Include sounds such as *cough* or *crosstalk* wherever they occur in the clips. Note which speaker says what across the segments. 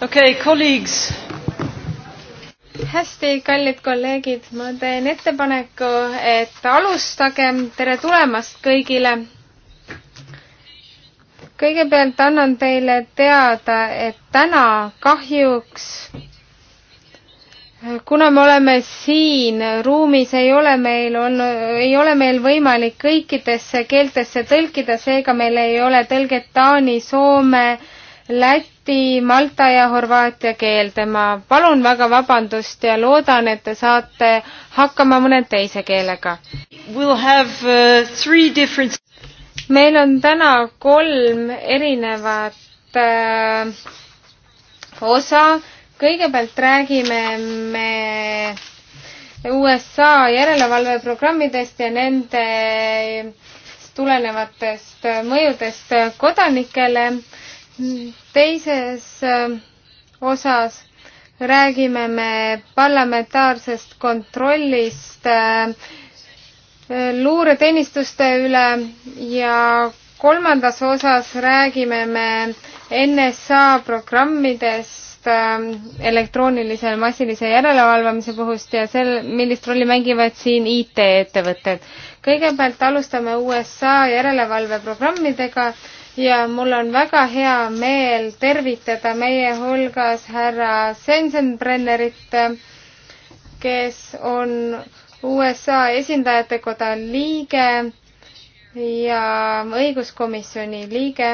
Speaker 1: okei okay,, colleagues. hästi, kallid kolleegid, ma teen ettepaneku, et alustagem. tere tulemast kõigile. kõigepealt annan teile teada, et täna kahjuks kuna me oleme siin ruumis, ei ole meil olnud, ei ole meil võimalik kõikidesse keeltesse tõlkida, seega meil ei ole tõlget taani, soome, läti, malta ja horvaatia keelde. ma palun väga vabandust ja loodan, et te saate hakkama mõne teise keelega we'll. Uh, different... meil on täna kolm erinevat uh, osa. kõigepealt räägime me USA järelevalveprogrammidest ja nende tulenevatest mõjudest kodanikele uh, teises äh, osas räägime me parlamentaarsest kontrollist äh, luureteenistuste üle ja kolmandas osas räägime me NSA programmidest äh, elektroonilise massilise järelevalvamise puhust ja sel, millist rolli mängivad siin IT-ettevõtted. kõigepealt alustame USA järelevalveprogrammidega ja mul on väga hea meel tervitada meie hulgas härra Sensenbrennerit, kes on USA esindajate koda liige ja õiguskomisjoni liige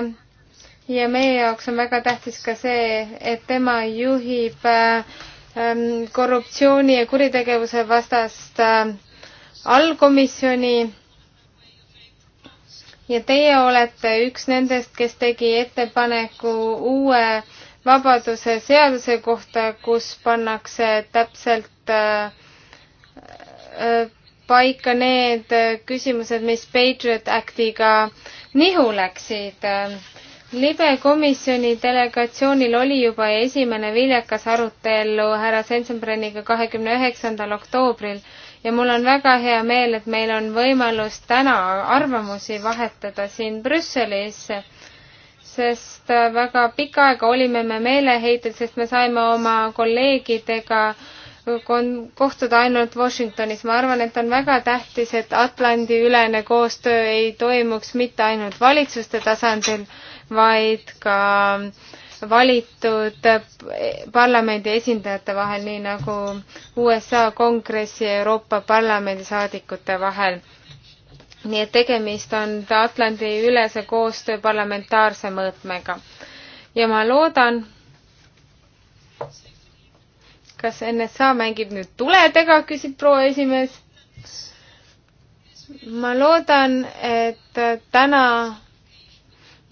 Speaker 1: ja meie jaoks on väga tähtis ka see, et tema juhib ähm, korruptsiooni ja kuritegevuse vastast äh, allkomisjoni ja teie olete üks nendest, kes tegi ettepaneku uue vabaduse seaduse kohta, kus pannakse täpselt äh, äh, paika need küsimused, mis Patriot Actiga nihu läksid. libe komisjoni delegatsioonil oli juba esimene viljakas arutelu härra Sensenbrenniga kahekümne üheksandal oktoobril ja mul on väga hea meel, et meil on võimalus täna arvamusi vahetada siin Brüsselis, sest äh, väga pikka aega olime me meeleheitel, sest me saime oma kolleegidega kon-, kohtuda ainult Washingtonis. ma arvan, et on väga tähtis, et Atlandi-ülene koostöö ei toimuks mitte ainult valitsuste tasandil, vaid ka äh, valitud parlamendi esindajate vahel, nii nagu USA Kongressi ja Euroopa Parlamendi saadikute vahel. nii et tegemist on Atlandi-ülese koostöö parlamentaarse mõõtmega. ja ma loodan, kas NSA mängib nüüd tuledega, küsib proua esimees. ma loodan, et täna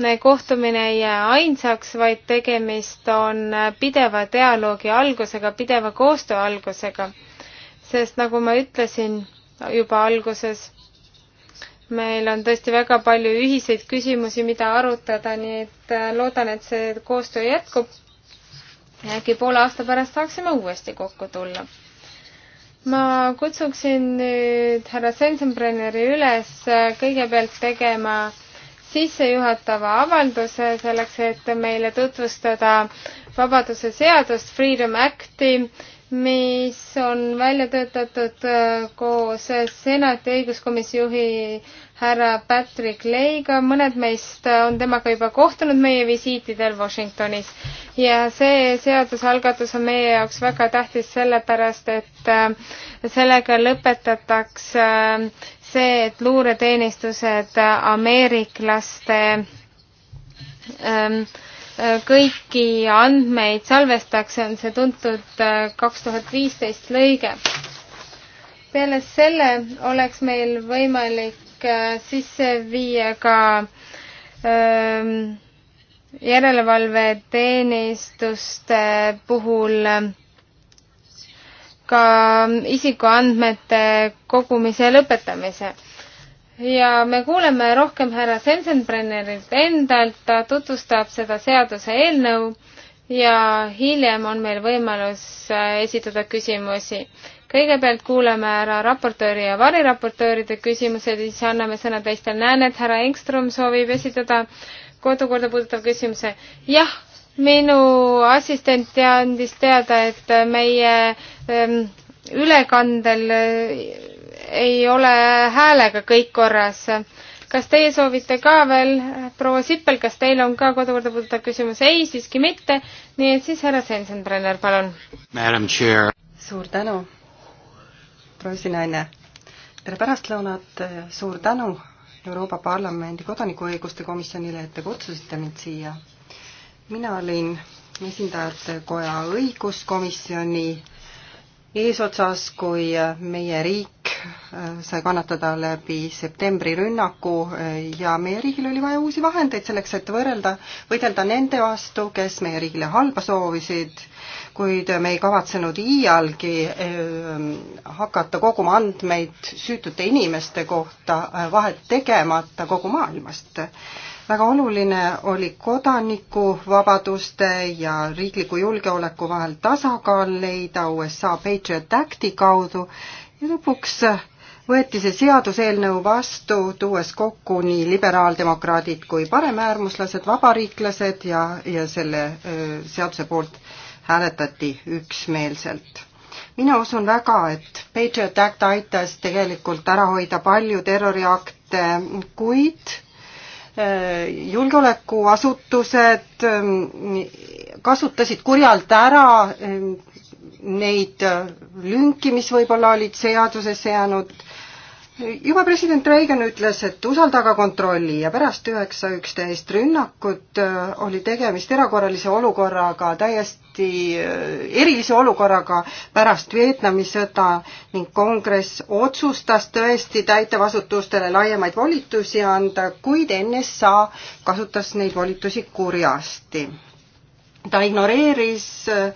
Speaker 1: esmakordne kohtumine ei jää ainsaks, vaid tegemist on pideva dialoogi algusega, pideva koostöö algusega. sest nagu ma ütlesin juba alguses, meil on tõesti väga palju ühiseid küsimusi, mida arutada, nii et äh, loodan, et see koostöö jätkub. äkki poole aasta pärast saaksime uuesti kokku tulla ma kutsuksin nüüd härra Sensenbrenneri üles äh, kõigepealt tegema sissejuhatava avalduse selleks, et meile tutvustada Vabaduse seadust, Freedom Acti, mis on välja töötatud äh, koos senati õiguskomisjoni juhi härra Patrick Leiga, mõned meist on temaga juba kohtunud meie visiitidel Washingtonis. ja see seadusalgatus on meie jaoks väga tähtis sellepärast, et äh, sellega lõpetatakse äh, see, et luureteenistused ameeriklaste ähm, äh, kõiki andmeid salvestaks, on see tuntud äh, kaks tuhat viisteist lõige. peale selle oleks meil võimalik äh, sisse viia ka ähm, järelevalveteenistuste puhul ka isikuandmete kogumise lõpetamise. ja me kuuleme rohkem härra Sensenbrennerilt endalt, ta tutvustab seda seaduseelnõu ja hiljem on meil võimalus äh, esitada küsimusi. kõigepealt kuulame ära raportööri ja variraportööride küsimused ja siis anname sõna teistele. näen, et härra Engström soovib esitada kodukorda puudutav küsimuse. jah minu assistent andis teada, et meie ehm, ülekandel eh, ei ole häälega kõik korras. kas teie soovite ka veel, proua Sippel, kas teil on ka kodukorda puudutav küsimus? ei, siiski
Speaker 2: mitte. nii et siis härra Sensenbrenner, palun. suur tänu, proua esinaine. tere pärastlõunat, suur tänu Euroopa Parlamendi kodanikuõiguste komisjonile, et te kutsusite mind siia mina olin esindajate koja õiguskomisjoni eesotsas, kui meie riik äh, sai kannatada läbi septembri rünnaku äh, ja meie riigil oli vaja uusi vahendeid selleks, et võrrelda, võidelda nende vastu, kes meie riigile halba soovisid, kuid me ei kavatsenud iialgi ähm, hakata koguma andmeid süütute inimeste kohta äh, vahet tegemata kogu maailmast väga oluline oli kodanikuvabaduste ja riikliku julgeoleku vahel tasakaal leida USA Patriot Acti kaudu ja lõpuks võeti see seaduseelnõu vastu, tuues kokku nii liberaaldemokraadid kui paremäärmuslased, vabariiklased ja, ja selle seaduse poolt hääletati üksmeelselt mina usun väga, et Patriot Act aitas tegelikult ära hoida palju terroriakte, kuid julgeolekuasutused mm, kasutasid kurjalt ära mm, neid lünki, mis võib-olla olid seadusesse jäänud juba president Reagan ütles, et usaldage kontrolli ja pärast üheksa üksteist rünnakut äh, oli tegemist erakorralise olukorraga, täiesti äh, erilise olukorraga pärast Vietnami sõda ning kongress otsustas tõesti täitevasutustele laiemaid volitusi anda, kuid NSA kasutas neid volitusi kurjasti. ta ignoreeris äh,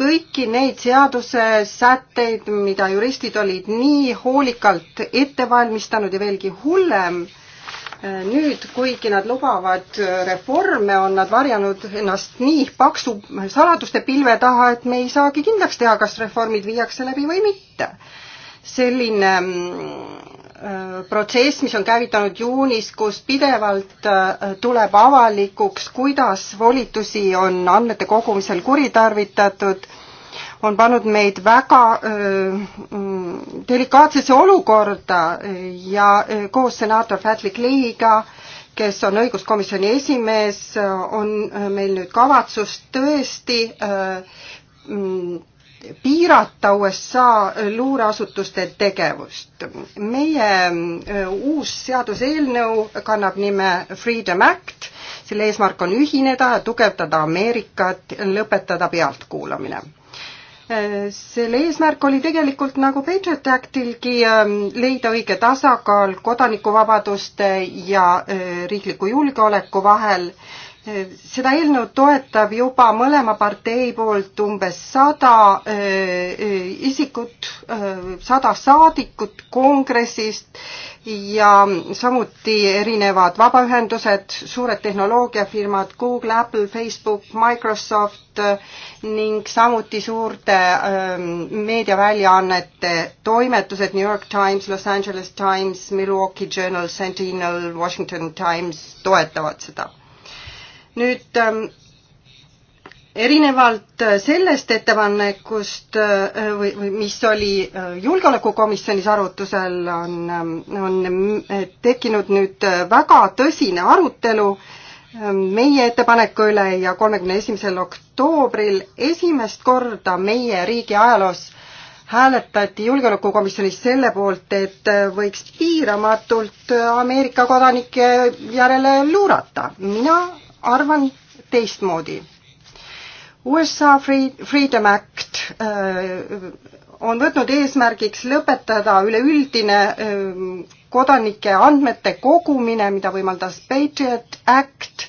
Speaker 2: kõiki neid seadusesätteid, mida juristid olid nii hoolikalt ette valmistanud ja veelgi hullem, nüüd, kuigi nad lubavad reforme, on nad varjanud ennast nii paksu saladuste pilve taha, et me ei saagi kindlaks teha, kas reformid viiakse läbi või mitte selline mm, äh, protsess, mis on käivitanud juunis, kus pidevalt äh, tuleb avalikuks, kuidas volitusi on andmete kogumisel kuritarvitatud, on pannud meid väga äh, mm, delikaatsesse olukorda ja koos senaator Fadlik Leehiga, kes on õiguskomisjoni esimees, on meil nüüd kavatsus tõesti öö, mm, piirata USA luureasutuste tegevust. meie äh, uus seaduseelnõu kannab nime Freedom Act, selle eesmärk on ühineda ja tugevdada Ameerikat, lõpetada pealtkuulamine äh, selle eesmärk oli tegelikult nagu Patriot Actilgi äh, leida õige tasakaal kodanikuvabaduste ja riikliku julgeoleku vahel seda eelnõu toetab juba mõlema partei poolt umbes sada äh, äh, isikut, äh, sada saadikut kongressist ja samuti erinevad vabaühendused, suured tehnoloogiafirmad Google, Apple, Facebook, Microsoft ning samuti suurte ähm, meediaväljaannete toimetused New York Times, Los Angeles Times, Milwaukee Journal, Sentinel, Washington Times toetavad seda nüüd ähm, erinevalt äh, sellest ettepanekust äh, või, või mis oli äh, Julgeolekukomisjonis arutusel, on, ähm, on ähm, tekkinud nüüd väga tõsine arutelu meie ettepaneku üle ja kolmekümne esimesel oktoobril esimest korda meie riigi ajaloos hääletati Julgeolekukomisjonis selle poolt, et võiks piiramatult Ameerika kodanike järele luurata. mina arvan teistmoodi. USA Free, Freedom Act äh, on võtnud eesmärgiks lõpetada üleüldine äh, kodanike andmete kogumine, mida võimaldas Patriot Act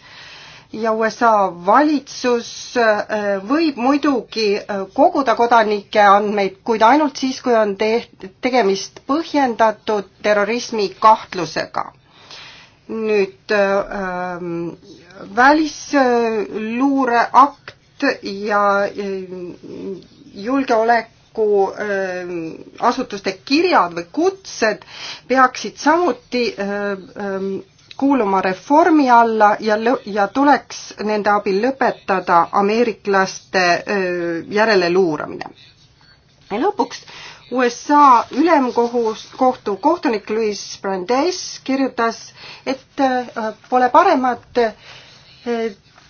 Speaker 2: ja USA valitsus äh, võib muidugi koguda kodanike andmeid, kuid ainult siis, kui on teht-, tegemist põhjendatud terrorismi kahtlusega. nüüd ähm, välisluureakt ja e, julgeoleku e, asutuste kirjad või kutsed peaksid samuti e, kuuluma reformi alla ja, ja tuleks nende abil lõpetada ameeriklaste järeleluuramine. ja lõpuks USA ülemkohus, kohtu kohtunik Louis Brandes kirjutas, et pole paremat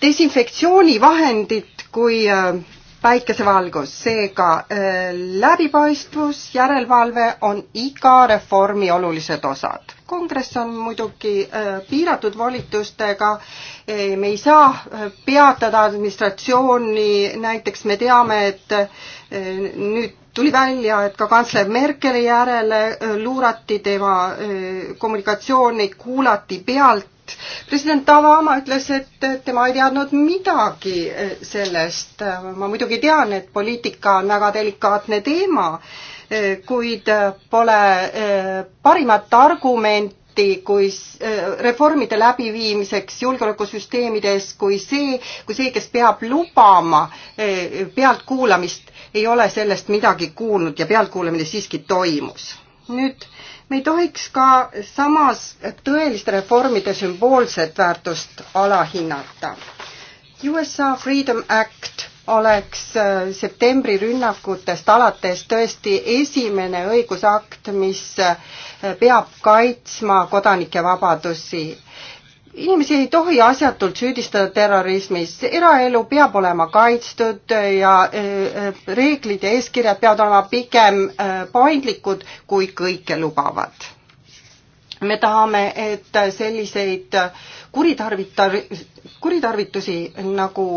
Speaker 2: desinfektsioonivahendit kui äh, päikesevalgus, seega äh, läbipaistvus, järelevalve on iga reformi olulised osad. kongress on muidugi äh, piiratud volitustega, me ei saa peatada administratsiooni, näiteks me teame, et nüüd tuli välja, et ka kantsler Merkeli järele luurati tema kommunikatsiooni, kuulati pealt president Obama ütles, et tema ei teadnud midagi eh, sellest. ma muidugi tean, et poliitika on väga delikaatne teema, eh, kuid eh, pole parimat argumenti kui reformide läbiviimiseks julgeolekusüsteemides, kui see, kui see, kes peab lubama pealtkuulamist, ei ole sellest midagi kuulnud ja pealtkuulamine siiski toimus. nüüd me ei tohiks ka samas tõeliste reformide sümboolset väärtust alahinnata. USA Freedom Act oleks äh, septembri rünnakutest alates tõesti esimene õigusakt, mis äh, peab kaitsma kodanike vabadusi inimesi ei tohi asjatult süüdistada terrorismis, eraelu peab olema kaitstud ja eh, eh, reeglid ja eeskirjad peavad olema pigem eh, paindlikud kui kõike lubavad. me tahame, et selliseid kuritarvitar-, kuritarvitusi, nagu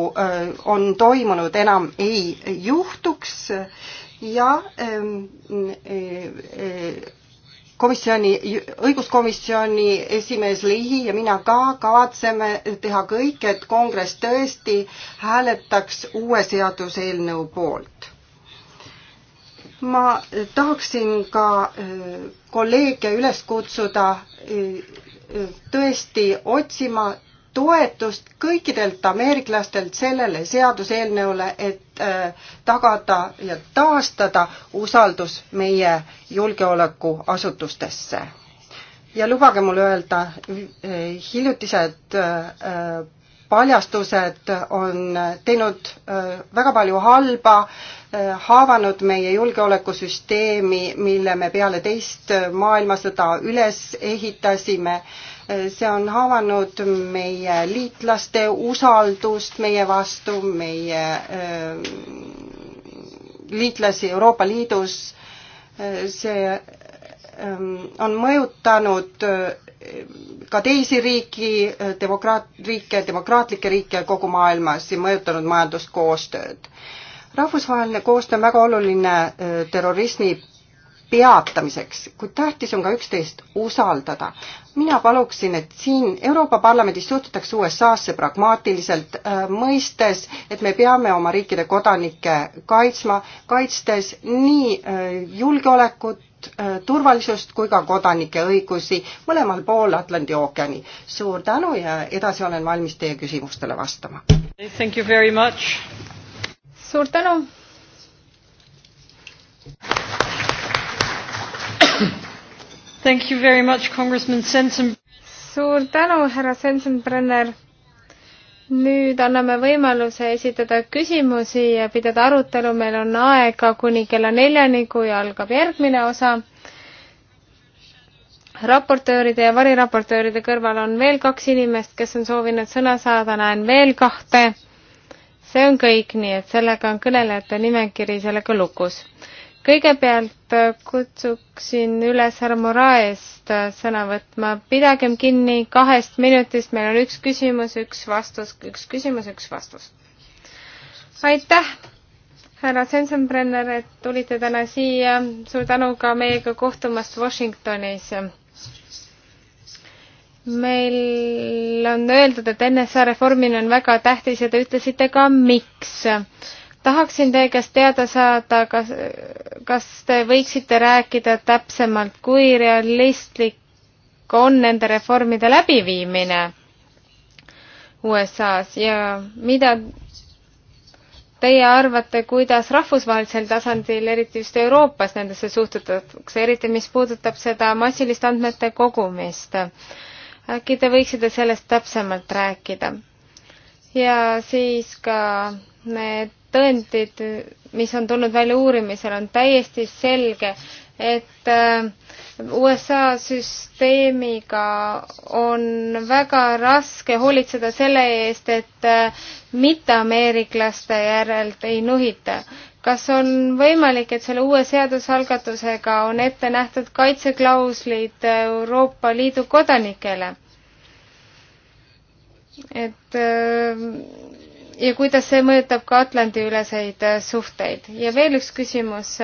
Speaker 2: on toimunud, enam ei juhtuks ja komisjoni, õiguskomisjoni esimees Lihi ja mina ka kavatseme teha kõik, et kongress tõesti hääletaks uue seaduseelnõu poolt. ma tahaksin ka äh, kolleege üles kutsuda äh, äh, tõesti otsima toetust kõikidelt ameeriklastelt sellele seaduseelnõule, et äh, tagada ja taastada usaldus meie julgeolekuasutustesse. ja lubage mul öelda, äh, hiljutised äh, paljastused on teinud äh, väga palju halba, äh, haavanud meie julgeolekusüsteemi, mille me peale teist äh, maailmasõda üles ehitasime. see on haavanud meie liitlaste usaldust meie vastu, meie liitlasi Euroopa Liidus. see ähm, on mõjutanud ka teisi riiki, demokraat, riike, demokraatlikke riike kogu maailmas ja mõjutanud majanduskoostööd. rahvusvaheline koostöö on väga oluline äh, terrorismi peatamiseks, kuid tähtis on ka üksteist usaldada. mina paluksin, et siin Euroopa Parlamendis suhtutaks USA-sse pragmaatiliselt, äh, mõistes, et me peame oma riikide kodanikke kaitsma, kaitstes nii äh, julgeolekut, julgeolekut, äh, turvalisust kui ka kodanike õigusi mõlemal pool Atlandi ookeani. suur tänu ja edasi olen valmis teie küsimustele vastama. suur
Speaker 1: tänu. Thank you very much, Congressman Sensenbrenner. suur tänu, härra Sensenbrenner nüüd anname võimaluse esitada küsimusi ja pidada arutelu, meil on aega kuni kella neljani, kui algab järgmine osa. raportööride ja variraportööride kõrval on veel kaks inimest, kes on soovinud sõna saada, näen veel kahte. see on kõik, nii et sellega on kõnelejate nimekiri sellega lukus kõigepealt äh, kutsuksin üles härra Moraest äh, sõna võtma. pidagem kinni kahest minutist, meil on üks küsimus, üks vastus, üks küsimus, üks vastus. aitäh, härra Sensenbrenner, et tulite täna siia. suur tänu ka meiega kohtumast Washingtonis. meil on öeldud, et NSA reformimine on väga tähtis ja te ütlesite ka, miks tahaksin teie käest teada saada, kas, kas te võiksite rääkida täpsemalt, kui realistlik on nende reformide läbiviimine USA-s ja mida teie arvate, kuidas rahvusvahelisel tasandil, eriti just Euroopas, nendesse suhtutakse, eriti mis puudutab seda massilist andmete kogumist? äkki te võiksite sellest täpsemalt rääkida? ja siis ka need tõendid, mis on tulnud välja uurimisel, on täiesti selge, et äh, USA süsteemiga on väga raske hoolitseda selle eest, et äh, mitteameeriklaste järelt ei nuhita. kas on võimalik, et selle uue seadusalgatusega on ette nähtud kaitseklauslid Euroopa Liidu kodanikele? et äh, ja kuidas see mõjutab ka Atlandi-üleseid äh, suhteid. ja veel üks küsimus.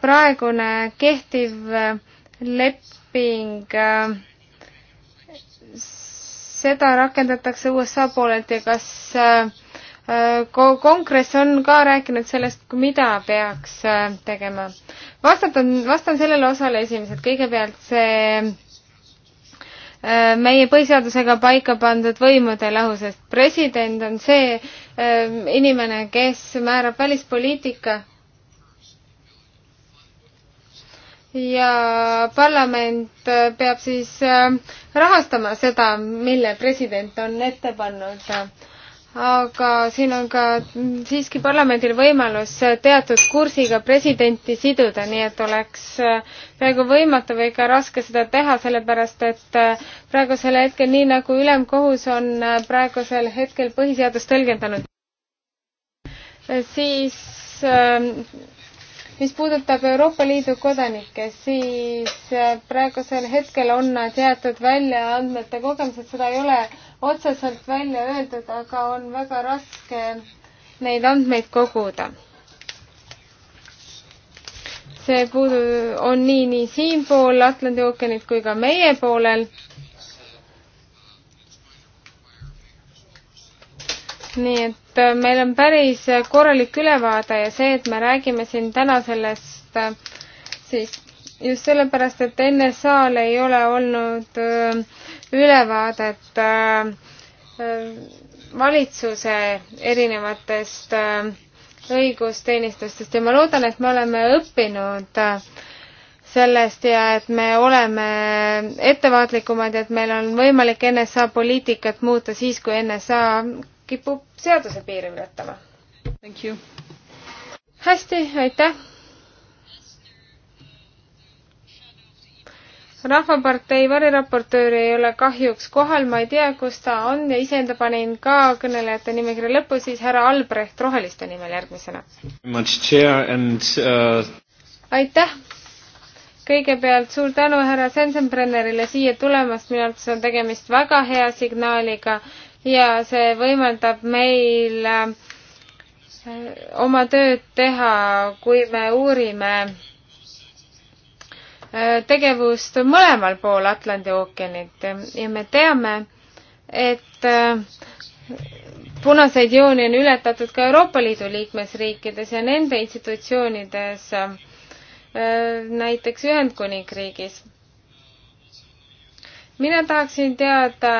Speaker 1: praegune kehtiv äh, leping, äh, seda rakendatakse USA poolelt ja kas kongress on ka rääkinud sellest, mida peaks tegema? vastatan, vastan sellele osale esimesed. kõigepealt see Äh, meie põhiseadusega paika pandud võimude lahusest. president on see äh, inimene, kes määrab välispoliitika. ja parlament äh, peab siis rahastama seda, mille president on ette pannud aga siin on ka siiski parlamendil võimalus teatud kursiga presidenti siduda, nii et oleks äh, peaaegu võimatu või ka raske seda teha, sellepärast et äh, praegusel hetkel, nii nagu ülemkohus on äh, praegusel hetkel põhiseadust tõlgendanud, siis ähm, mis puudutab Euroopa Liidu kodanikke, siis praegusel hetkel on nad jäetud välja andmete kogemused, seda ei ole otseselt välja öeldud, aga on väga raske neid andmeid koguda. see puudu-, on nii, nii siinpool Atlandi ookeanit kui ka meie poolel. nii et äh, meil on päris äh, korralik ülevaade ja see, et me räägime siin täna sellest äh, siis just sellepärast, et NSA-l ei ole olnud äh, ülevaadet äh, äh, valitsuse erinevatest äh, õigusteenistustest ja ma loodan, et me oleme õppinud sellest ja et me oleme ettevaatlikumad ja et meil on võimalik NSA poliitikat muuta siis, kui NSA kipub seaduse piiri ületama. hästi, aitäh! rahvapartei variraportööri ei ole kahjuks kohal, ma ei tea, kus ta on ja iseenda panin ka kõnelejate nimekirja lõppu, siis härra Albrecht Roheliste nimel järgmisena.
Speaker 3: Uh...
Speaker 1: aitäh! kõigepealt suur tänu härra Sensenbrennerile siia tulemast, minu arvates on tegemist väga hea signaaliga ja see võimaldab meil äh, oma tööd teha, kui me uurime Äh, tegevust mõlemal pool Atlandi ookeanit ja me teame, et äh, punaseid jooni on ületatud ka Euroopa Liidu liikmesriikides ja nende institutsioonides, äh, näiteks Ühendkuningriigis. mina tahaksin teada,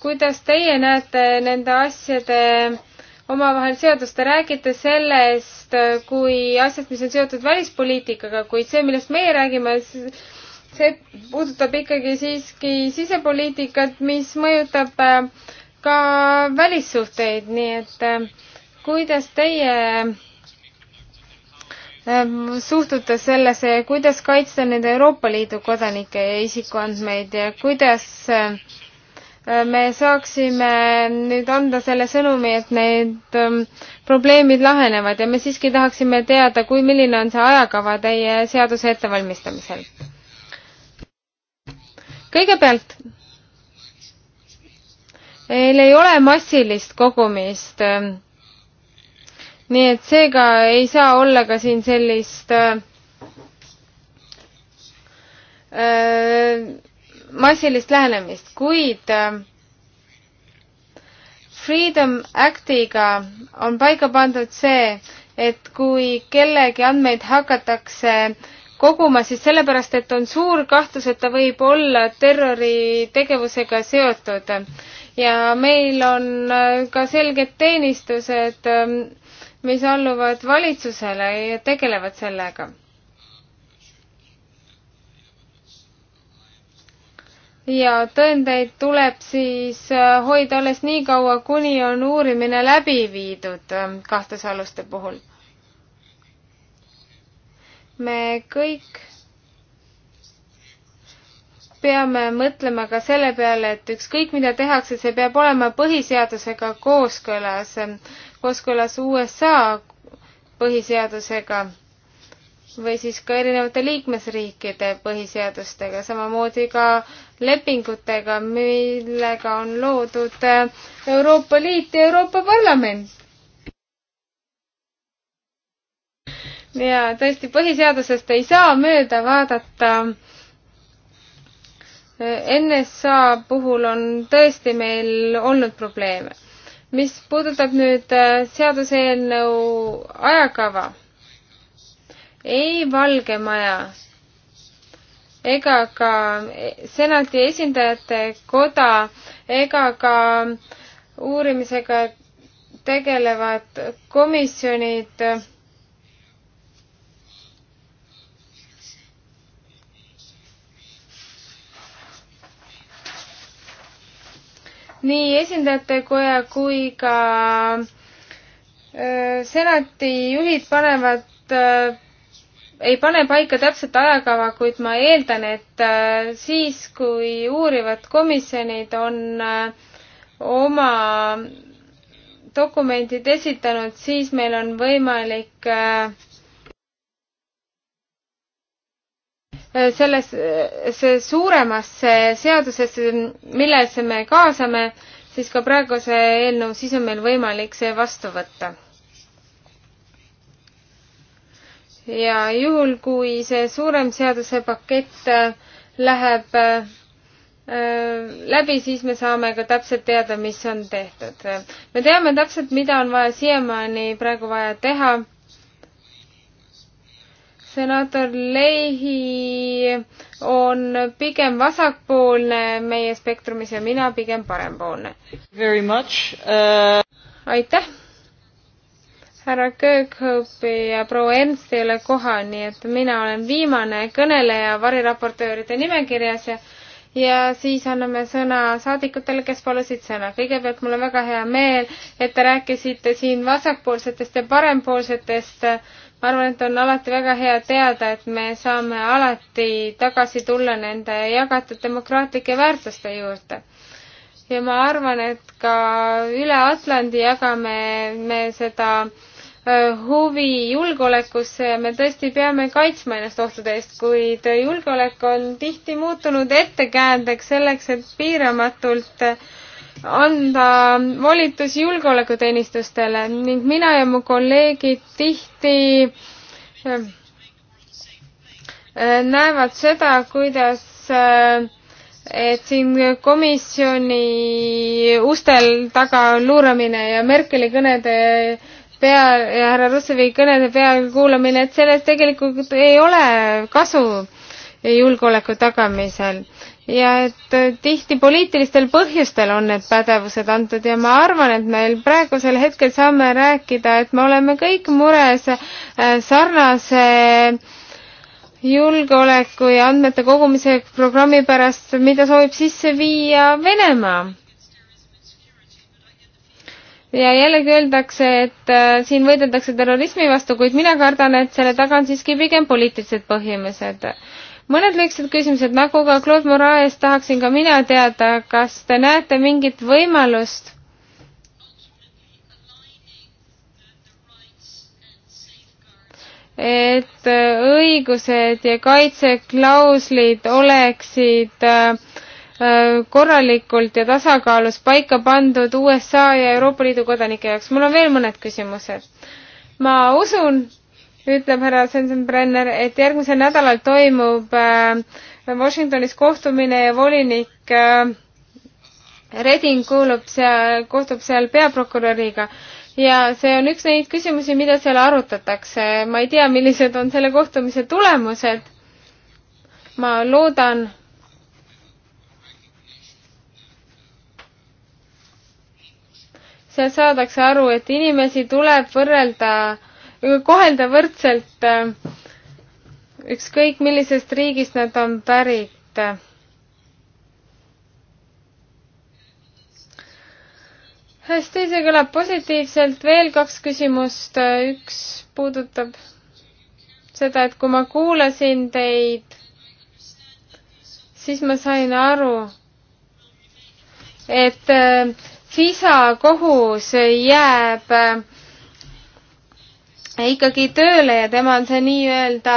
Speaker 1: kuidas teie näete nende asjade omavahel seotud, te räägite sellest äh, kui asjast, mis on seotud välispoliitikaga, kuid see, millest meie räägime, see puudutab ikkagi siiski sisepoliitikat, mis mõjutab äh, ka välissuhteid, nii et äh, kuidas teie ähm, suhtute sellesse ja kuidas kaitsta nende Euroopa Liidu kodanike ja isikuandmeid ja kuidas äh, me saaksime nüüd anda selle sõnumi, et need ähm, probleemid lahenevad ja me siiski tahaksime teada, kui, milline on see ajakava teie seaduse ettevalmistamisel? kõigepealt meil ei ole massilist kogumist. Ähm, nii et seega ei saa olla ka siin sellist äh, äh massilist lähenemist, kuid äh, Freedom Actiga on paika pandud see, et kui kellegi andmeid hakatakse koguma, siis sellepärast, et on suur kahtlus, et ta võib olla terroritegevusega seotud. ja meil on äh, ka selged teenistused, ähm, mis alluvad valitsusele ja tegelevad sellega ja tõendeid tuleb siis äh, hoida alles nii kaua, kuni on uurimine läbi viidud ähm, kahtlusaluste puhul. me kõik peame mõtlema ka selle peale, et ükskõik mida tehakse, see peab olema põhiseadusega kooskõlas, ähm, kooskõlas USA põhiseadusega või siis ka erinevate liikmesriikide põhiseadustega, samamoodi ka lepingutega, millega on loodud Euroopa Liit ja Euroopa Parlament. ja tõesti, põhiseadusest ei saa mööda vaadata. NSA puhul on tõesti meil olnud probleeme. mis puudutab nüüd äh, seaduseelnõu ajakava ei Valge Maja ega ka senati esindajate koda ega ka uurimisega tegelevad komisjonid nii esindajatekoja kui ka äh, senati juhid panevad äh, ei pane paika täpset ajakava, kuid ma eeldan, et äh, siis, kui uurivad komisjonid on äh, oma dokumendid esitanud, siis meil on võimalik äh, sellesse suuremasse seadusesse, millesse me kaasame, siis ka praeguse eelnõu, siis on meil võimalik see vastu võtta ja juhul, kui see suurem seadusepakett äh, läheb äh, läbi, siis me saame ka täpselt teada, mis on tehtud. me teame täpselt, mida on vaja siiamaani praegu vaja teha. senaator Lehi on pigem vasakpoolne meie spektrumis ja mina pigem parempoolne. Uh... aitäh härra Kööghopi ja proua Ernst ei ole kohal, nii et mina olen viimane kõneleja variraportööride nimekirjas ja ja siis anname sõna saadikutele, kes palusid sõna. kõigepealt mul on väga hea meel, et te rääkisite siin vasakpoolsetest ja parempoolsetest. ma arvan, et on alati väga hea teada, et me saame alati tagasi tulla nende jagatud demokraatlike väärtuste juurde. ja ma arvan, et ka üle Atlandi jagame me seda äh, Äh, huvi julgeolekusse ja me tõesti peame kaitsma ennast ohtude eest, kuid julgeolek on tihti muutunud ettekäändeks selleks, et piiramatult anda volitusi julgeolekuteenistustele ning mina ja mu kolleegid tihti äh, äh, näevad seda, kuidas et siin komisjoni ustel taga on luuramine ja Merkeli kõnede pea, härra Russevi kõnede pealkuulamine, et sellest tegelikult ei ole kasu julgeoleku tagamisel ja et tihti poliitilistel põhjustel on need pädevused antud ja ma arvan, et meil praegusel hetkel saame rääkida, et me oleme kõik mures äh, sarnase julgeoleku ja andmete kogumise programmi pärast, mida soovib sisse viia Venemaa ja jällegi öeldakse, et äh, siin võideldakse terrorismi vastu, kuid mina kardan, et selle taga on siiski pigem poliitilised põhjused. mõned lühikesed küsimused, nagu ka Claude Moraes, tahaksin ka mina teada, kas te näete mingit võimalust et õigused ja kaitseklauslid oleksid äh, Äh, korralikult ja tasakaalus paika pandud USA ja Euroopa Liidu kodanike jaoks. mul on veel mõned küsimused. ma usun, ütleb härra Sensenbrenner, et järgmisel nädalal toimub äh, Washingtonis kohtumine ja volinik äh, Reding kuulub seal, kohtub seal peaprokuröriga ja see on üks neid küsimusi, mida seal arutatakse. ma ei tea, millised on selle kohtumise tulemused. ma loodan, seal saadakse aru, et inimesi tuleb võrrelda, kohelda võrdselt äh, ükskõik millisest riigist nad on pärit. hästi, see kõlab positiivselt, veel kaks küsimust, üks puudutab seda, et kui ma kuulasin teid, siis ma sain aru, et äh, sisakohus jääb äh, ikkagi tööle ja tema on see nii-öelda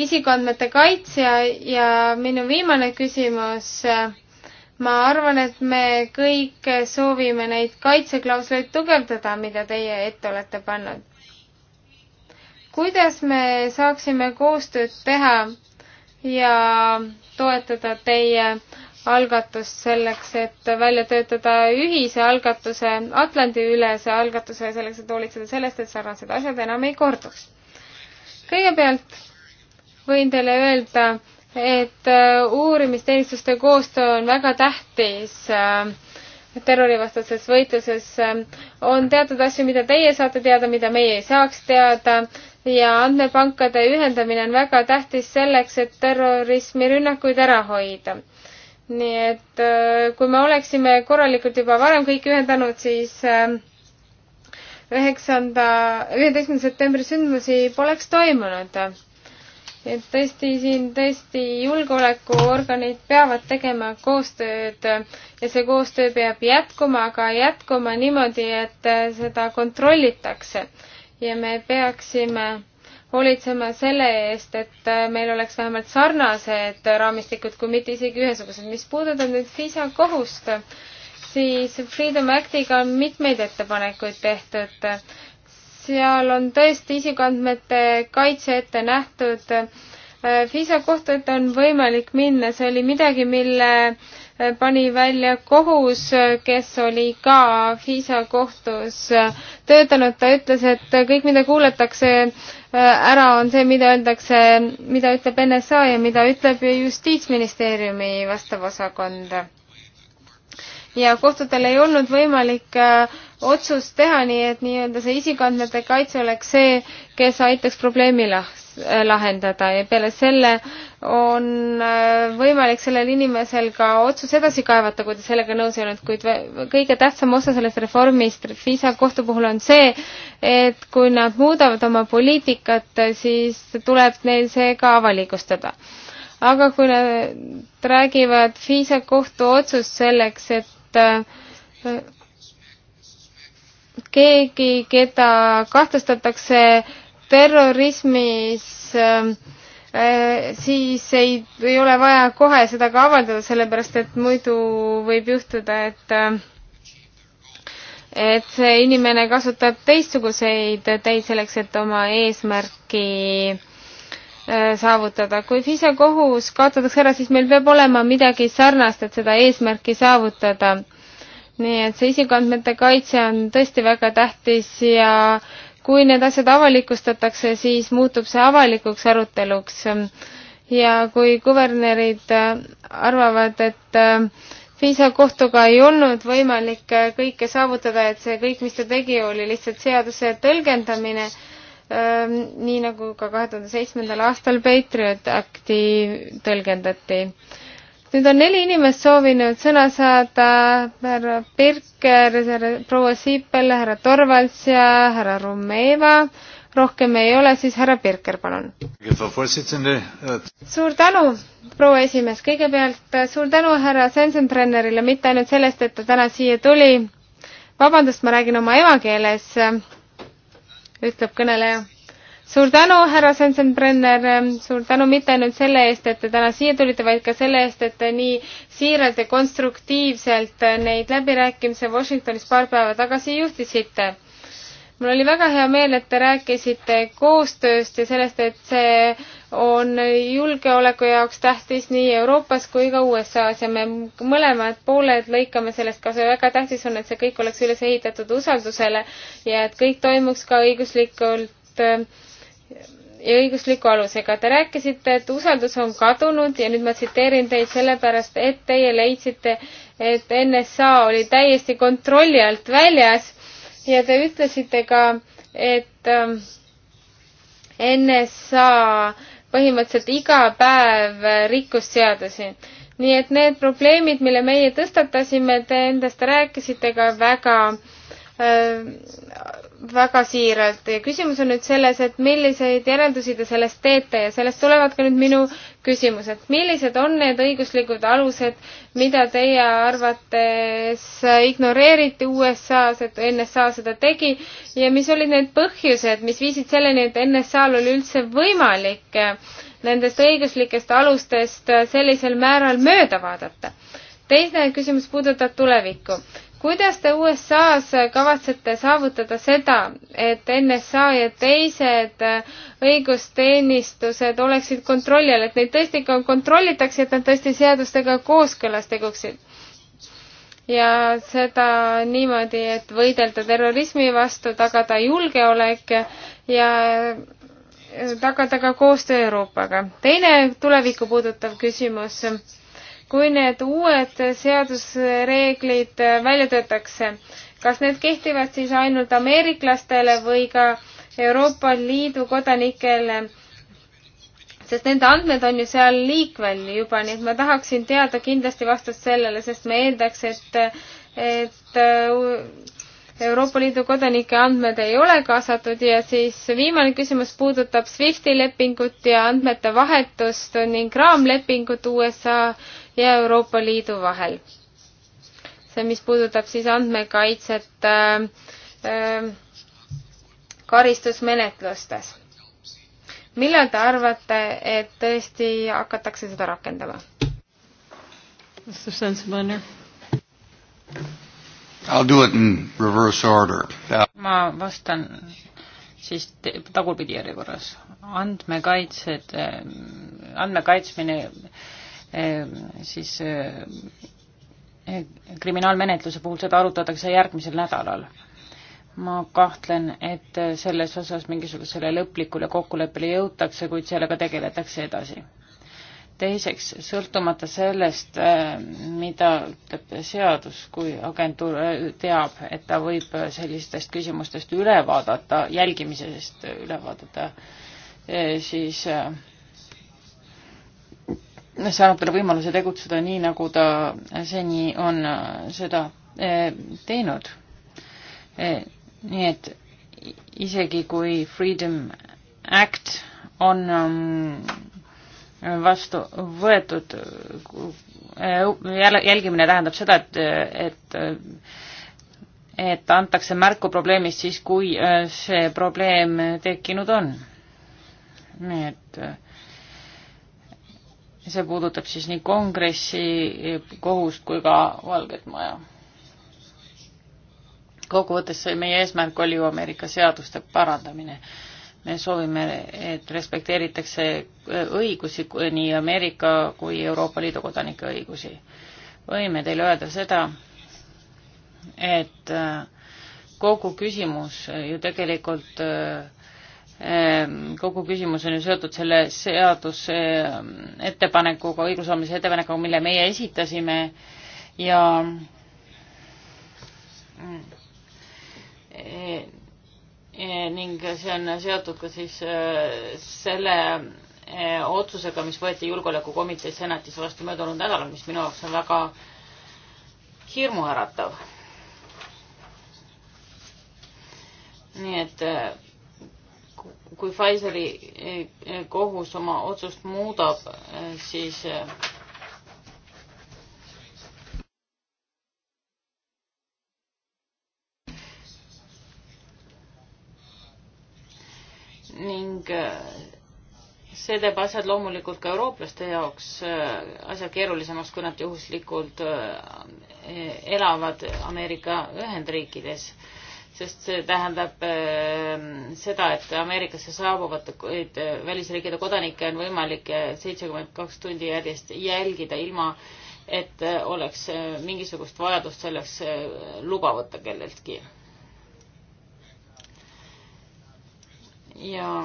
Speaker 1: isikuandmete kaitsja ja minu viimane küsimus äh, ma arvan, et me kõik soovime neid kaitseklausleid tugevdada, mida teie ette olete pannud. kuidas me saaksime koostööd teha ja toetada teie algatust selleks, et välja töötada ühise algatuse, Atlandi-ülese algatuse, selleks, et hoolitseda sellest, et sarnased asjad enam ei korduks. kõigepealt võin teile öelda, et äh, uurimisteenistuste koostöö on väga tähtis äh, terrorivastases võitluses. Äh, on teatud asju, mida teie saate teada, mida meie ei saaks teada ja andmepankade ühendamine on väga tähtis selleks, et terrorismirünnakuid ära hoida nii et äh, kui me oleksime korralikult juba varem kõik ühendanud, siis äh, üheksanda, üheteistkümnenda septembri sündmusi poleks toimunud. et tõesti, siin tõesti julgeolekuorganid peavad tegema koostööd ja see koostöö peab jätkuma, aga jätkuma niimoodi, et äh, seda kontrollitakse ja me peaksime hoolitsema selle eest, et meil oleks vähemalt sarnased raamistikud, kui mitte isegi ühesugused. mis puudutab nüüd FISA kohust, siis Freedom Actiga on mitmeid ettepanekuid tehtud. seal on tõesti isikuandmete kaitse ette nähtud. FISA kohtu ette on võimalik minna, see oli midagi, mille äh, pani välja kohus, kes oli ka FISA kohtus töötanud, ta ütles, et kõik, mida kuulatakse äh, ära, on see, mida öeldakse, mida ütleb NSA ja mida ütleb Justiitsministeeriumi vastav osakond. ja kohtutel ei olnud võimalik äh, otsust teha, nii et nii-öelda see isikuandmete kaitse oleks see, kes aitaks probleemi lahti lahendada ja peale selle on äh, võimalik sellel inimesel ka otsus edasi kaevata, kui ta sellega nõus ei olnud, kuid kõige tähtsam osa sellest reformist FISA kohtu puhul on see, et kui nad muudavad oma poliitikat, siis tuleb neil see ka avalikustada. aga kui nad räägivad FISA kohtu otsust selleks, et äh, keegi, keda kahtlustatakse terrorismis ähm, äh, siis ei, ei ole vaja kohe seda ka avaldada, sellepärast et muidu võib juhtuda, et äh, et see inimene kasutab teistsuguseid teid selleks, et oma eesmärki äh, saavutada. kui FISA kohus kaotatakse ära, siis meil peab olema midagi sarnast, et seda eesmärki saavutada. nii et see isikuandmete kaitse on tõesti väga tähtis ja kui need asjad avalikustatakse, siis muutub see avalikuks aruteluks. ja kui kuvernerid äh, arvavad, et äh, FISA kohtuga ei olnud võimalik äh, kõike saavutada, et see kõik, mis ta tegi, oli lihtsalt seaduse tõlgendamine, ähm, nii nagu ka kahe tuhande seitsmendal aastal Patriot Acti tõlgendati nüüd on neli inimest soovinud sõna saada, härra Birker, proua Siipel, härra Torvalds ja härra Rummeeva rohkem ei ole, siis härra Birker, palun. suur tänu, proua esimees, kõigepealt suur tänu härra Sensenbrennerile, mitte ainult sellest, et ta täna siia tuli. vabandust, ma räägin oma emakeeles, ütleb kõneleja suur tänu, härra Sensenbrenner, suur tänu mitte ainult selle eest, et te täna siia tulite, vaid ka selle eest, et te nii siiralt ja konstruktiivselt neid läbirääkimisi Washingtonis paar päeva tagasi juhtisite mul oli väga hea meel, et te rääkisite koostööst ja sellest, et see on julgeoleku jaoks tähtis nii Euroopas kui ka USA-s ja me mõlemad pooled lõikame sellest kasu ja väga tähtis on, et see kõik oleks üles ehitatud usaldusele ja et kõik toimuks ka õiguslikult ja õigusliku alusega. Te rääkisite, et usaldus on kadunud ja nüüd ma tsiteerin teid sellepärast, et teie leidsite, et NSA oli täiesti kontrolli alt väljas ja te ütlesite ka, et ähm, NSA põhimõtteliselt iga päev rikkus seadusi. nii et need probleemid, mille meie tõstatasime, te endast rääkisite ka väga äh, Äh, väga siiralt ja küsimus on nüüd selles, et milliseid järeldusi te sellest teete ja sellest tulevad ka nüüd minu küsimused. millised on need õiguslikud alused, mida teie arvates ignoreeriti USA-s, et NSA seda tegi ja mis olid need põhjused, mis viisid selleni, et NSA-l oli üldse võimalik nendest õiguslikest alustest sellisel määral mööda vaadata? teine küsimus puudutab tulevikku kuidas te USA-s kavatsete saavutada seda, et NSA ja teised õigusteenistused oleksid kontrolli all, et neid tõesti ka kontrollitakse, et nad tõesti seadustega kooskõlas teguksid? ja seda niimoodi, et võidelda terrorismi vastu, tagada julgeolek ja tagada ka koostöö Euroopaga. teine tulevikku puudutav küsimus kui need uued seadusreeglid välja töötakse, kas need kehtivad siis ainult ameeriklastele või ka Euroopa Liidu kodanikele? sest nende andmed on ju seal liikvel juba, nii et ma tahaksin teada kindlasti vastust sellele, sest ma eeldaks, et, et Euroopa Liidu kodanike andmed ei ole kaasatud ja siis viimane küsimus puudutab SWIFTi lepingut ja andmete vahetust ning raamlepingut USA ja Euroopa Liidu vahel. see, mis puudutab siis andmekaitset äh, äh, karistusmenetlustes. millal te arvate, et tõesti hakatakse seda rakendama? Mr. Sensenbrenner.
Speaker 3: I'll do it in reverse order.
Speaker 1: ma vastan
Speaker 4: siis tagurpidi järjekorras. andmekaitsed, eh, andmekaitsmine eh, siis eh, kriminaalmenetluse puhul, seda arutatakse järgmisel nädalal. ma kahtlen, et selles osas mingisugusele lõplikule kokkuleppele jõutakse, kuid sellega tegeletakse edasi teiseks, sõltumata sellest, äh, mida ütleb seadus, kui agentuur äh, teab, et ta võib äh, sellistest küsimustest üle vaadata, jälgimisest üle vaadata, siis see annab talle võimaluse tegutseda nii, nagu ta seni on seda teinud. nii et isegi kui Freedom Act on ähm, vastu võetud. Äh, jälgimine tähendab seda, et, et, et antakse märku probleemist siis, kui äh, see probleem tekkinud on. nii et äh, see puudutab siis nii kongressi kohust kui ka Valget Maja. kokkuvõttes see meie eesmärk oli ju Ameerika seaduste parandamine me soovime, et respekteeritakse õigusi nii Ameerika kui Euroopa Liidu kodanike õigusi. võime teile öelda seda, et äh, kogu küsimus ju tegelikult, äh, kogu küsimus on ju seotud selle seaduse äh, ettepanekuga, õigusloomise ettepanekuga, mille meie esitasime ja mm, Eh, ning see on seotud ka siis eh, selle eh, otsusega, mis võeti Julgeolekukomitee senatis vastu möödunud nädalal, mis minu jaoks on väga hirmuäratav. nii et kui Pfizeri kohus oma otsust muudab, siis ning äh, see teeb asjad loomulikult ka eurooplaste jaoks äh, asja keerulisemaks, kui nad juhuslikult äh, elavad Ameerika Ühendriikides, sest see tähendab seda, et Ameerikasse saabuvad välisriikide kodanikke on võimalik seitsekümmend kaks tundi järjest jälgida ilma, et oleks mingisugust vajadust selleks luba võtta kelleltki ja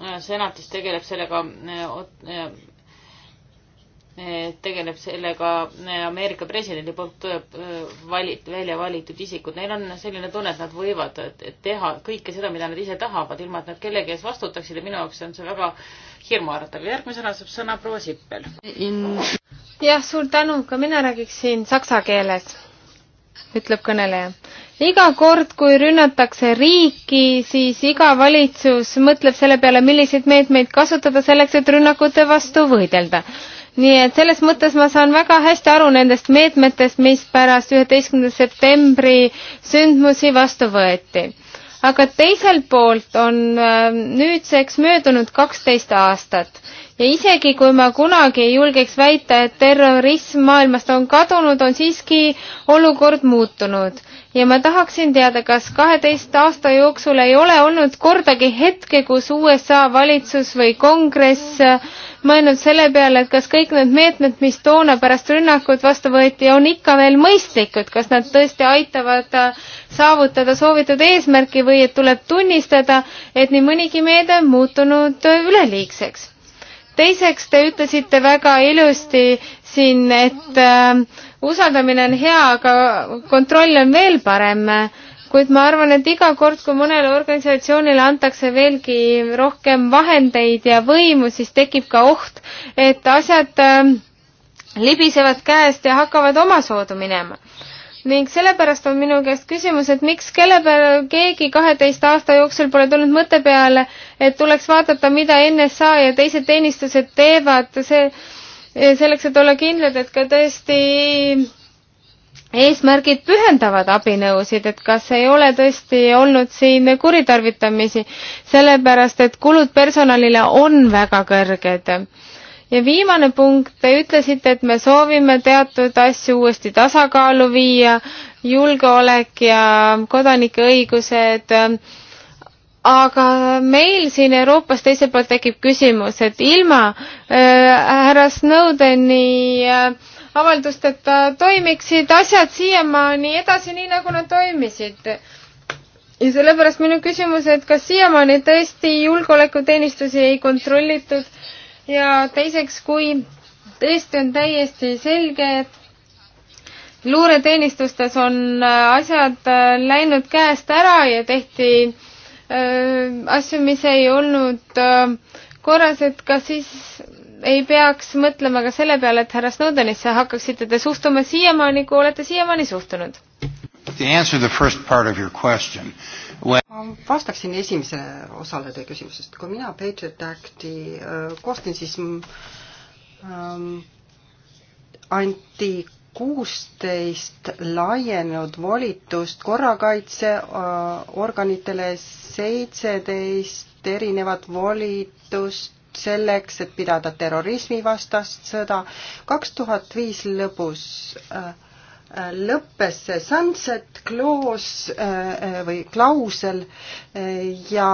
Speaker 4: äh, senatis tegeleb sellega, äh, äh, tegeleb sellega Ameerika presidendi poolt valit-, välja valitud isikud, neil on selline tunne, et nad võivad teha kõike seda, mida nad ise tahavad, ilma et nad kellegi ees vastutaksid ja minu jaoks on see väga hirmuäratav. järgmisena saab sõna proua Sippel.
Speaker 1: jah, suur tänu, ka mina räägiksin saksa keeles, ütleb kõneleja iga kord, kui rünnatakse riiki, siis iga valitsus mõtleb selle peale, milliseid meetmeid kasutada selleks, et rünnakute vastu võidelda. nii et selles mõttes ma saan väga hästi aru nendest meetmetest, mis pärast üheteistkümnenda septembri sündmusi vastu võeti. aga teiselt poolt on äh, nüüdseks möödunud kaksteist aastat ja isegi kui ma kunagi ei julgeks väita, et terrorism maailmast on kadunud, on siiski olukord muutunud ja ma tahaksin teada, kas kaheteist aasta jooksul ei ole olnud kordagi hetke, kus USA valitsus või kongress mõelnud selle peale, et kas kõik need meetmed, mis toona pärast rünnakut vastu võeti, on ikka veel mõistlikud, kas nad tõesti aitavad saavutada soovitud eesmärki või et tuleb tunnistada, et nii mõnigi meede on muutunud üleliigseks. teiseks, te ütlesite väga ilusti siin, et äh, usaldamine on hea, aga kontroll on veel parem, kuid ma arvan, et iga kord, kui mõnele organisatsioonile antakse veelgi rohkem vahendeid ja võimu, siis tekib ka oht, et asjad äh, libisevad käest ja hakkavad omasoodu minema ning sellepärast on minu käest küsimus, et miks kelle peale keegi kaheteist aasta jooksul pole tulnud mõtte peale, et tuleks vaadata, mida NSA ja teised teenistused teevad, see selleks, et olla kindlad, et ka tõesti eesmärgid pühendavad abinõusid, et kas ei ole tõesti olnud siin kuritarvitamisi, sellepärast et kulud personalile on väga kõrged. ja viimane punkt, te ütlesite, et me soovime teatud asju uuesti tasakaalu viia, julgeolek ja kodanike õigused äh, aga meil siin Euroopas teiselt poolt tekib küsimus, et ilma äh, härra Snowdeni äh, avaldusteta toimiksid asjad siiamaani edasi nii, nagu nad toimisid. ja sellepärast minu küsimus, et kas siiamaani tõesti julgeolekuteenistusi ei kontrollitud ja teiseks, kui tõesti on täiesti selge, et luureteenistustes on äh, asjad äh, läinud käest ära ja tehti äh, Äh, asju, mis ei olnud äh, korras, et kas siis ei peaks mõtlema ka selle peale, et härra Snowdenisse hakkaksite te suhtuma siiamaani, kui
Speaker 2: olete siiamaani suhtunud? When... ma vastaksin esimesele osale teie küsimusest. kui mina Patriot Acti äh, koostin, siis mm, ähm, anti kuusteist laienenud volitust korrakaitseorganitele, seitseteist erinevat volitust selleks, et pidada terrorismivastast sõda. kaks tuhat viis lõpus äh, lõppes see sunset clause äh, äh, või klausel ja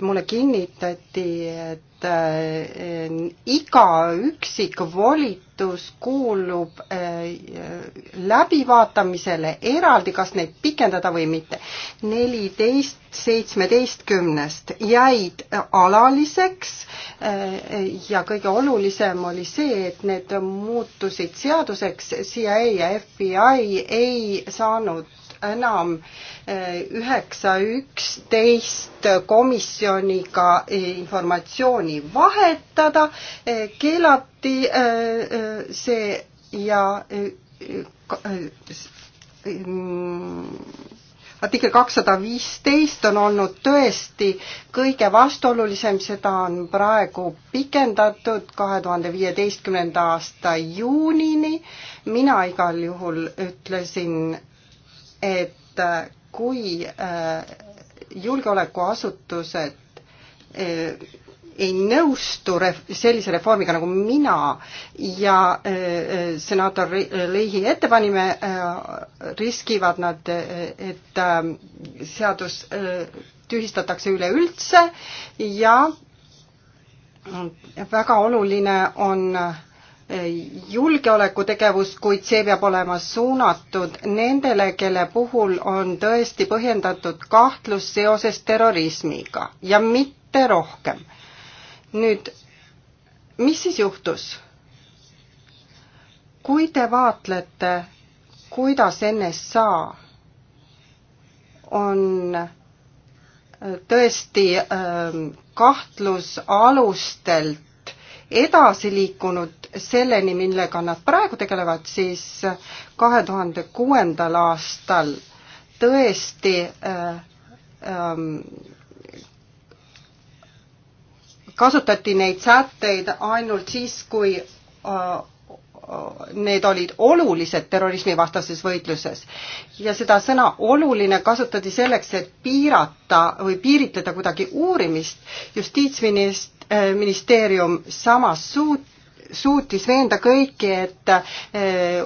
Speaker 2: mulle kinnitati, et äh, iga üksik volitus kuulub äh, läbivaatamisele eraldi, kas neid pikendada või mitte. neliteist seitsmeteistkümnest jäid alaliseks äh, ja kõige olulisem oli see, et need muutusid seaduseks, CIA ja FBI ei saanud enam eh, üheksa üksteist komisjoniga eh, informatsiooni vahetada, eh, keelati see ja mm, artikkel kakssada viisteist on olnud tõesti kõige vastuolulisem, seda on praegu pikendatud kahe tuhande viieteistkümnenda aasta juunini. mina igal juhul ütlesin et äh, kui äh, julgeolekuasutused äh, ei nõustu ref-, sellise reformiga nagu mina ja äh, senaator Leihi ette panime äh,, riskivad nad, et äh, seadus äh, tühistatakse üleüldse ja väga oluline on äh, julgeolekutegevust, kuid see peab olema suunatud nendele, kelle puhul on tõesti põhjendatud kahtlus seoses terrorismiga ja mitte rohkem. nüüd, mis siis juhtus? kui te vaatlete, kuidas NSA on äh, tõesti äh, kahtlusalustelt edasi liikunud selleni, millega nad praegu tegelevad, siis kahe tuhande kuuendal aastal tõesti äh, ähm, kasutati neid sätteid ainult siis, kui äh, need olid olulised terrorismivastases võitluses. ja seda sõna oluline kasutati selleks, et piirata või piiritleda kuidagi uurimist. justiitsministeerium äh, samas suut-, suutis veenda kõiki, et eh,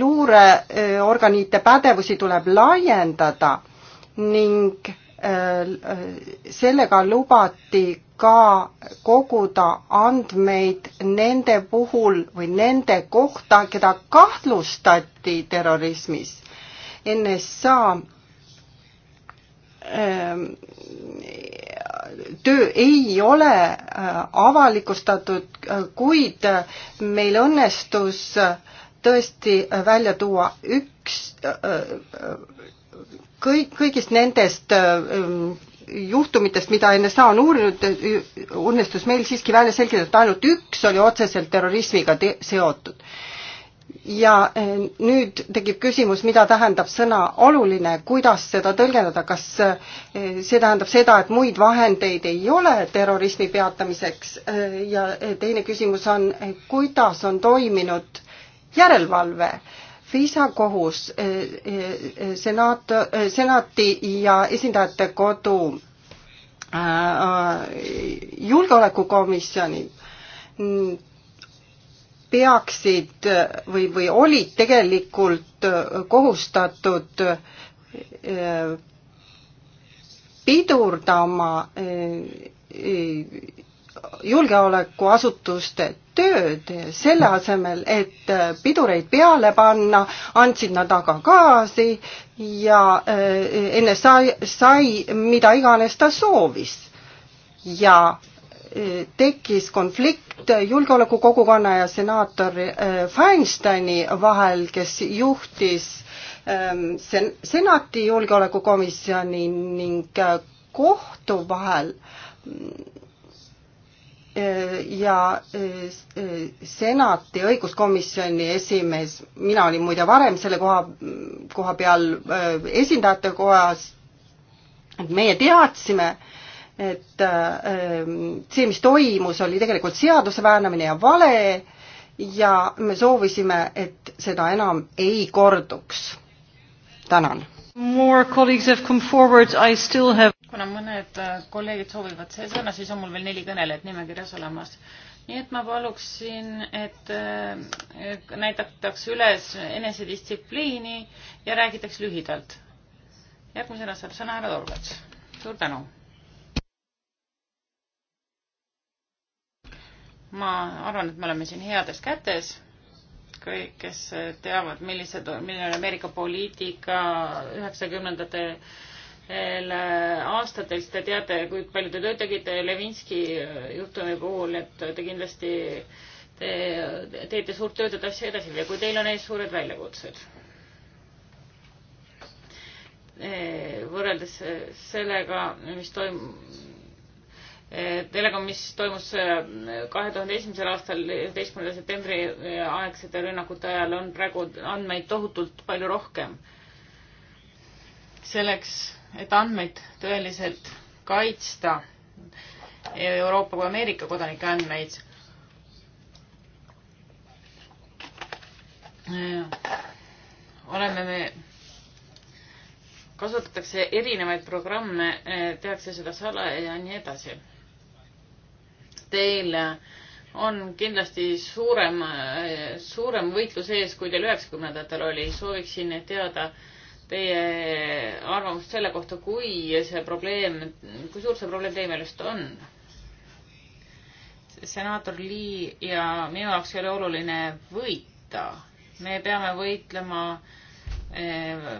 Speaker 2: luureorganite pädevusi tuleb laiendada ning eh, sellega lubati ka koguda andmeid nende puhul või nende kohta, keda kahtlustati terrorismis. NSA ähm, eh, töö ei ole äh, avalikustatud, äh, kuid äh, meil õnnestus tõesti välja tuua üks kõik, kõigist nendest juhtumitest, mida NSA on uurinud, õnnestus meil siiski välja selgitada, et ainult üks oli otseselt terrorismiga te seotud ja eh, nüüd tekib küsimus, mida tähendab sõna oluline, kuidas seda tõlgendada, kas eh, see tähendab seda, et muid vahendeid ei ole terrorismi peatamiseks eh, ja teine küsimus on, kuidas on toiminud järelevalve FISA kohus, senaat, senati ja esindajate kodu julgeolekukomisjoni mm, peaksid või, või olid tegelikult kohustatud eh, pidurdama eh, julgeolekuasutuste tööd, selle asemel, et pidureid peale panna, andsid nad aga gaasi ja eh, NSA sai mida iganes ta soovis. ja tekkis konflikt julgeolekukogukonna ja senaator äh, Feinsteini vahel, kes juhtis ähm, sen-, senati julgeolekukomisjoni ning äh, kohtu vahel äh, ja senati õiguskomisjoni esimees, mina olin muide varem selle koha, koha peal esindajate kojas, et meie teadsime, et äh, ähm, see, mis toimus, oli tegelikult seaduse väänamine ja vale ja me soovisime, et seda enam ei korduks. tänan. Have...
Speaker 4: kuna mõned äh, kolleegid soovivad see sõna, siis on mul veel neli kõnelejat nimekirjas olemas. nii et ma paluksin, et äh, näidatakse üles enesedistsipliini ja räägitakse lühidalt. järgmisena saab sõna härra Tolgats. suur tänu ma arvan, et me oleme siin heades kätes. kõik, kes teavad, millised, milline oli Ameerika poliitika üheksakümnendatel eh, aastatel, siis te teate, kui palju te tööd tegite Levinski eh, juhtumi puhul, et te kindlasti te teete suurt tööd, et asju edasi viia, kui teil on ees suured väljakutsed. Eh, võrreldes sellega, mis toimub Eh, tellega, mis toimus eh, kahe tuhande esimesel aastal, üheteistkümnenda septembri eh, aegsete rünnakute ajal, on praegu andmeid tohutult palju rohkem. selleks, et andmeid tõeliselt kaitsta, Euroopa kui Ameerika kodanike andmeid, oleme me kasutatakse erinevaid programme, tehakse seda salaja ja nii edasi teil on kindlasti suurem, suurem võitlus ees, kui teil üheksakümnendatel oli. sooviksin teada teie arvamust selle kohta, kui see probleem, kui suur see probleem teie meelest on? senaator Lee ja minu jaoks ei ole oluline võita. me peame võitlema eh,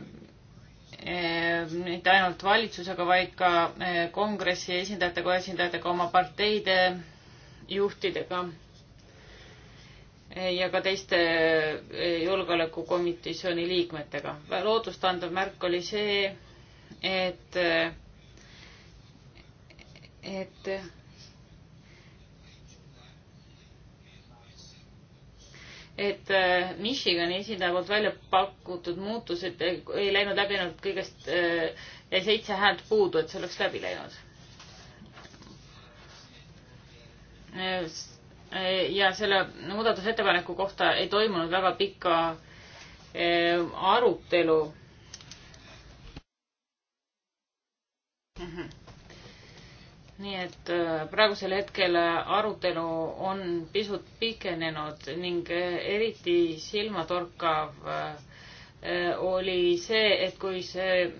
Speaker 4: eh, mitte ainult valitsusega, vaid ka eh, kongressi esindajatega, esindajatega oma parteide juhtidega eh, ja ka teiste eh, julgeolekukomisjoni liikmetega. loodustandev märk oli see, et, eh, et et Michigani esindaja poolt välja pakutud muutused ei läinud läbi ainult kõigest jäi seitse häält puudu, et see oleks läbi läinud ja selle muudatusettepaneku kohta ei toimunud väga pikka eh, arutelu. Mhm. nii et eh, praegusel hetkel arutelu on pisut pikenenud ning eh, eriti silmatorkav oli see, et kui see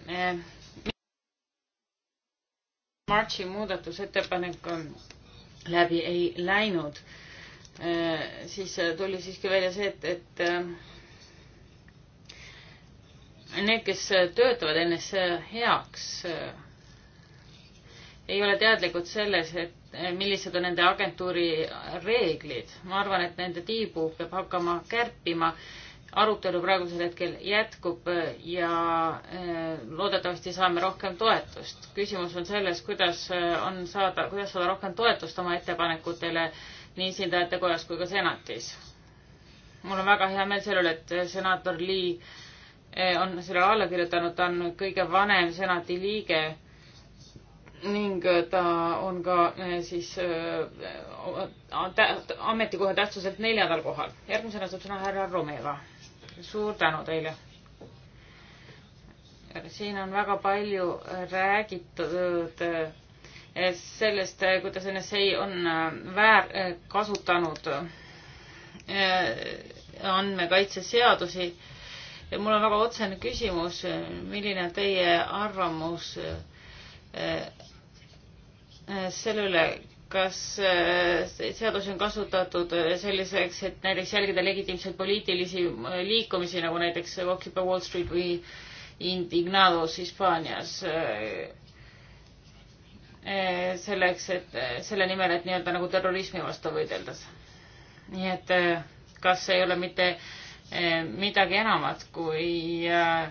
Speaker 4: Marchi muudatusettepanek on läbi ei läinud, äh, siis äh, tuli siiski välja see, et, et äh, need, kes töötavad NSV heaks, ei ole teadlikud selles, et millised on nende agentuuri reeglid. ma arvan, et nende tiibu peab hakkama kärpima arutelu praegusel hetkel jätkub äh, ja äh, loodetavasti saame rohkem toetust. küsimus on selles, kuidas äh, on saada, kuidas saada rohkem toetust oma ettepanekutele nii esindajate kojas kui ka senatis. mul on väga hea meel selle üle, et senaator Lee on sellele alla kirjutanud, ta on kõige vanem senati liige ning ta on ka siis äh, ametikoha tähtsuselt neljandal kohal. järgmisena saab sõna härra Romeva suur tänu teile. siin on väga palju räägitud eh, sellest, eh, kuidas NSA on eh, väärkasutanud andmekaitseseadusi ja mul on väga otsene küsimus, milline on teie arvamus selle üle, kas äh, seadusi on kasutatud äh, selliseks, et näiteks jälgida legitiimseid poliitilisi äh, liikumisi, nagu näiteks Occupy Wall Street või Indignados Hispaanias? selleks, et selle nimel, et nii-öelda nagu terrorismi vastu võidelda. nii et kas ei ole mitte midagi enamat kui äh,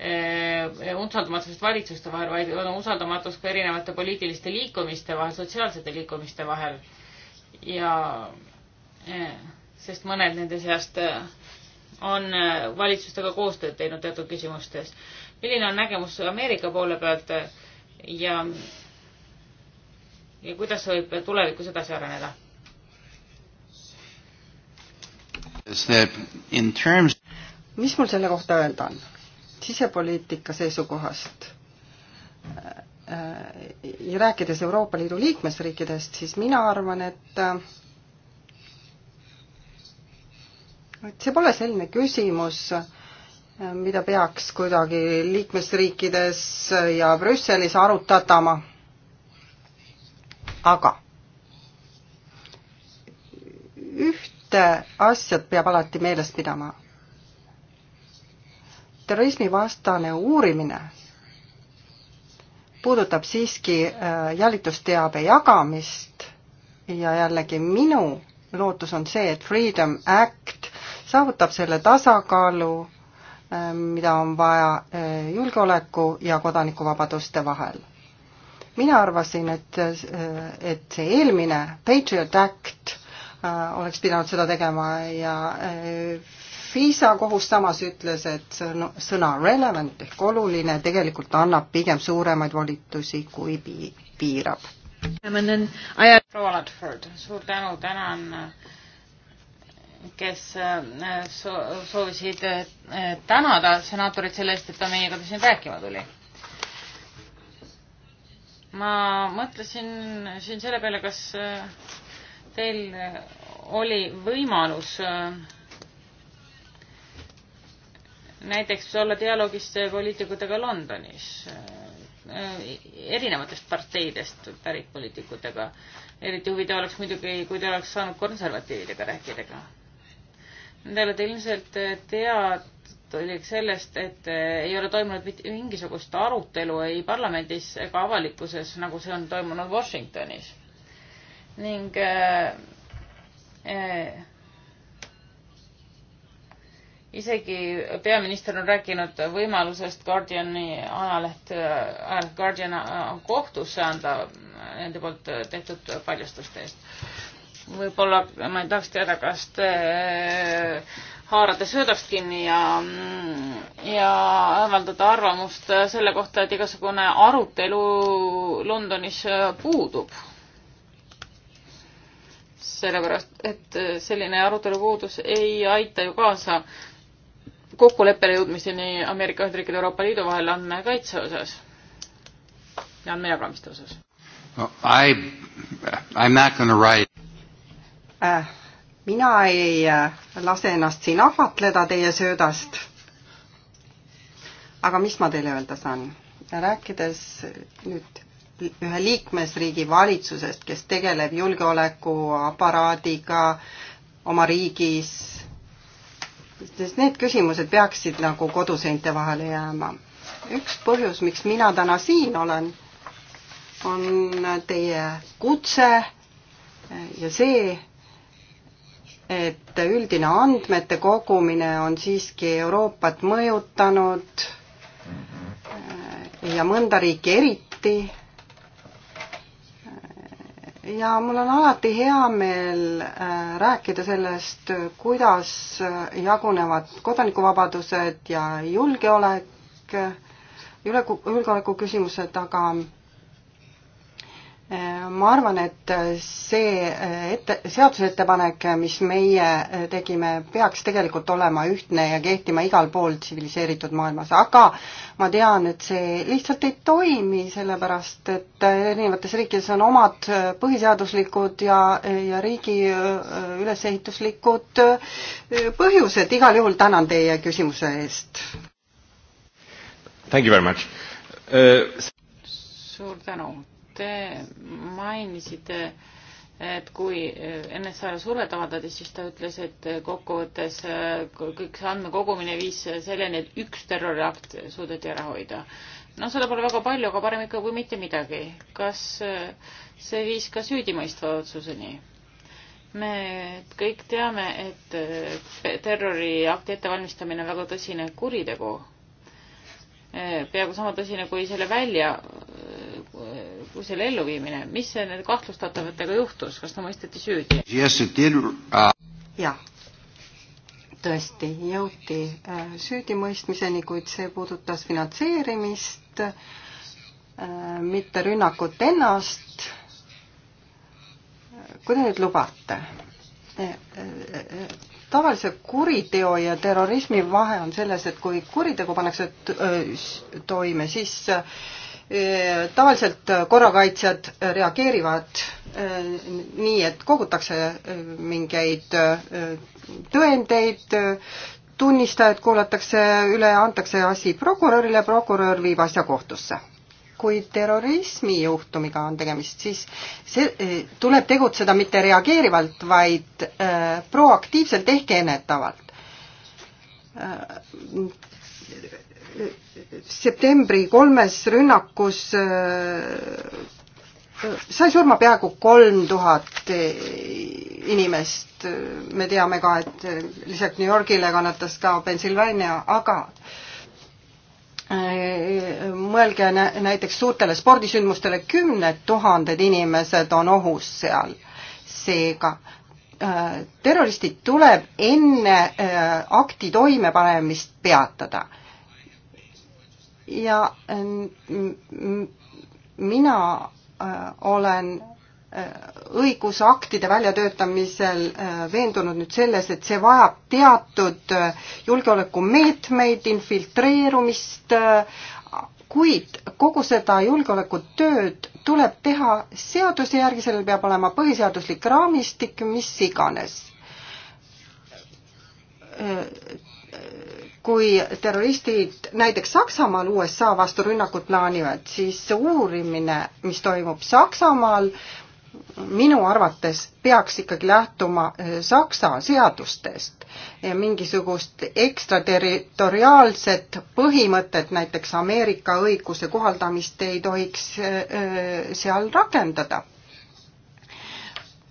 Speaker 4: Äh, usaldamatusest valitsuste vahel, vaid on usaldamatus ka erinevate poliitiliste liikumiste vahel, sotsiaalsete liikumiste vahel. ja äh, sest mõned nende seast äh, on valitsustega koostööd teinud teatud küsimustes. milline on nägemus Ameerika poole pealt ja, ja kuidas see võib tulevikus edasi areneda?
Speaker 2: mis mul selle kohta öelda on? sisepoliitika seisukohast ja rääkides Euroopa Liidu liikmesriikidest, siis mina arvan, et et see pole selline küsimus, mida peaks kuidagi liikmesriikides ja Brüsselis arutatama. aga ühte asja peab alati meeles pidama terrorismivastane uurimine puudutab siiski äh, jälitusteabe jagamist ja jällegi minu lootus on see, et Freedom Act saavutab selle tasakaalu, äh, mida on vaja äh, julgeoleku ja kodanikuvabaduste vahel. mina arvasin, et, et see eelmine Patriot Act oleks pidanud seda tegema ja FISA kohus samas ütles, et sõna relevant ehk oluline tegelikult annab pigem suuremaid volitusi, kui pi-, piirab.
Speaker 4: proua Ladford, suur tänu, tänan kes äh, soovisid äh, tänada senaatorit selle eest, et ta meiega siin rääkima tuli. ma mõtlesin siin selle peale, kas äh, teil oli võimalus näiteks olla dialoogis poliitikutega Londonis, erinevatest parteidest pärit poliitikutega. eriti huvitav oleks muidugi, kui ta oleks saanud konservatiividega rääkida. Te olete ilmselt teadlik sellest, et ei ole toimunud mitte mingisugust arutelu ei parlamendis ega avalikkuses, nagu see on toimunud Washingtonis. ning äh, äh, isegi peaminister on rääkinud võimalusest Guardiani ajaleht, ajaleht äh, Guardian kohtusse anda nende poolt tehtud paljastuste eest. võib-olla ma tahaks teada, kas te äh, haarate söödast kinni ja, ja avaldada arvamust selle kohta, et igasugune arutelu Londonis puudub sellepärast, et selline arutelu puudus ei aita ju kaasa kokkuleppele jõudmiseni Ameerika Ühendriikide ja Euroopa Liidu vahel andmekaitse osas ja
Speaker 2: andmejagamiste osas
Speaker 3: no,? I, I m not gonna write
Speaker 2: äh, mina ei äh, lase ennast siin ahvatleda teie söödast. aga mis ma teile öelda saan? rääkides nüüd ühe liikmesriigi valitsusest, kes tegeleb julgeolekuaparaadiga oma riigis sest need küsimused peaksid nagu koduseinte vahele jääma. üks põhjus, miks mina täna siin olen, on teie kutse ja see, et üldine andmete kogumine on siiski Euroopat mõjutanud mhm. ja mõnda riiki eriti ja mul on alati hea meel äh, rääkida sellest, kuidas äh, jagunevad kodanikuvabadused ja julgeolek, äh, julgeoleku küsimused, aga ma arvan, et see eh, ette, seadusettepanek, mis meie eh, tegime, peaks tegelikult olema ühtne ja kehtima igal pool tsiviliseeritud maailmas, aga ma tean, et see lihtsalt ei toimi, sellepärast et eh, erinevates riikides on omad põhiseaduslikud ja, ja riigi ülesehituslikud põhjused. igal juhul tänan teie küsimuse eest.
Speaker 3: Thank you very much uh.... suur
Speaker 4: tänu Te mainisite, et kui eh, NSA-le survet avaldati, siis ta ütles, et kokkuvõttes eh, kõik see andmekogumine viis selleni, et üks terroriakt suudeti ära hoida. no seda pole väga palju, aga parem ikka kui mitte midagi. kas eh, see viis ka süüdimõistva otsuseni? me kõik teame, et terroriakti ettevalmistamine on väga tõsine kuritegu peaaegu sama tõsine kui selle välja kui selle elluviimine, mis nende kahtlustatavatega juhtus, kas ta mõisteti süüdi?
Speaker 2: Uh, jah, tõesti jõuti äh, süüdimõistmiseni, kuid see puudutas finantseerimist, äh, mitte rünnakut ennast. kui te nüüd lubate, äh, tavalise kuriteo ja terrorismi vahe on selles, et kui kuritegu pannakse toime, siis äh, tavaliselt korrakaitsjad reageerivad äh, nii, et kogutakse äh, mingeid äh, tõendeid, tunnistajad kuulatakse üle, antakse asi prokurörile, prokurör viib asja kohtusse. kui terrorismijuhtumiga on tegemist, siis see, tuleb tegutseda mitte reageerivalt, vaid proaktiivselt ehk ennetavalt septembri kolmes rünnakus äh, sai surma peaaegu kolm tuhat inimest. me teame ka, et lisaks New Yorgile kannatas ka Pennsylvania, aga äh, mõelge näiteks suurtele spordisündmustele, kümned tuhanded inimesed on ohus seal. seega äh, terroristid tuleb enne akti toimepanemist peatada ja äh, mina äh, olen äh, õigusaktide väljatöötamisel veendunud nüüd selles, et see vajab teatud julgeolekumeetmeid, infiltreerumist, kuid kogu seda julgeolekutööd tuleb teha seaduse järgi, sellel peab olema põhiseaduslik raamistik, mis iganes kui terroristid näiteks Saksamaal USA vastu rünnakut plaanivad, siis see uurimine, mis toimub Saksamaal, minu arvates peaks ikkagi lähtuma äh, Saksa seadustest ja mingisugust ekstraterritoriaalset põhimõtet, näiteks Ameerika õiguse kohaldamist ei tohiks äh, äh, seal rakendada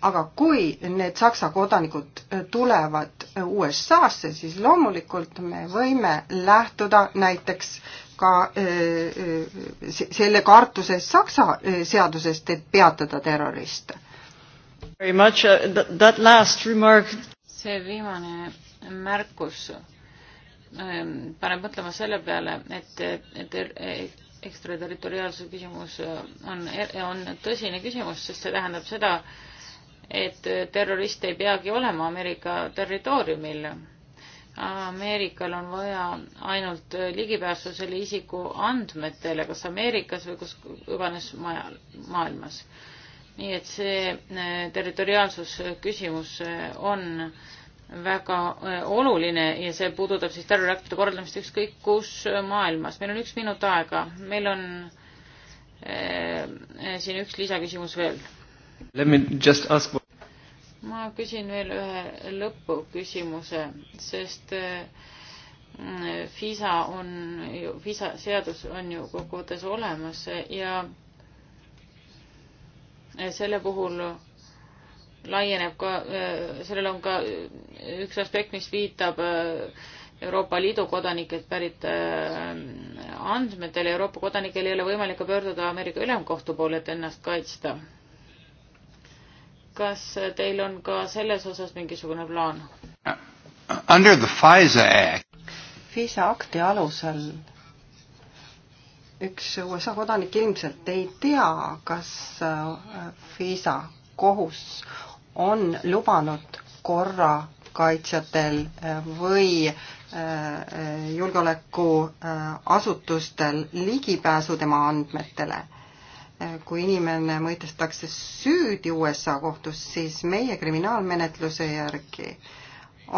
Speaker 2: aga kui need Saksa kodanikud äh, tulevad äh, USA-sse, siis loomulikult me võime lähtuda näiteks ka äh, selle kartusest Saksa seadusest, et peatada terroriste. Uh,
Speaker 4: see viimane märkus ähm, paneb mõtlema selle peale, et, et, et ekstraterritoriaalsuse küsimus on, er-, on tõsine küsimus, sest see tähendab seda, et terroriste ei peagi olema Ameerika territooriumil. Ameerikal on vaja ainult ligipääsu selle isiku andmetele, kas Ameerikas või kus iganes majal, maailmas. nii et see äh, territoriaalsus küsimus äh, on väga äh, oluline ja see puudutab siis terroriaktide korraldamist ükskõik kus maailmas. meil on üks minut aega, meil on siin üks lisaküsimus veel.
Speaker 3: Let me just ask
Speaker 4: ma küsin veel ühe lõpuküsimuse, sest mm, FISA on ju, FISA seadus on ju kokkuvõttes olemas ja selle puhul laieneb ka, sellel on ka üks aspekt, mis viitab äh, Euroopa Liidu kodanikelt pärit äh, andmetele. Euroopa kodanikel ei ole võimalik ka pöörduda Ameerika Ülemkohtu poole, et ennast kaitsta kas teil on ka selles
Speaker 2: osas mingisugune plaan?
Speaker 3: Under the FISA Act.
Speaker 2: FISA akti alusel üks USA kodanik ilmselt ei tea, kas äh, FISA kohus on lubanud korrakaitsjatel äh, või äh, julgeolekuasutustel ligipääsu tema andmetele Äh, kui inimene mõistetakse süüdi USA kohtus, siis meie kriminaalmenetluse järgi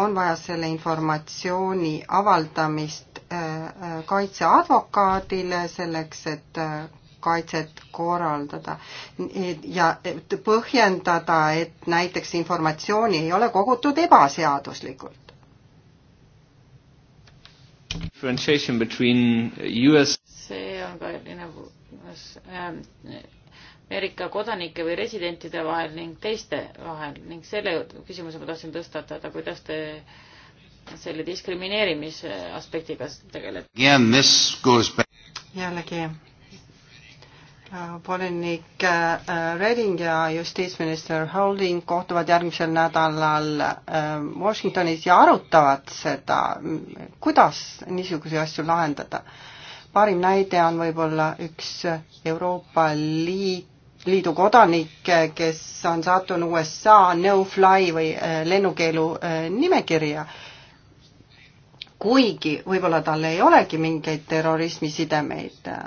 Speaker 2: on vaja selle informatsiooni avaldamist äh, äh, kaitseadvokaadile selleks, et kaitset korraldada ja põhjendada, et näiteks informatsiooni ei ole kogutud ebaseaduslikult.
Speaker 3: Differentiation between US
Speaker 4: Ähm, Ameerika kodanike või residentide vahel ning teiste vahel ning selle küsimuse ma tahtsin tõstatada, kuidas te selle diskrimineerimise aspektiga
Speaker 3: tegelete?
Speaker 2: jällegi äh, volinik äh, Reding ja justiitsminister Holding kohtuvad järgmisel nädalal äh, Washingtonis ja arutavad seda, kuidas niisuguseid asju lahendada parim näide on võib-olla üks Euroopa Liit, Liidu kodanik, kes on sattunud USA no-fly või äh, lennukeelu äh, nimekirja. kuigi võib-olla tal ei olegi mingeid terrorismisidemeid äh,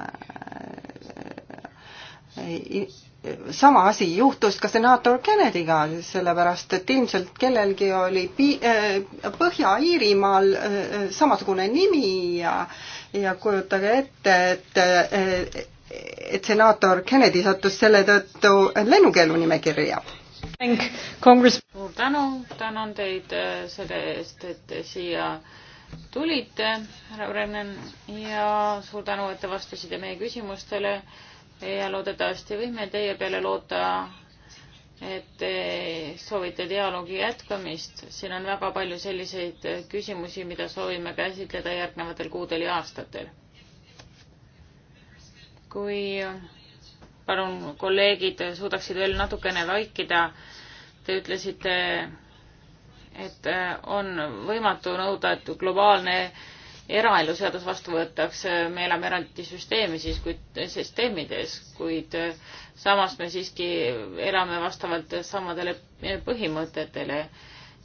Speaker 2: sama asi juhtus ka senaator Kennedy'ga, sellepärast et ilmselt kellelgi oli pi-, äh, Põhja-Iirimaal äh, samasugune nimi ja ja kujutage ette, et, äh, et senaator Kennedy sattus selle tõttu lennukeelunimekirja.
Speaker 4: suur tänu, tänan teid selle eest, et siia tulite, härra Brennan, ja suur tänu, et te vastasite meie küsimustele ja loodetavasti võime teie peale loota, et te soovite dialoogi jätkamist. siin on väga palju selliseid küsimusi, mida soovime käsitleda järgnevatel kuudel ja aastatel. kui palun kolleegid suudaksid veel natukene vaikida. Te ütlesite, et on võimatu nõuda, et globaalne eraeluseadus vastu võetakse, me elame eraldi süsteemi siis, kuid, süsteemides, kuid äh, samas me siiski elame vastavalt samadele äh, põhimõtetele.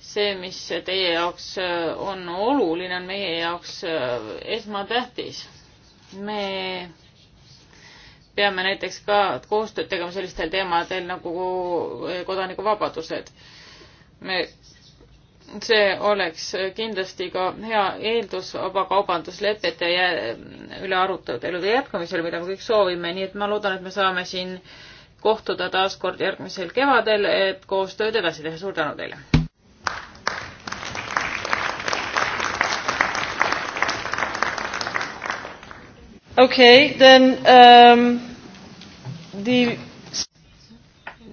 Speaker 4: see, mis teie jaoks äh, on oluline, on meie jaoks esmatähtis. me peame näiteks ka koostööd tegema sellistel teemadel nagu kodanikuvabadused. me see oleks kindlasti ka hea eeldus vabakaubanduslepete üle arutelude jätkamisel, mida me kõik soovime, nii et ma loodan, et me saame siin kohtuda taas kord järgmisel kevadel, et koostööd edasi teha. suur tänu teile!
Speaker 3: okei okay,, then um,
Speaker 4: the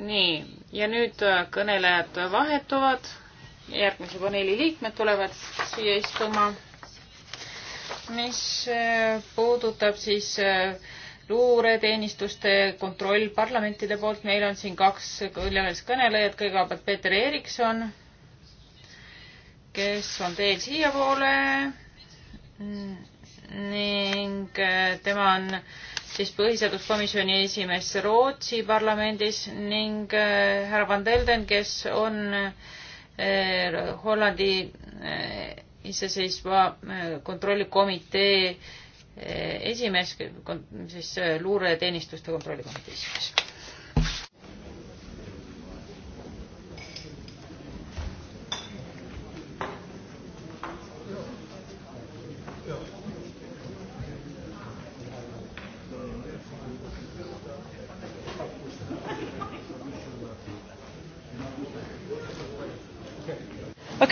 Speaker 4: nii, ja nüüd äh, kõnelejad vahetuvad järgmise paneeli liikmed tulevad siia istuma, mis äh, puudutab siis äh, luureteenistuste kontroll parlamentide poolt. meil on siin kaks kõnelis kõnelejat, kõigepealt Peeter Erikson, kes on teel siiapoole ning äh, tema on siis põhiseaduskomisjoni esimees Rootsi parlamendis ning härra Van Delden, kes on äh, Hollandi iseseisva kontrollikomitee esimees, siis luureteenistuste kontrollikomitee esimees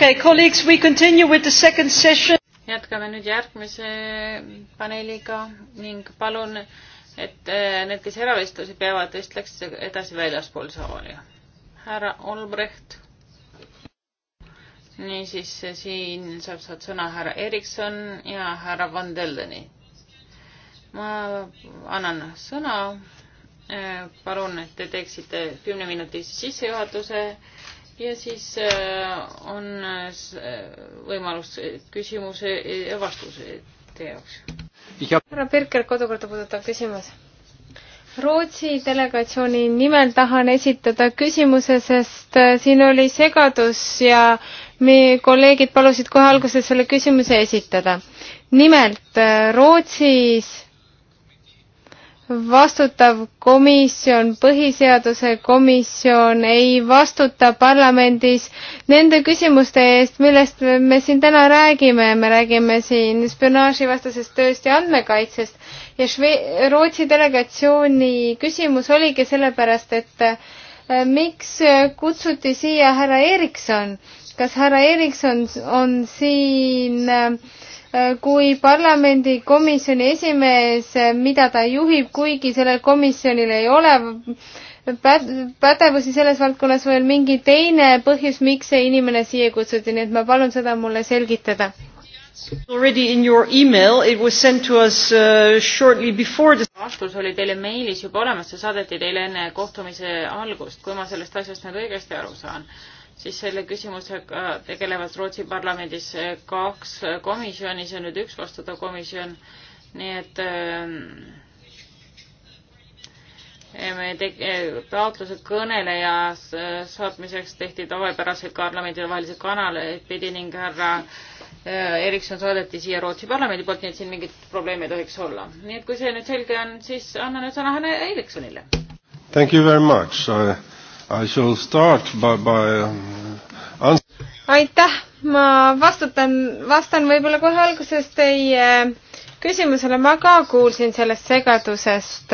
Speaker 3: Okay, colleagues, we continue with the second session.
Speaker 4: jätkame nüüd järgmise paneeliga ning palun, et äh, need, kes eravestlusi peavad, vestleks edasi väljaspool saali. härra Olbrecht. niisiis, siin saab saad sõna härra Erikson ja härra Van Deldeni. ma annan sõna. Äh, palun, et te teeksite kümneminutise sissejuhatuse ja siis äh, on äh, võimalus küsimuse ja vastuse teie
Speaker 1: jaoks. härra Birker, kodukorda puudutav küsimus. Rootsi delegatsiooni nimel tahan esitada küsimuse, sest äh, siin oli segadus ja meie kolleegid palusid kohe alguses selle küsimuse esitada. nimelt Rootsis vastutav komisjon, põhiseaduse komisjon ei vastuta parlamendis nende küsimuste eest, millest me siin täna räägime, me räägime siin spionaaživastasest tööst ja andmekaitsest ja Šve-, Rootsi delegatsiooni küsimus oligi sellepärast, et äh, miks kutsuti siia härra Erikson, kas härra Erikson on siin äh, Äh, kui parlamendi komisjoni esimees, äh, mida ta juhib, kuigi sellel komisjonil ei ole pädevusi selles valdkonnas või on mingi teine põhjus, miks see inimene siia kutsuti, nii et ma palun seda mulle selgitada.
Speaker 2: Already in your email, it was sent to us uh, shortly before the
Speaker 4: vastus oli teile meilis juba olemas, see saadeti teile enne kohtumise algust, kui ma sellest asjast nüüd õigesti aru saan siis selle küsimusega tegelevad Rootsi parlamendis eh, kaks komisjoni, see on nüüd üks vastutav komisjon, nii et eh, eh, me teg-, taotluse kõneleja saatmiseks tehti tavapäraseid parlamendivahelisi kanaleid pidi ning härra Erikson saadeti siia Rootsi parlamendi poolt, nii et siin mingit probleemi ei tohiks olla. nii et kui see nüüd selge on, siis annan nüüd sõna härra Eriksonile.
Speaker 3: Thank you very much uh... I Um,
Speaker 1: aitäh, ma vastutan, vastan võib-olla kohe alguses teie eh, küsimusele, ma ka kuulsin sellest segadusest.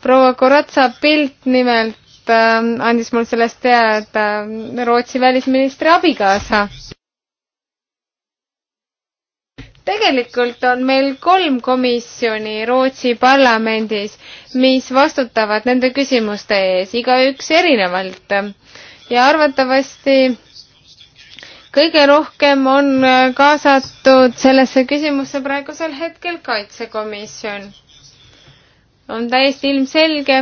Speaker 1: proua Koratsa pilt nimelt eh, andis mul sellest teada eh, Rootsi välisministri abikaasa tegelikult on meil kolm komisjoni Rootsi parlamendis, mis vastutavad nende küsimuste ees, igaüks erinevalt. ja arvatavasti kõige rohkem on kaasatud sellesse küsimusse praegusel hetkel kaitsekomisjon. on täiesti ilmselge,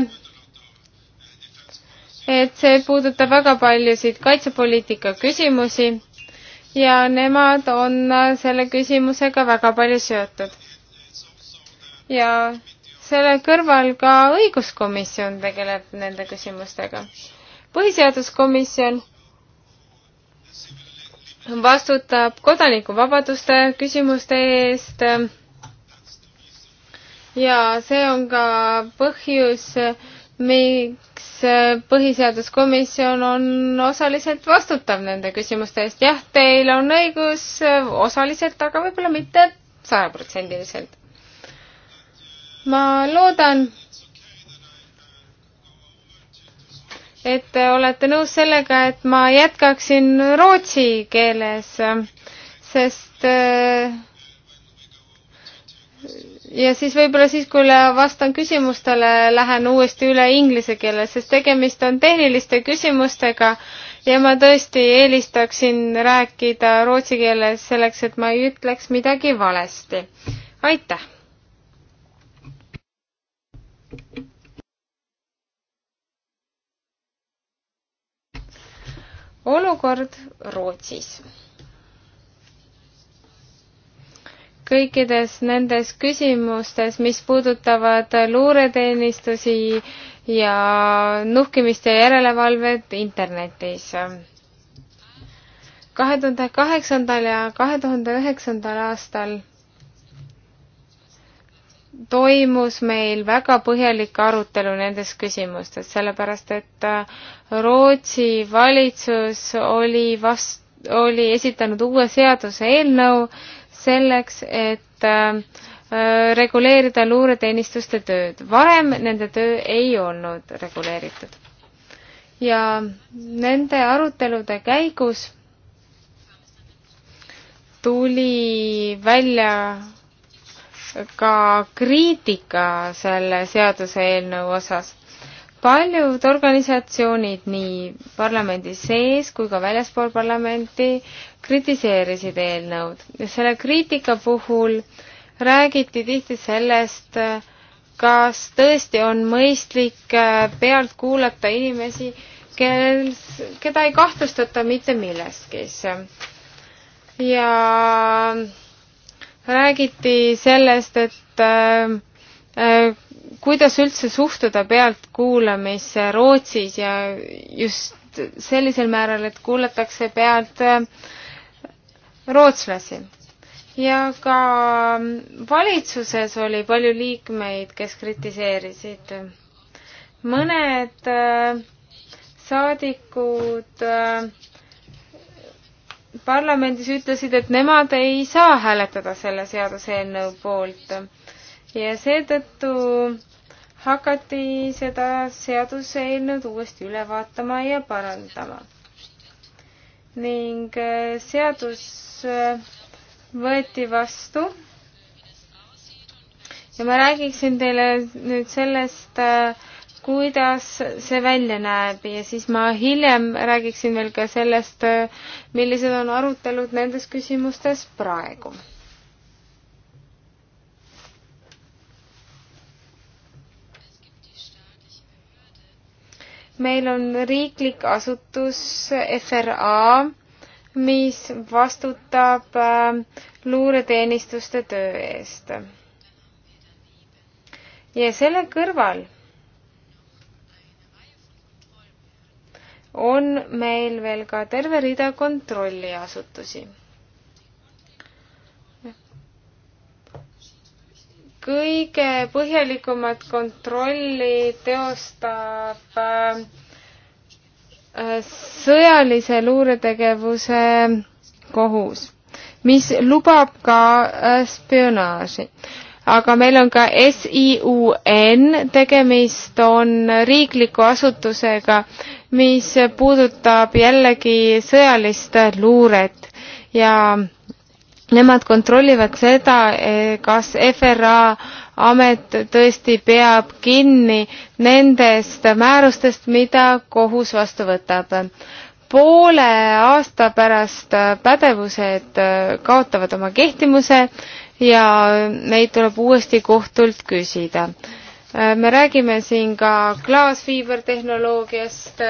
Speaker 1: et see puudutab väga paljusid kaitsepoliitika küsimusi ja nemad on äh, selle küsimusega väga palju seotud. ja selle kõrval ka õiguskomisjon tegeleb nende küsimustega. põhiseaduskomisjon vastutab kodanikuvabaduste küsimuste eest äh, ja see on ka põhjus, äh, miks äh, põhiseaduskomisjon on osaliselt vastutav nende küsimuste eest. jah, teil on õigus äh, osaliselt, aga võib-olla mitte sajaprotsendiliselt. ma loodan, et te olete nõus sellega, et ma jätkaksin rootsi keeles, äh, sest ja siis võib-olla siis, kui vastan küsimustele, lähen uuesti üle inglise keele, sest tegemist on tehniliste küsimustega ja ma tõesti eelistaksin rääkida rootsi keeles selleks, et ma ei ütleks midagi valesti. aitäh! olukord Rootsis kõikides nendes küsimustes, mis puudutavad luureteenistusi ja nuhkimist ja järelevalvet internetis. kahe tuhande kaheksandal ja kahe tuhande üheksandal aastal toimus meil väga põhjalik arutelu nendes küsimustes, sellepärast et äh, Rootsi valitsus oli vast-, oli esitanud uue seaduseelnõu, selleks, et äh, reguleerida luureteenistuste tööd. varem nende töö ei olnud reguleeritud. ja nende arutelude käigus tuli välja ka kriitika selle seaduseelnõu osas. paljud organisatsioonid nii parlamendi sees kui ka väljaspool parlamenti kritiseerisid eelnõud ja selle kriitika puhul räägiti tihti sellest, kas tõesti on mõistlik äh, pealt kuulata inimesi, kel, keda ei kahtlustata mitte milleski. ja räägiti sellest, et äh, äh kuidas üldse suhtuda pealtkuulamisse Rootsis ja just sellisel määral, et kuulatakse pealt äh, rootslasi. ja ka valitsuses oli palju liikmeid, kes kritiseerisid. mõned äh, saadikud äh, parlamendis ütlesid, et nemad ei saa hääletada selle seaduseelnõu poolt ja seetõttu hakati seda seaduseelnõud uuesti üle vaatama ja parandama ning äh, seadus äh, võeti vastu. ja ma räägiksin teile nüüd sellest, äh, kuidas see välja näeb ja siis ma hiljem räägiksin veel ka sellest, millised on arutelud nendes küsimustes praegu meil on riiklik asutus FRA, mis vastutab äh, luureteenistuste töö eest. ja selle kõrval on meil veel ka terve rida kontrolliasutusi kõige põhjalikumat kontrolli teostab äh, sõjalise luuretegevuse kohus, mis lubab ka äh, spionaaži. aga meil on ka SIUN, tegemist on riikliku asutusega, mis puudutab jällegi sõjalist luuret ja nemad kontrollivad seda, e, kas FRA amet tõesti peab kinni nendest määrustest, mida kohus vastu võtab. poole aasta pärast pädevused e, kaotavad oma kehtimuse ja neid tuleb uuesti kohtult küsida. E, me räägime siin ka klaasfiibertehnoloogiast,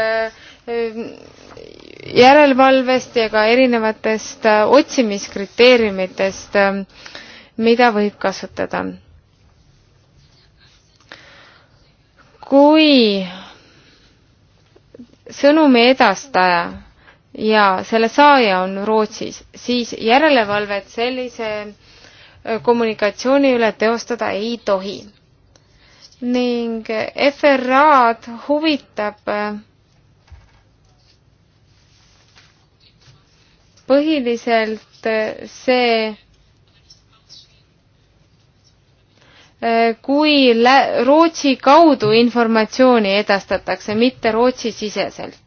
Speaker 1: järelevalvest ja ka erinevatest äh, otsimiskriteeriumitest, äh, mida võib kasutada. kui sõnumi edastaja ja selle saaja on Rootsis, siis järelevalvet sellise äh, kommunikatsiooni üle teostada ei tohi. ning FRA-d huvitab äh, põhiliselt see, kui lä-, Rootsi kaudu informatsiooni edastatakse, mitte Rootsi-siseselt.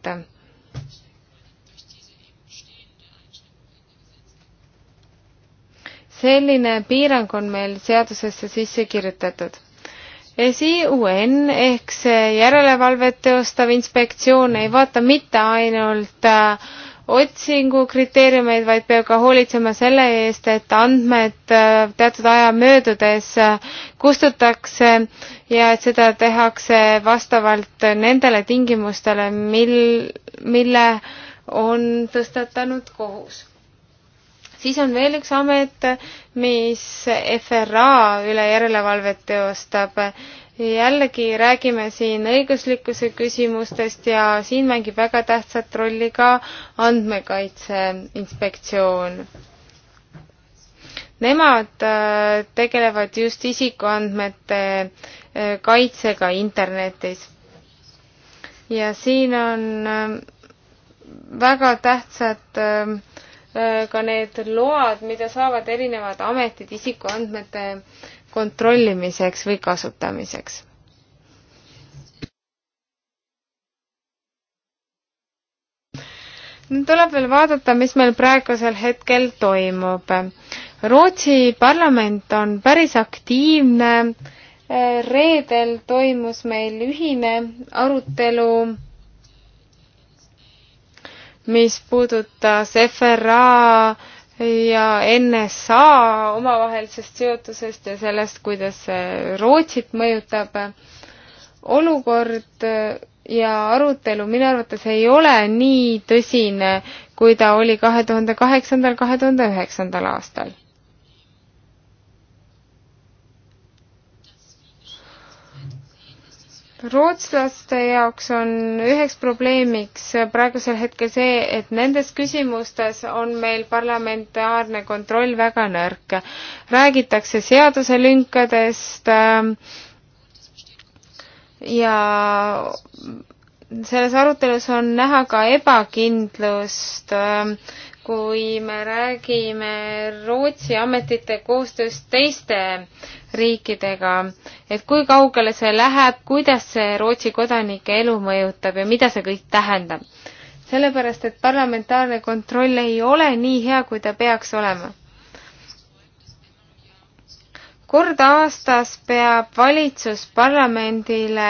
Speaker 1: selline piirang on meil seadusesse sisse kirjutatud SIUN ehk see järelevalvet teostav inspektsioon ei vaata mitte ainult äh, otsingukriteeriumeid, vaid peab ka hoolitsema selle eest, et andmed äh, teatud aja möödudes äh, kustutakse ja et seda tehakse vastavalt nendele tingimustele, mil, mille on tõstatanud kohus. siis on veel üks amet, mis FRA üle järelevalvet teostab jällegi räägime siin õiguslikkuse küsimustest ja siin mängib väga tähtsat rolli ka Andmekaitse Inspektsioon. Nemad äh, tegelevad just isikuandmete äh, kaitsega internetis. ja siin on äh, väga tähtsad ka need load, mida saavad erinevad ametid isikuandmete kontrollimiseks või kasutamiseks. nüüd tuleb veel vaadata, mis meil praegusel hetkel toimub. Rootsi parlament on päris aktiivne. reedel toimus meil ühine arutelu mis puudutas FRA ja NSA omavahelisest seotusest ja sellest, kuidas see Rootsit mõjutab olukord ja arutelu minu arvates ei ole nii tõsine, kui ta oli kahe tuhande kaheksandal, kahe tuhande üheksandal aastal. rootslaste jaoks on üheks probleemiks praegusel hetkel see, et nendes küsimustes on meil parlamentaarne kontroll väga nõrk. räägitakse seaduselünkadest ähm, ja selles arutelus on näha ka ebakindlust ähm, kui me räägime Rootsi ametite koostööst teiste riikidega, et kui kaugele see läheb, kuidas see Rootsi kodanike elu mõjutab ja mida see kõik tähendab. sellepärast, et parlamentaarne kontroll ei ole nii hea, kui ta peaks olema. kord aastas peab valitsus parlamendile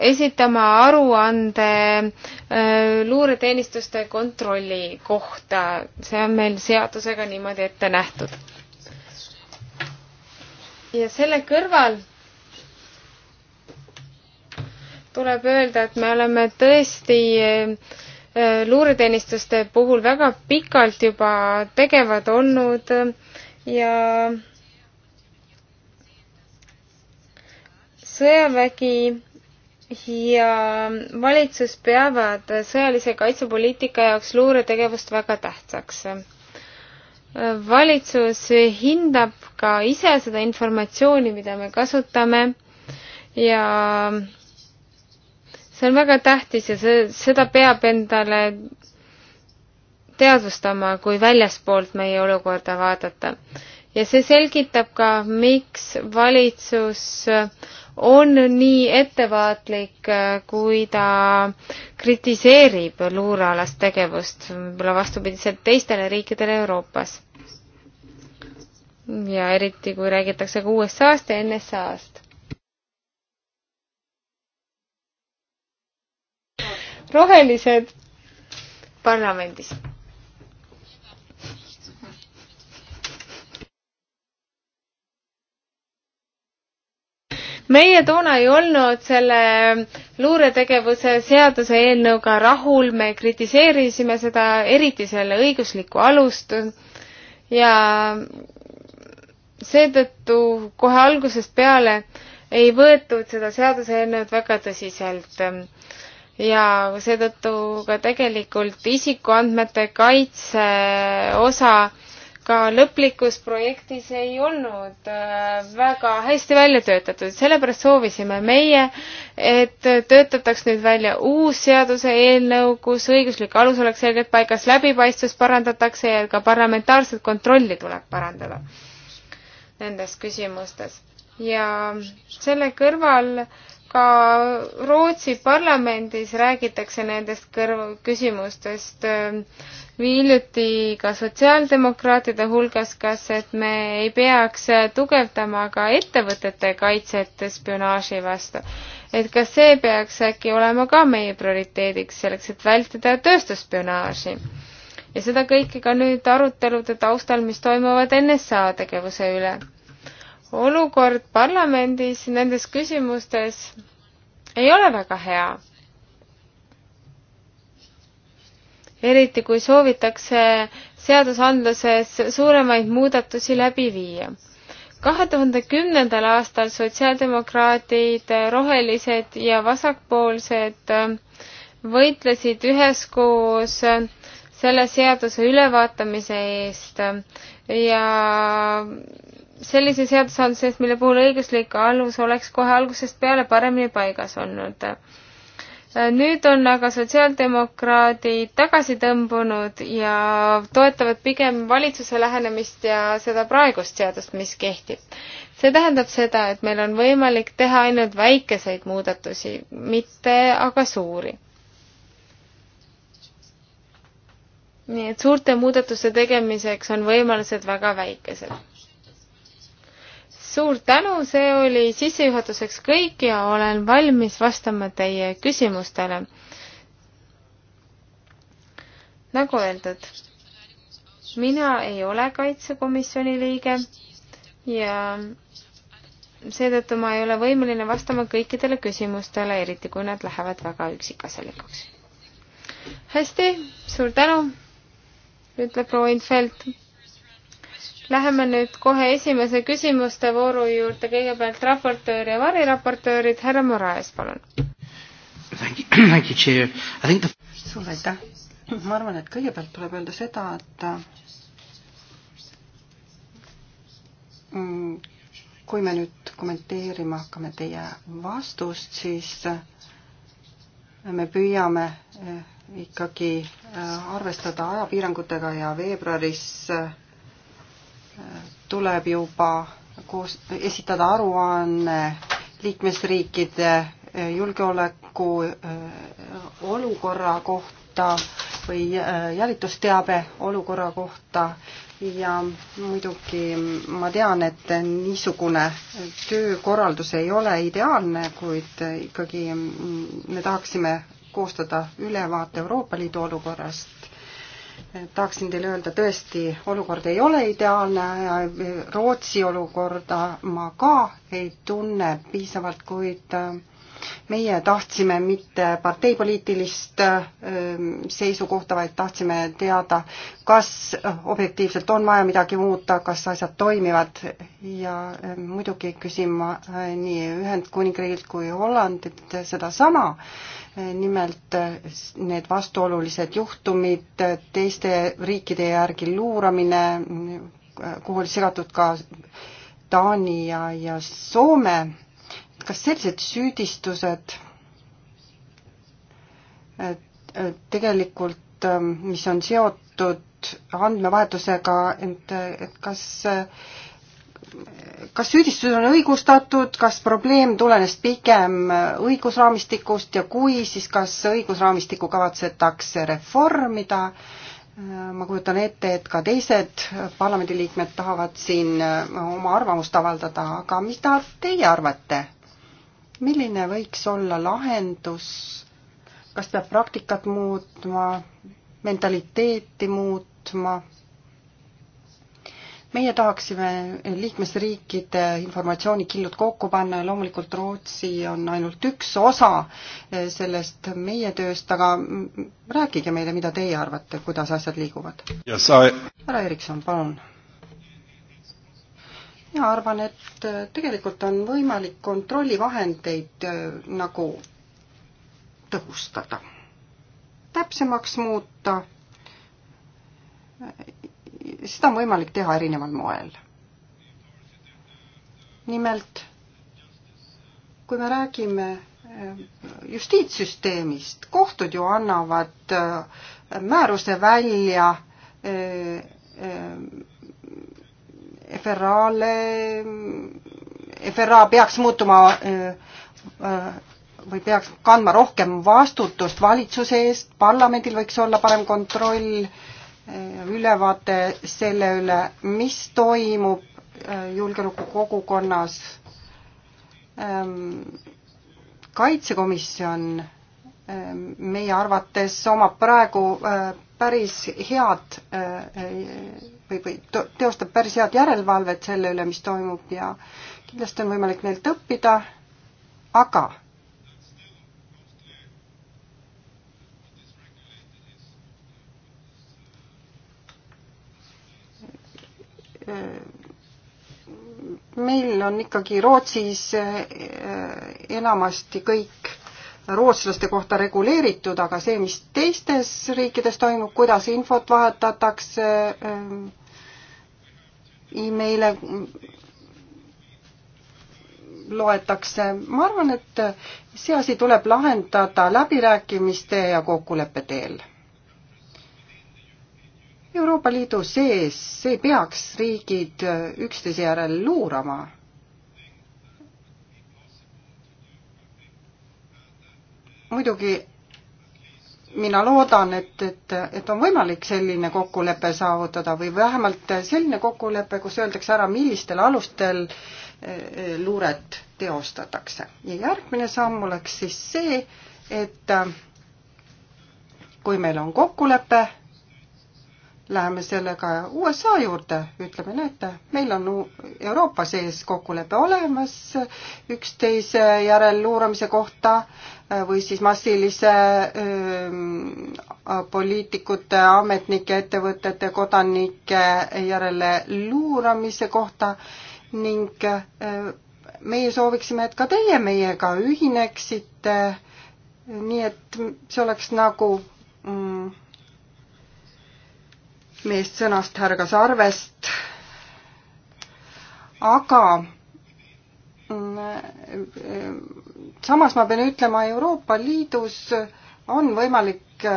Speaker 1: esitama aruande äh, luureteenistuste kontrolli kohta, see on meil seadusega niimoodi ette nähtud. ja selle kõrval tuleb öelda, et me oleme tõesti äh, luureteenistuste puhul väga pikalt juba tegevad olnud ja sõjavägi ja valitsus peavad sõjalise kaitsepoliitika jaoks luuretegevust väga tähtsaks. valitsus hindab ka ise seda informatsiooni, mida me kasutame ja see on väga tähtis ja see, seda peab endale teadvustama, kui väljaspoolt meie olukorda vaadata. ja see selgitab ka, miks valitsus on nii ettevaatlik, kui ta kritiseerib luurealast tegevust, võib-olla vastupidiselt teistele riikidele Euroopas. ja eriti, kui räägitakse ka USA-st ja NSA-st. rohelised parlamendis meie toona ei olnud selle luuretegevuse seaduse eelnõuga rahul, me kritiseerisime seda, eriti selle õiguslikku alust ja seetõttu kohe algusest peale ei võetud seda seaduseelnõud väga tõsiselt. ja seetõttu ka tegelikult isikuandmete kaitse osa ka lõplikus projektis ei olnud äh, väga hästi välja töötatud, sellepärast soovisime meie, et töötataks nüüd välja uus seaduseelnõu, kus õiguslik alus oleks selgelt paigas, läbipaistvus parandatakse ja ka parlamentaarset kontrolli tuleb parandada nendes küsimustes. ja selle kõrval äh, ka Rootsi parlamendis räägitakse nendest kõrv-, küsimustest ähm, hiljuti ka sotsiaaldemokraatide hulgas, kas et me ei peaks tugevdama ka ettevõtete kaitset spionaaži vastu. et kas see peaks äkki olema ka meie prioriteediks, selleks et vältida tööstusspionaaži? ja seda kõike ka nüüd arutelude taustal, mis toimuvad NSA tegevuse üle olukord parlamendis nendes küsimustes ei ole väga hea. eriti kui soovitakse seadusandluses suuremaid muudatusi läbi viia. kahe tuhande kümnendal aastal sotsiaaldemokraadid, rohelised ja vasakpoolsed võitlesid üheskoos selle seaduse ülevaatamise eest ja sellise seadusandlusest, mille puhul õiguslik alus oleks kohe algusest peale paremini paigas olnud. nüüd on aga sotsiaaldemokraadid tagasi tõmbunud ja toetavad pigem valitsuse lähenemist ja seda praegust seadust, mis kehtib. see tähendab seda, et meil on võimalik teha ainult väikeseid muudatusi, mitte aga suuri nii et suurte muudatuste tegemiseks on võimalused väga väikesed suur tänu, see oli sissejuhatuseks kõik ja olen valmis vastama teie küsimustele. nagu öeldud, mina ei ole kaitsekomisjoni liige ja seetõttu ma ei ole võimeline vastama kõikidele küsimustele, eriti kui nad lähevad väga üksikasjalikuks. hästi, suur tänu, ütleb proua Infeld Läheme nüüd kohe esimese küsimuste vooru juurde, kõigepealt raportöör ja variraportöörid, härra
Speaker 2: Moraes, palun.
Speaker 3: *clears throat*
Speaker 2: suur aitäh. ma arvan, et kõigepealt tuleb öelda seda, et mm, kui me nüüd kommenteerima hakkame teie vastust, siis äh, me püüame äh, ikkagi äh, arvestada ajapiirangutega ja veebruaris tuleb juba koos, esitada aruanne liikmesriikide äh, julgeoleku äh, olukorra kohta või äh, jälitusteabe olukorra kohta ja muidugi ma tean, et niisugune töökorraldus ei ole ideaalne, kuid ikkagi mm, me tahaksime koostada ülevaate Euroopa Liidu olukorrast tahaksin teile öelda, tõesti, olukord ei ole ideaalne, Rootsi olukorda ma ka ei tunne piisavalt, kuid äh, meie tahtsime mitte parteipoliitilist ähm, seisukohta, vaid tahtsime teada, kas objektiivselt on vaja midagi muuta, kas asjad toimivad ja ähm, muidugi küsin ma äh, nii Ühendkuningriigilt kui Hollandilt sedasama, äh, nimelt äh, need vastuolulised juhtumid, teiste riikide järgi luuramine, kuhu oli segatud ka Taani ja, ja Soome kas sellised süüdistused tegelikult, ähm, mis on seotud andmevahetusega, et, et kas äh, kas süüdistused on õigustatud, kas probleem tulenes pigem õigusraamistikust ja kui, siis kas õigusraamistikku kavatsetakse reformida? Äh, ma kujutan ette, et ka teised parlamendiliikmed tahavad siin äh, oma arvamust avaldada, aga mida teie arvate? milline võiks olla lahendus, kas peab praktikat muutma, mentaliteeti muutma? meie tahaksime liikmesriikide informatsioonikillud kokku panna ja loomulikult Rootsi on ainult üks osa eh, sellest meie tööst, aga rääkige meile, mida teie arvate, kuidas asjad liiguvad yes,? härra I... Erikson, palun mina arvan, et äh, tegelikult on võimalik kontrollivahendeid äh, nagu tõhustada, täpsemaks muuta. seda on võimalik teha erineval moel. nimelt, kui me räägime äh, justiitssüsteemist, kohtud ju annavad määruse välja FRA-le, FRA peaks muutuma äh, äh, või peaks kandma rohkem vastutust valitsuse eest, parlamendil võiks olla parem kontroll, äh, ülevaate selle üle, mis toimub julgeolekukogukonnas. Ähm, kaitsekomisjon ähm, meie arvates omab praegu päris head või, või teostab päris head järelevalvet selle üle, mis toimub ja kindlasti on võimalik neilt õppida, aga meil on ikkagi Rootsis eh, eh, enamasti kõik rootslaste kohta reguleeritud, aga see, mis teistes riikides toimub, kuidas infot vahetatakse ähm, emaile mm, loetakse, ma arvan, et see asi tuleb lahendada läbirääkimiste ja kokkuleppe teel. Euroopa Liidu sees, see peaks riigid üksteise järel luurama muidugi mina loodan, et, et, et on võimalik selline kokkulepe saavutada või vähemalt selline kokkulepe, kus öeldakse ära, millistel alustel eh, luuret teostatakse. ja järgmine samm oleks siis see, et eh, kui meil on kokkulepe läheme sellega USA juurde, ütleme, näete, meil on Euroopa sees kokkulepe olemas üksteise järelluuramise kohta äh, või siis massilise öö, ähm, poliitikute, ametnike, ettevõtete, kodanike järele luuramise kohta ning öö, äh, meie sooviksime, et ka teie meiega ühineksite, nii et see oleks nagu mm, mitmest sõnast härga Sarvest, aga samas ma pean ütlema, Euroopa Liidus on võimalik, ma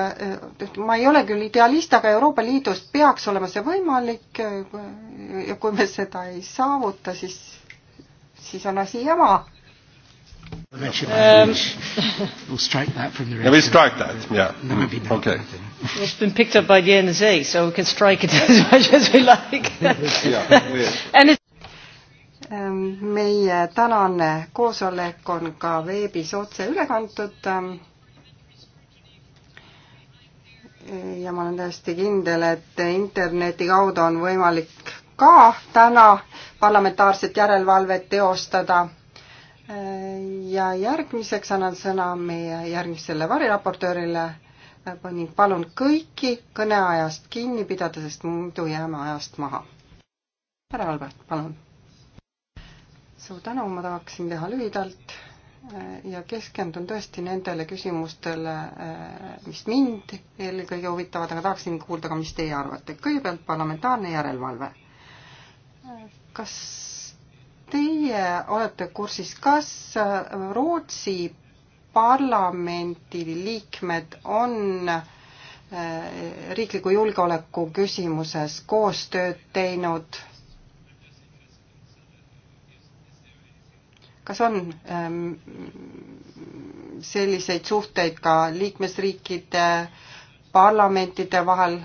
Speaker 2: ei ole küll idealist, aga Euroopa Liidus peaks olema see võimalik ja kui me seda ei saavuta, siis, siis on asi jama
Speaker 3: Richard um, *laughs* We'll strike that from the record. Yeah, we strike that, yeah. No, mm. no, okay. Nothing. It's been picked up by the NSA, so we can strike it *laughs* as much as we like. yeah, yeah.
Speaker 2: And it's um, meie tänane koosolek on ka veebis otse üle kantud. Um, ja ma olen täiesti kindel, et interneti kaudu on võimalik ka täna parlamentaarset järelevalvet teostada ja järgmiseks annan sõna meie järgmisele variraportöörile ning palun kõiki kõneajast kinni pidada, sest muidu jääme ajast maha. härra Albert, palun. suur tänu, ma tahaksin teha lühidalt ja keskendun tõesti nendele küsimustele, mis mind eelkõige huvitavad, aga tahaksin kuulda ka, mis teie arvate. kõigepealt parlamentaarne järelevalve. kas teie olete kursis, kas Rootsi parlamendi liikmed on eh, riikliku julgeoleku küsimuses koostööd teinud? kas on ehm, selliseid suhteid ka liikmesriikide parlamentide vahel,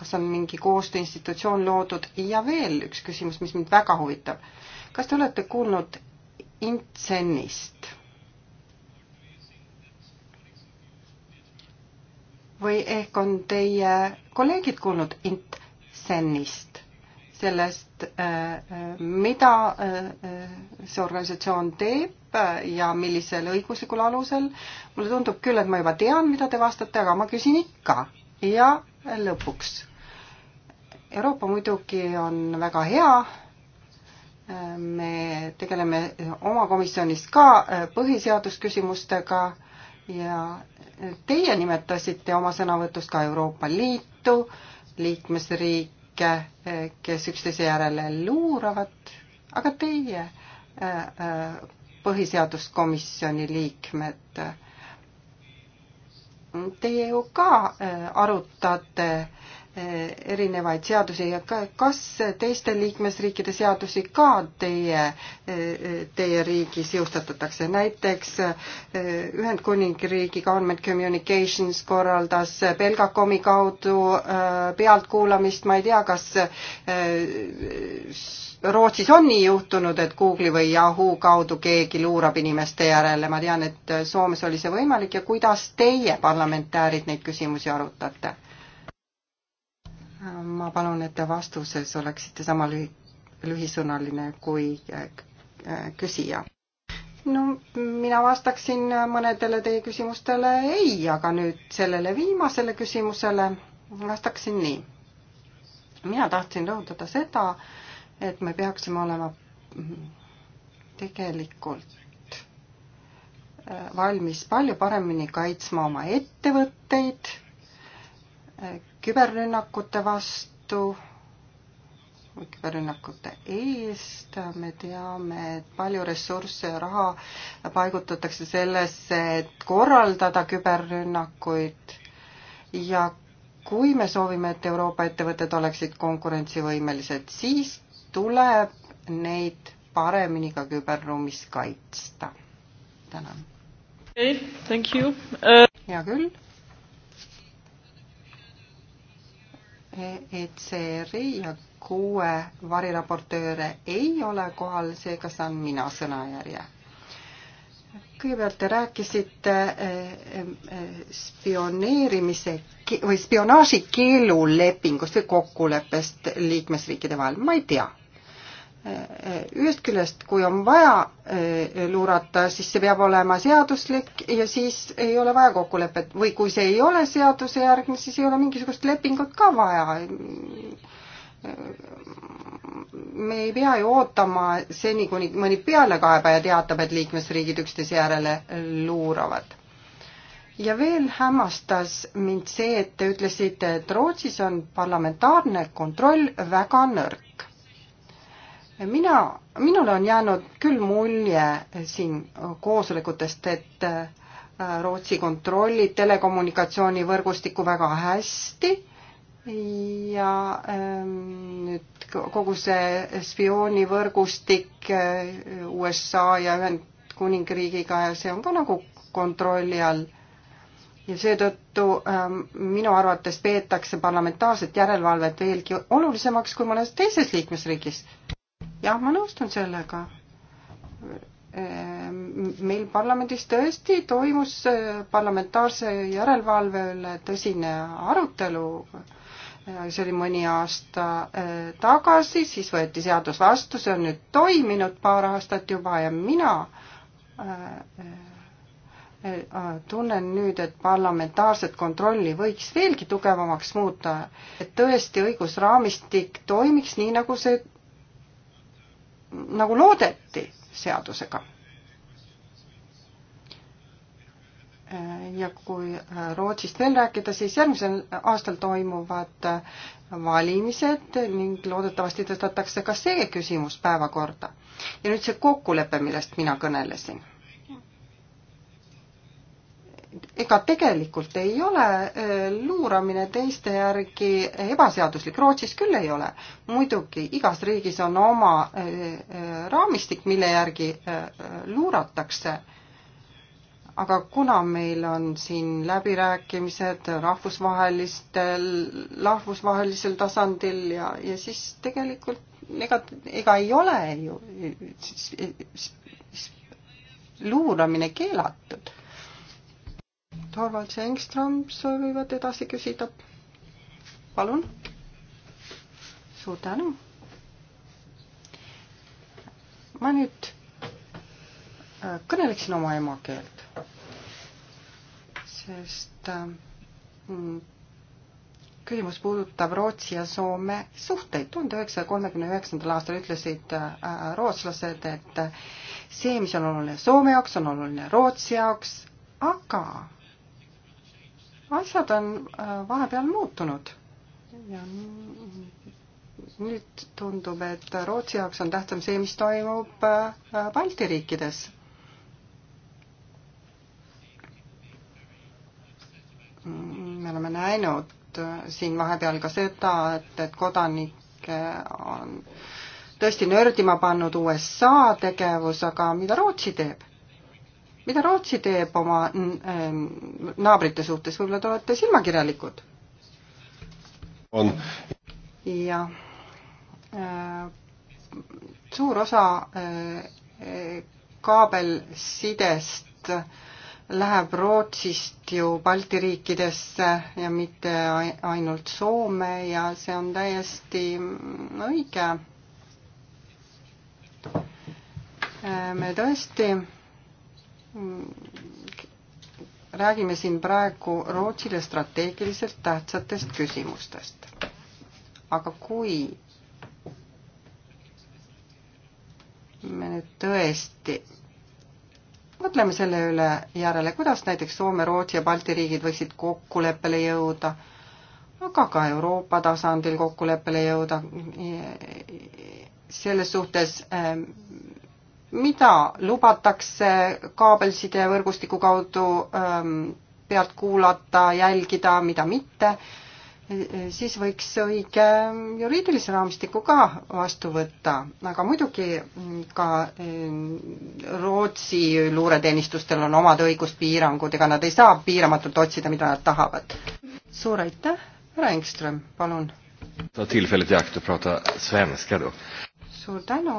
Speaker 2: kas on mingi koostööinstitutsioon loodud ja veel üks küsimus, mis mind väga huvitab kas te olete kuulnud Intsennist? või ehk on teie kolleegid kuulnud Intsennist, sellest, äh, äh, mida äh, see organisatsioon teeb ja millisel õiguslikul alusel? mulle tundub küll, et ma juba tean, mida te vastate, aga ma küsin ikka. ja lõpuks. Euroopa muidugi on väga hea me tegeleme oma komisjonis ka äh, põhiseadusküsimustega ja teie nimetasite oma sõnavõtus ka Euroopa Liitu, liikmesriike, äh, kes üksteise järele luuravad, aga teie äh, põhiseaduskomisjoni liikmed, teie ju ka arutate äh, erinevaid seadusi ja kas teiste liikmesriikide seadusi ka teie, teie riigis jõustatatakse, näiteks eh, Ühendkuningriigi Government Communications korraldas Belgacomi kaudu eh, pealtkuulamist, ma ei tea, kas eh, Rootsis on nii juhtunud, et Google'i või Yahoo kaudu keegi luurab inimeste järele, ma tean, et Soomes oli see võimalik ja kuidas teie parlamentäärid neid küsimusi arutate? ma palun, et te vastuses oleksite sama lühi, lühisõnaline kui äh, küsija. no mina vastaksin mõnedele teie küsimustele ei, aga nüüd sellele viimasele küsimusele vastaksin nii. mina tahtsin rõhutada seda, et me peaksime olema tegelikult äh, valmis palju paremini kaitsma oma ettevõtteid, äh, küberrünnakute vastu või küberrünnakute eest. me teame, et palju ressursse ja raha paigutatakse sellesse, et korraldada küberrünnakuid ja kui me soovime, et Euroopa ettevõtted oleksid konkurentsivõimelised, siis tuleb neid paremini ka küberruumis kaitsta. tänan.
Speaker 1: okei okay,, thank you
Speaker 2: uh.... hea küll ECR-i e ja kuue variraportööre ei ole kohal, seega saan mina sõnajärje. kõigepealt te rääkisite e, e, spioneerimise või spionaaži keelulepingust või kokkuleppest liikmesriikide vahel, ma ei tea ühest küljest, kui on vaja eh, luurata, siis see peab olema seaduslik ja siis ei ole vaja kokkulepet või kui see ei ole seaduse järgne, siis ei ole mingisugust lepingut ka vaja. me ei pea ju ootama seni, kuni mõni pealekaebaja teatab, et liikmesriigid üksteise järele luuravad ja veel hämmastas mind see, et te ütlesite, et Rootsis on parlamentaarne kontroll väga nõrk mina, minule on jäänud küll mulje siin koosolekutest, et äh, Rootsi kontrollib telekommunikatsioonivõrgustikku väga hästi ja ähm, nüüd kogu see spioonivõrgustik äh, USA ja Ühendkuningriigiga ja see on ka nagu kontrolli all ja seetõttu ähm, minu arvates peetakse parlamentaarset järelevalvet veelgi olulisemaks kui mõnes teises liikmesriigis jah, ma nõustun sellega. Ehm, meil parlamendis tõesti toimus eh, parlamentaarse järelevalve üle tõsine arutelu. Eh, see oli mõni aasta eh, tagasi, siis võeti seadus vastu, see on nüüd toiminud paar aastat juba ja mina tunnen nüüd, et parlamentaarset kontrolli võiks veelgi tugevamaks muuta, et tõesti õigusraamistik toimiks nii, nagu see nagu loodeti seadusega. ja kui Rootsist veel rääkida, siis järgmisel aastal toimuvad valimised ning loodetavasti tõstetakse ka see küsimus päevakorda. ja nüüd see kokkulepe, millest mina kõnelesin ega tegelikult ei ole luuramine teiste järgi ebaseaduslik, Rootsis küll ei ole. muidugi igas riigis on oma raamistik, mille järgi luuratakse. aga kuna meil on siin läbirääkimised rahvusvahelistel, rahvusvahelisel tasandil ja, ja siis tegelikult ega, ega ei ole ju siis, siis, siis luuramine keelatud Torvalds ja Engström soovivad edasi küsida. palun. suur tänu. ma nüüd äh, kõneleksin oma emakeelt, sest äh, mm, küsimus puudutab Rootsi ja Soome suhteid. tuhande üheksasaja kolmekümne üheksandal aastal ütlesid äh, rootslased, et see, mis on oluline Soome jaoks, on oluline Rootsi jaoks, aga asjad on äh, vahepeal muutunud ja nüüd tundub, et Rootsi jaoks on tähtsam see, mis toimub äh, Balti riikides. me oleme näinud äh, siin vahepeal ka seda, et, et kodanikke on tõesti nördima pannud USA tegevus, aga mida Rootsi teeb? mida Rootsi teeb oma mm, ähm, naabrite suhtes, võib-olla te olete silmakirjalikud? on. jah. Äh, suur osa äh, kaabelsidest läheb Rootsist ju Balti riikidesse ja mitte ainult Soome ja see on täiesti mm, õige. Äh, me tõesti Hmm. räägime siin praegu Rootsile strateegiliselt tähtsatest küsimustest. aga kui me nüüd tõesti mõtleme selle üle järele, kuidas näiteks Soome, Rootsi ja Balti riigid võiksid kokkuleppele jõuda, aga ka Euroopa tasandil kokkuleppele jõuda selles suhtes, ähm, mida lubatakse kaabelsidevõrgustiku kaudu ähm, pealt kuulata, jälgida, mida mitte, siis võiks õige juriidilise raamistiku ka vastu võtta, aga muidugi ka ähm, Rootsi luureteenistustel on omad õiguspiirangud, ega nad ei saa piiramatult otsida, mida nad tahavad. suur aitäh, härra Engström, palun!
Speaker 3: ta tillfället i akt att prata svenska då
Speaker 2: suur tänu,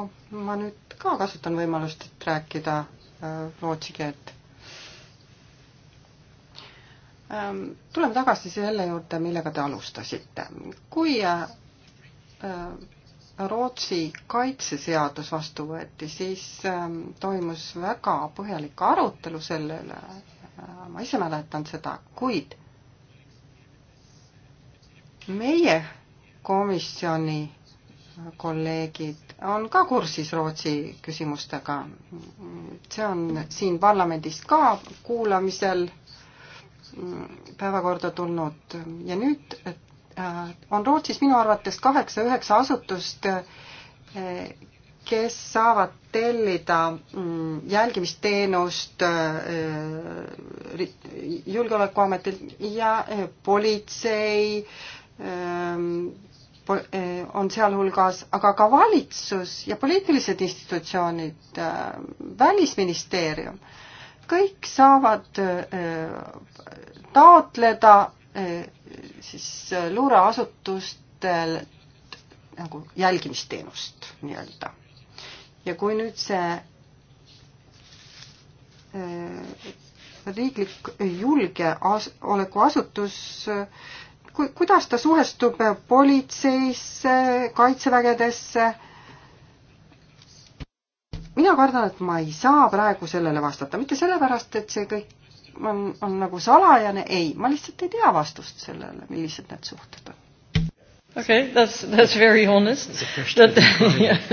Speaker 2: ma nüüd ka kasutan võimalust, et rääkida äh, rootsi keelt. Ähm, tuleme tagasi selle juurde, millega te alustasite. kui äh, Rootsi kaitseseadus vastu võeti, siis ähm, toimus väga põhjalik arutelu selle üle. Äh, ma ise mäletan seda, kuid meie komisjoni kolleegid on ka kursis Rootsi küsimustega. see on siin parlamendis ka kuulamisel päevakorda tulnud ja nüüd äh, on Rootsis minu arvates kaheksa-üheksa asutust, äh, kes saavad tellida mm, jälgimisteenust äh, julgeolekuametilt ja politsei ähm, Eh, on sealhulgas, aga ka valitsus ja poliitilised institutsioonid, eh, välisministeerium, kõik saavad eh, taotleda siis luureasutustel nagu jälgimisteenust nii-öelda. ja kui nüüd see riiklik julgeolekuasutus as, ku-, kuidas ta suhestub politseisse, kaitsevägedesse? mina kardan, et ma ei saa praegu sellele vastata, mitte sellepärast, et see kõik on, on nagu salajane, ei, ma lihtsalt ei tea vastust sellele, millised need suhted on. okei okay,, that's, that's very honest. That, *laughs* yeah.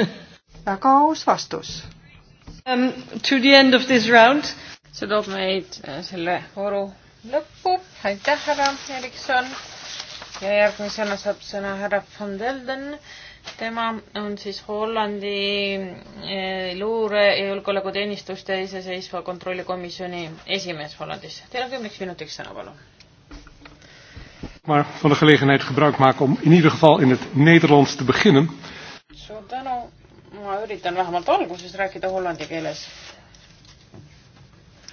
Speaker 2: väga aus vastus um,. To the end of this round. see toob meid
Speaker 4: äh, selle vooru
Speaker 1: lõppu, aitäh, härra Erikson ja
Speaker 4: järgmisena saab sõna härra van Delden. tema on siis Hollandi eh, luure ja julgeolekuteenistuste iseseisva kontrollikomisjoni esimees Hollandis. Teil on kümneks minutiks sõna, palun.
Speaker 3: maar van de gelegenheid gebruik maken om in ieder geval in het Nederlands te beginnen.
Speaker 4: Suur tänu. Ma üritan vähemalt alguses rääkida hollandi keeles.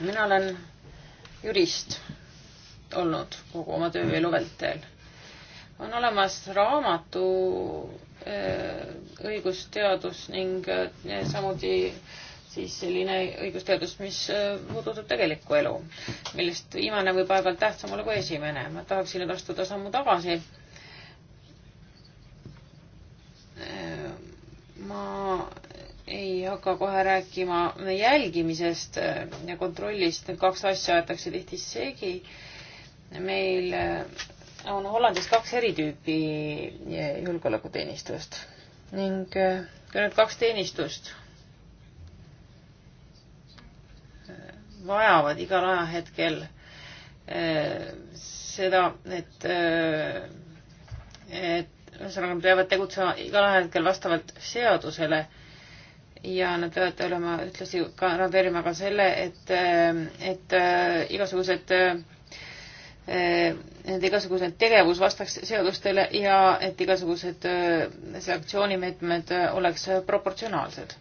Speaker 4: Mina olen jurist olnud kogu oma töö elu vältel on olemas raamatu äh, õigusteadus ning äh, samuti siis selline õigusteadus, mis puudutab äh, tegelikku elu, millest viimane võib aeg-ajalt tähtsam olla kui esimene. ma tahaksin nüüd astuda sammu tagasi. ma ei hakka kohe rääkima jälgimisest ja kontrollist, need kaks asja aetakse tihti segi. meil on Hollandis kaks eri tüüpi eh, julgeolekuteenistust ning eh, kui need kaks teenistust eh, vajavad igal ajahetkel seda, et, et ühesõnaga nad peavad tegutsema igal ajahetkel vastavalt seadusele ja nad peavad olema, ütlesin, garanteerima ka selle, et, et igasugused Eh, et igasugused tegevus vastaks seadustele ja et igasugused eh, sanktsioonimeetmed eh, oleks proportsionaalsed.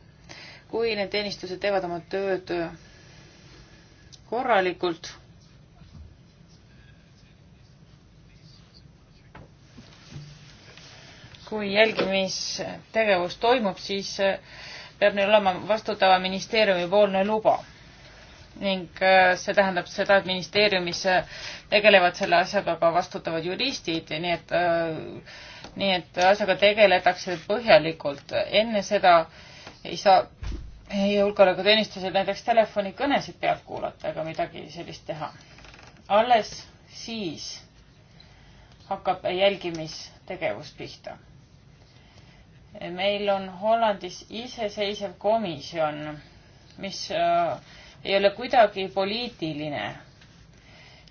Speaker 4: kui need teenistused teevad oma tööd korralikult, kui jälgimistegevus toimub, siis peab neil olema vastutava ministeeriumi poolne luba ning äh, see tähendab seda, et ministeeriumis äh, tegelevad selle asjaga ka vastutavad juristid, nii et, äh, nii et asjaga tegeletakse põhjalikult. enne seda ei saa julgeolekuteenistused näiteks telefonikõnesid pealt kuulata ega midagi sellist teha. alles siis hakkab jälgimistegevus pihta. meil on Hollandis iseseisev komisjon, mis äh, ei ole kuidagi poliitiline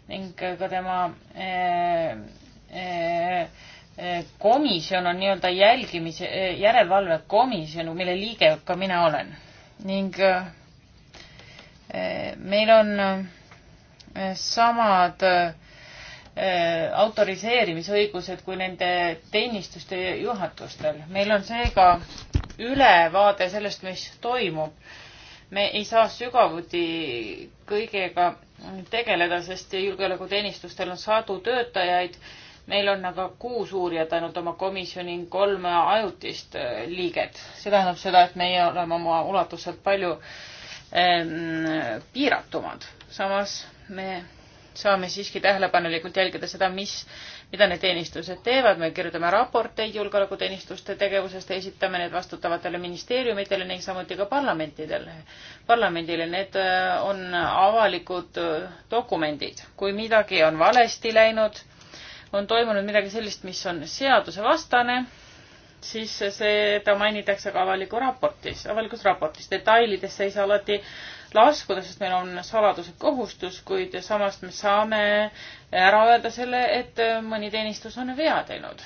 Speaker 4: ning ka tema äh, äh, komisjon on nii-öelda jälgimise, järelevalvekomisjon, mille liige ka mina olen. ning meil on samad autoriseerimisõigused kui nende teenistuste juhatustel. meil on seega ülevaade sellest, mis toimub me ei saa sügavuti kõigega tegeleda, sest julgeolekuteenistustel on sadu töötajaid, meil on aga kuus uurijat ainult oma komisjoni, kolm ajutist äh, liiget. see tähendab seda, et meie oleme oma ulatuselt palju ähm, piiratumad. samas me saame siiski tähelepanelikult jälgida seda, mis äh, mida need teenistused teevad, me kirjutame raporteid julgeolekuteenistuste tegevusest, esitame need vastutavatele ministeeriumitele ning samuti ka parlamentidele, parlamendile. Need äh, on avalikud äh, dokumendid. kui midagi on valesti läinud, on toimunud midagi sellist, mis on seadusevastane, siis seda mainitakse ka avaliku raportis, avalikus raportis. detailidesse ei saa alati laskuda, sest meil on saladuse kohustus, kuid samas me saame ära öelda selle, et mõni teenistus on vea teinud.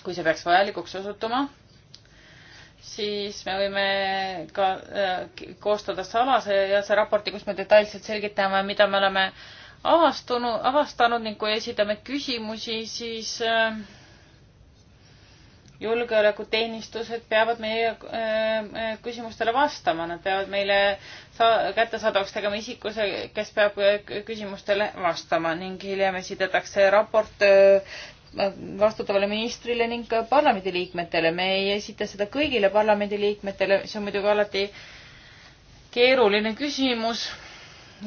Speaker 4: kui see peaks vajalikuks osutuma, siis me võime ka äh, koostada salase ja see raporti, kus me detailselt selgitame, mida me oleme avastunud, avastanud ning kui esitame küsimusi, siis äh, julgeolekuteenistused peavad meie äh, äh, küsimustele vastama, nad peavad meile saa-, kättesaadavaks tegema isikuse, kes peab äh, küsimustele vastama ning hiljem esitatakse raport vastutavale ministrile ning parlamendiliikmetele. me ei esita seda kõigile parlamendiliikmetele, see on muidugi alati keeruline küsimus.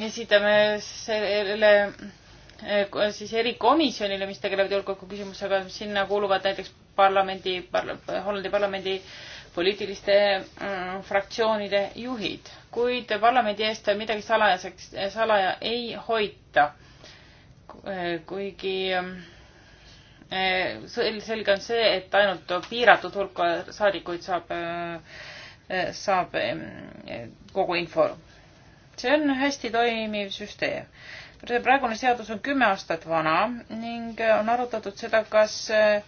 Speaker 4: esitame selle Eh, siis erikomisjonile, mis tegeleb julgeoleku küsimusega, sinna kuuluvad näiteks parlamendi parla,, Hollandi parlamendi poliitiliste mm, fraktsioonide juhid, kuid parlamendi eest midagi salajaseks, salaja ei hoita. Eh, kuigi eh, selge on see, et ainult piiratud hulk saadikuid saab, saab kogu info. see on hästi toimiv süsteem praegune seadus on kümme aastat vana ning äh, on arutatud seda, kas äh,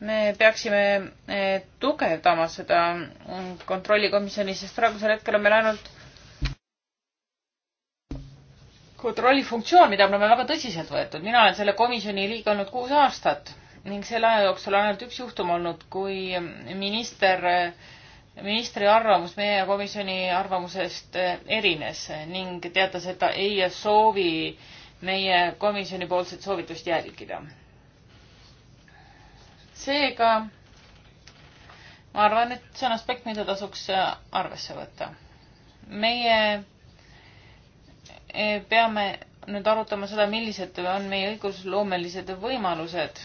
Speaker 4: me peaksime äh, tugevdama seda mm, kontrollikomisjoni, sest praegusel hetkel on meil ainult kontrolli funktsioon, mida me oleme väga tõsiselt võetud. mina olen selle komisjoni liige olnud kuus aastat ning selle aja jooksul on ainult üks juhtum olnud, kui minister äh, ministri arvamus meie komisjoni arvamusest eh, erines ning teatas, et ta ei soovi meie komisjoni poolset soovitust jälgida. seega ma arvan, et see on aspekt, mida tasuks eh, arvesse võtta. meie eh, peame nüüd arutama seda, millised on meie õigusloomelised võimalused.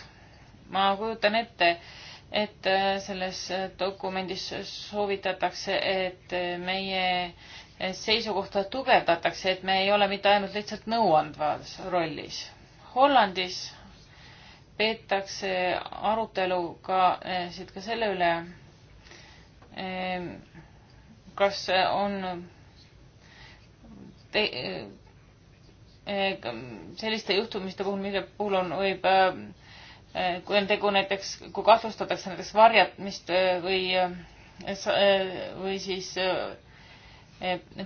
Speaker 4: ma kujutan ette, et äh, selles äh, dokumendis soovitatakse, et äh, meie seisukohta tugevdatakse, et me ei ole mitte ainult lihtsalt nõuandvas rollis. Hollandis peetakse arutelu ka siit ka selle üle, kas on te, selliste juhtumiste puhul, mille puhul on, võib Eh, kui on tegu näiteks, kui kahtlustatakse näiteks varjatmist eh, või, eh, või siis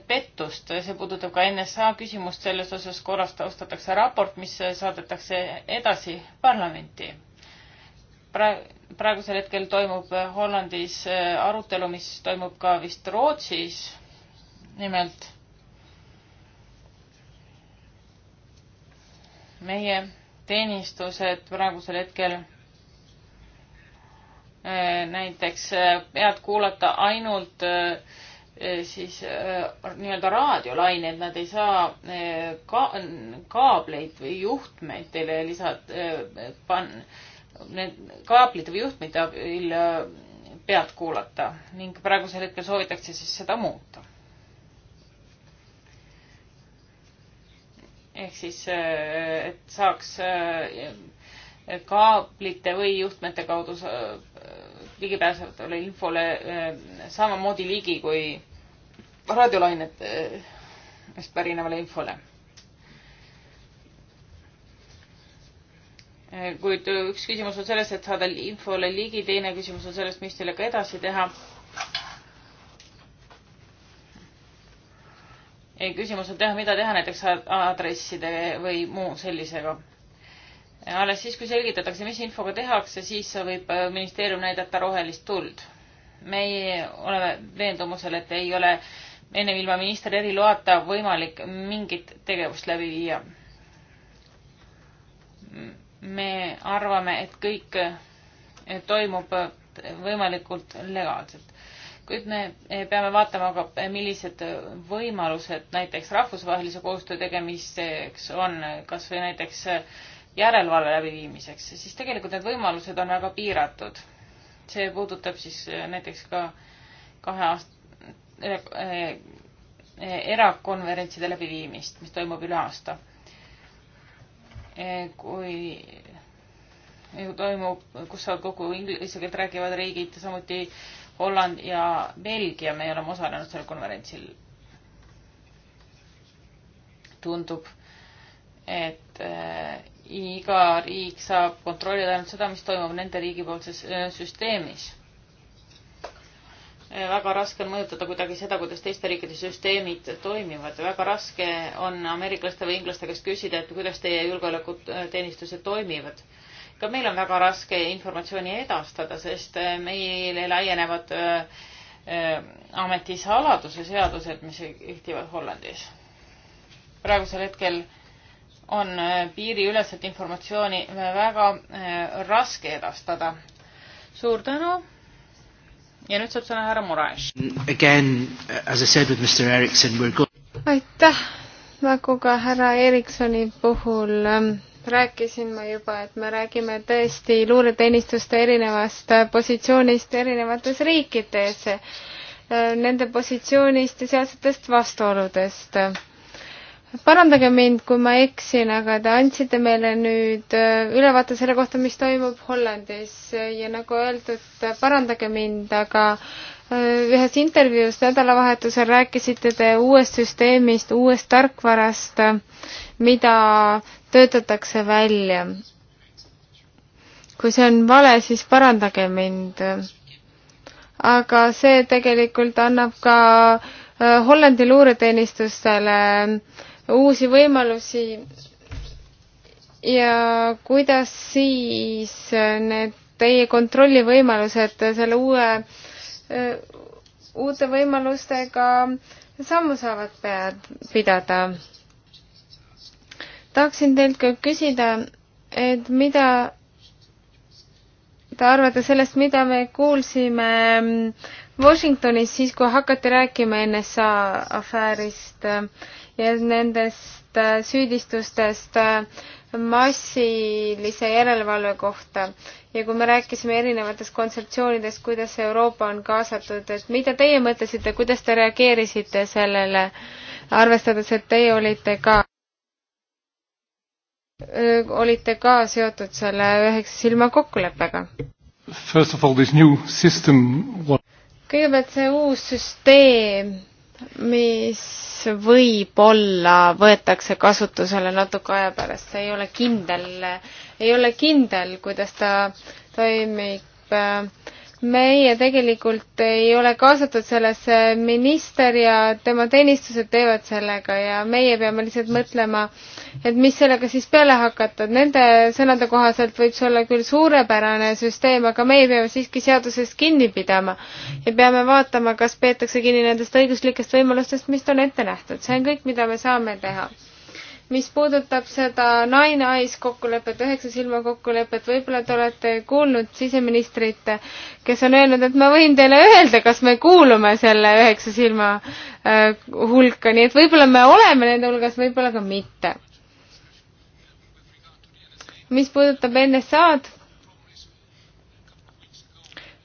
Speaker 4: pettust, see puudutab ka NSA küsimust, selles osas korrastatakse raport, mis saadetakse edasi parlamenti. praegusel hetkel toimub Hollandis arutelu, mis toimub ka vist Rootsis, nimelt meie teenistused praegusel hetkel eh, näiteks pead eh, kuulata ainult eh, siis nii-öelda raadiolained, nad ei saa ka-, kaableid või juhtmeid teile lisada, pan-, need kaablid või juhtmeid abil pealt kuulata ning praegusel hetkel soovitakse siis seda muuta. ehk siis, äh, et saaks äh, kaablite või juhtmete kaudu äh, ligipääsevatele infole samamoodi ligi kui raadiolainetest pärinevale infole. kuid üks küsimus on selles, et saada infole ligi, teine küsimus on selles, mis sellega edasi teha küsimus on teha, mida teha näiteks aadresside või muu sellisega. alles siis, kui selgitatakse, mis infoga tehakse, siis võib äh, ministeerium näidata rohelist tuld. meie oleme veendumusel, et ei ole ennem ilma ministri eriloata võimalik mingit tegevust läbi viia. me arvame, et kõik äh, toimub võimalikult legaalselt kuid me peame vaatama ka, millised võimalused näiteks rahvusvahelise koostöö tegemiseks on, kas või näiteks järelevalve läbiviimiseks, siis tegelikult need võimalused on väga piiratud. see puudutab siis näiteks ka kahe aasta e-, e-, erakonverentside läbiviimist, mis toimub üle aasta. E, kui toimub, kus saavad kokku inglise keelt rääkivad riigid, samuti Holland ja Belgia, me oleme osalenud sellel konverentsil. tundub, et äh, iga riik saab kontrollida ainult seda, mis toimub nende riigipoolses äh, süsteemis äh,. väga raske on mõjutada kuidagi seda, kuidas teiste riikide süsteemid toimivad. väga raske on ameeriklaste või inglaste käest küsida, et kuidas teie julgeolekuteenistused toimivad äh, ka meil on väga raske informatsiooni edastada, sest äh, meile laienevad äh, äh, ametisaladuse seadused, mis kehtivad Hollandis. praegusel hetkel on piiriüleselt informatsiooni väga raske edastada. suur tänu. ja nüüd saab sõna härra Moraes.
Speaker 1: aitäh, nagu ka härra Ericssoni puhul ähm, rääkisin ma juba, et me räägime tõesti luureteenistuste erinevast positsioonist erinevates riikides, nende positsioonist ja sealsetest vastuoludest. parandage mind, kui ma eksin, aga te andsite meile nüüd ülevaate selle kohta, mis toimub Hollandis ja nagu öeldud, parandage mind, aga äh, ühes intervjuus nädalavahetusel rääkisite te uuest süsteemist, uuest tarkvarast, mida töötatakse välja. kui see on vale, siis parandage mind. aga see tegelikult annab ka äh, Hollandi luureteenistustele uusi võimalusi ja kuidas siis äh, need teie kontrollivõimalused selle uue, äh, uute võimalustega sammu saavad pead, pidada? tahaksin teilt ka küsida, et mida te arvate sellest, mida me kuulsime Washingtonis siis, kui hakati rääkima NSA afäärist ja nendest süüdistustest massilise järelevalve kohta ja kui me rääkisime erinevatest kontseptsioonidest, kuidas Euroopa on kaasatud, et mida teie mõtlesite, kuidas te reageerisite sellele, arvestades, et teie olite ka Äh, olite ka seotud selle üheksa silma kokkuleppega? kõigepealt see uus süsteem, mis võib-olla võetakse kasutusele natuke aja pärast, see ei ole kindel, ei ole kindel, kuidas ta toimib. meie tegelikult ei ole kaasatud sellesse, minister ja tema teenistused teevad sellega ja meie peame lihtsalt mõtlema äh, et mis sellega siis peale hakata, et nende sõnade kohaselt võib see olla küll suurepärane süsteem, aga meie peame siiski seadusest kinni pidama ja peame vaatama, kas peetakse kinni nendest õiguslikest võimalustest, mis on ette nähtud, see on kõik, mida me saame teha mis puudutab seda Nine Eyes kokkulepet, üheksa silma kokkulepet, võib-olla te olete kuulnud siseministrit, kes on öelnud, et ma võin teile öelda, kas me kuulume selle üheksa silma äh, hulka, nii et võib-olla me oleme nende hulgas, võib-olla ka mitte mis puudutab NSA-d,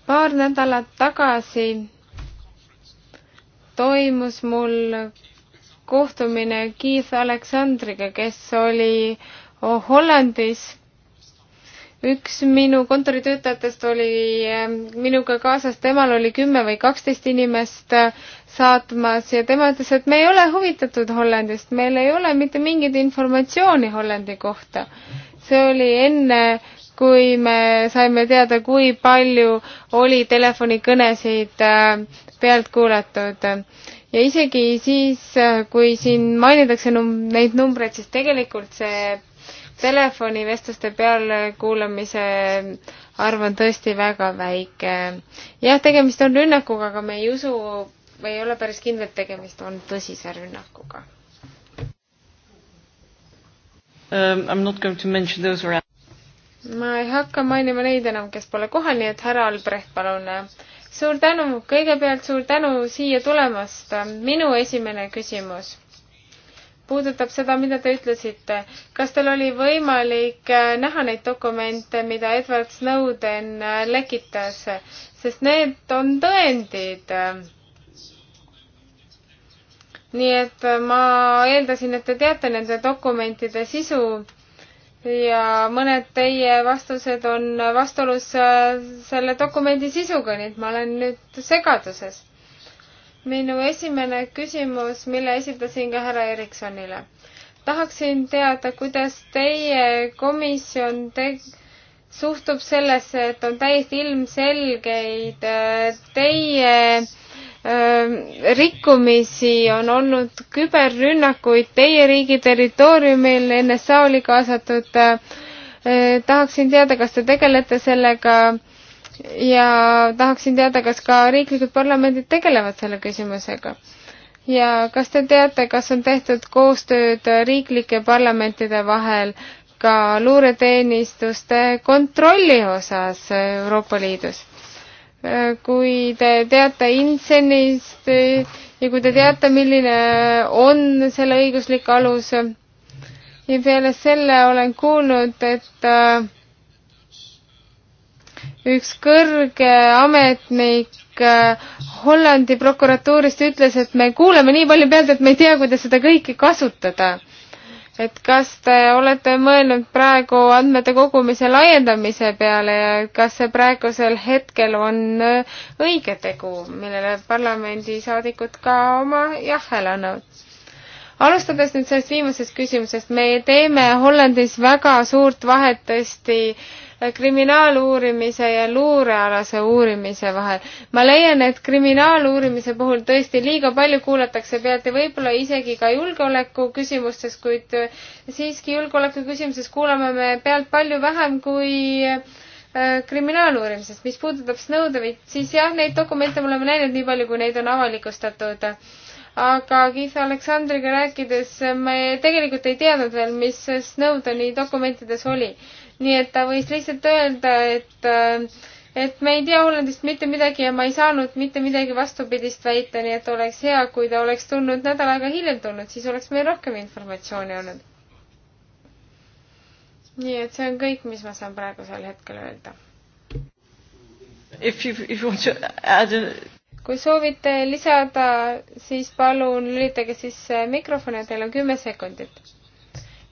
Speaker 1: paar nädalat tagasi toimus mul kohtumine Keith Aleksandriga, kes oli oh, Hollandis. üks minu kontoritöötajatest oli eh, minuga kaasas, temal oli kümme või kaksteist inimest eh, saatmas ja tema ütles, et me ei ole huvitatud Hollandist, meil ei ole mitte mingit informatsiooni Hollandi kohta see oli enne, kui me saime teada, kui palju oli telefonikõnesid äh, pealt kuulatud. ja isegi siis, äh, kui siin mainitakse num-, neid numbreid, siis tegelikult see telefonivestluste pealekuulamise arv on tõesti väga väike. jah, tegemist on rünnakuga, aga me ei usu, me ei ole päris kindlad, tegemist on tõsise rünnakuga
Speaker 3: Um, I am not going to mention those around.
Speaker 1: ma ei hakka mainima neid enam, kes pole kohal, nii et härra Albrecht, palun. suur tänu, kõigepealt suur tänu siia tulemast. minu esimene küsimus puudutab seda, mida te ütlesite. kas teil oli võimalik äh, näha neid dokumente, mida Edward Snowden äh, lekitas, sest need on tõendid nii et äh, ma eeldasin, et te teate nende dokumentide sisu ja mõned teie vastused on vastuolus äh, selle dokumendi sisuga, nii et ma olen nüüd segaduses. minu esimene küsimus, mille esitasin ka härra Ericssonile. tahaksin teada, kuidas teie komisjon te-, suhtub sellesse, et on täiesti ilmselgeid äh, teie rikkumisi, on olnud küberrünnakuid teie riigi territooriumil, NSA oli kaasatud. tahaksin teada, kas te tegelete sellega ja tahaksin teada, kas ka riiklikud parlamendid tegelevad selle küsimusega. ja kas te teate, kas on tehtud koostööd riiklike parlamentide vahel ka luureteenistuste kontrolli osas Euroopa Liidus? kui te teate Insenist eh, ja kui te teate, milline on selle õiguslik alus. ja peale selle olen kuulnud, et eh, üks kõrge ametnik eh, Hollandi prokuratuurist ütles, et me kuuleme nii palju pealt, et me ei tea, kuidas seda kõike kasutada et kas te olete mõelnud praegu andmete kogumise laiendamise peale ja kas see praegusel hetkel on äh, õige tegu, millele parlamendisaadikud ka oma jah hääle annavad? alustades nüüd sellest viimasest küsimusest, me teeme Hollandis väga suurt vahet tõesti äh, kriminaaluurimise ja luurealase uurimise vahel. ma leian, et kriminaaluurimise puhul tõesti liiga palju kuulatakse pealt ja võib-olla isegi ka julgeoleku küsimustes, kuid siiski julgeoleku küsimuses kuulame me pealt palju vähem kui äh, kriminaaluurimisest. mis puudutab Snowdenit, siis jah, neid dokumente me oleme näinud nii palju, kui neid on avalikustatud aga Keith Aleksandriga rääkides me tegelikult ei teadnud veel, mis Snowdeni dokumentides oli nii et ta võis lihtsalt öelda, et äh, et me ei tea Hollandist mitte midagi ja ma ei saanud mitte midagi vastupidist väita, nii et oleks hea, kui ta oleks tulnud nädal aega hiljem tulnud, siis oleks meil rohkem informatsiooni olnud. nii et see on kõik, mis ma saan praegusel hetkel öelda.
Speaker 2: If you, if you want to add a
Speaker 1: kui soovite lisada, siis palun lülitage sisse mikrofoni, teil on kümme sekundit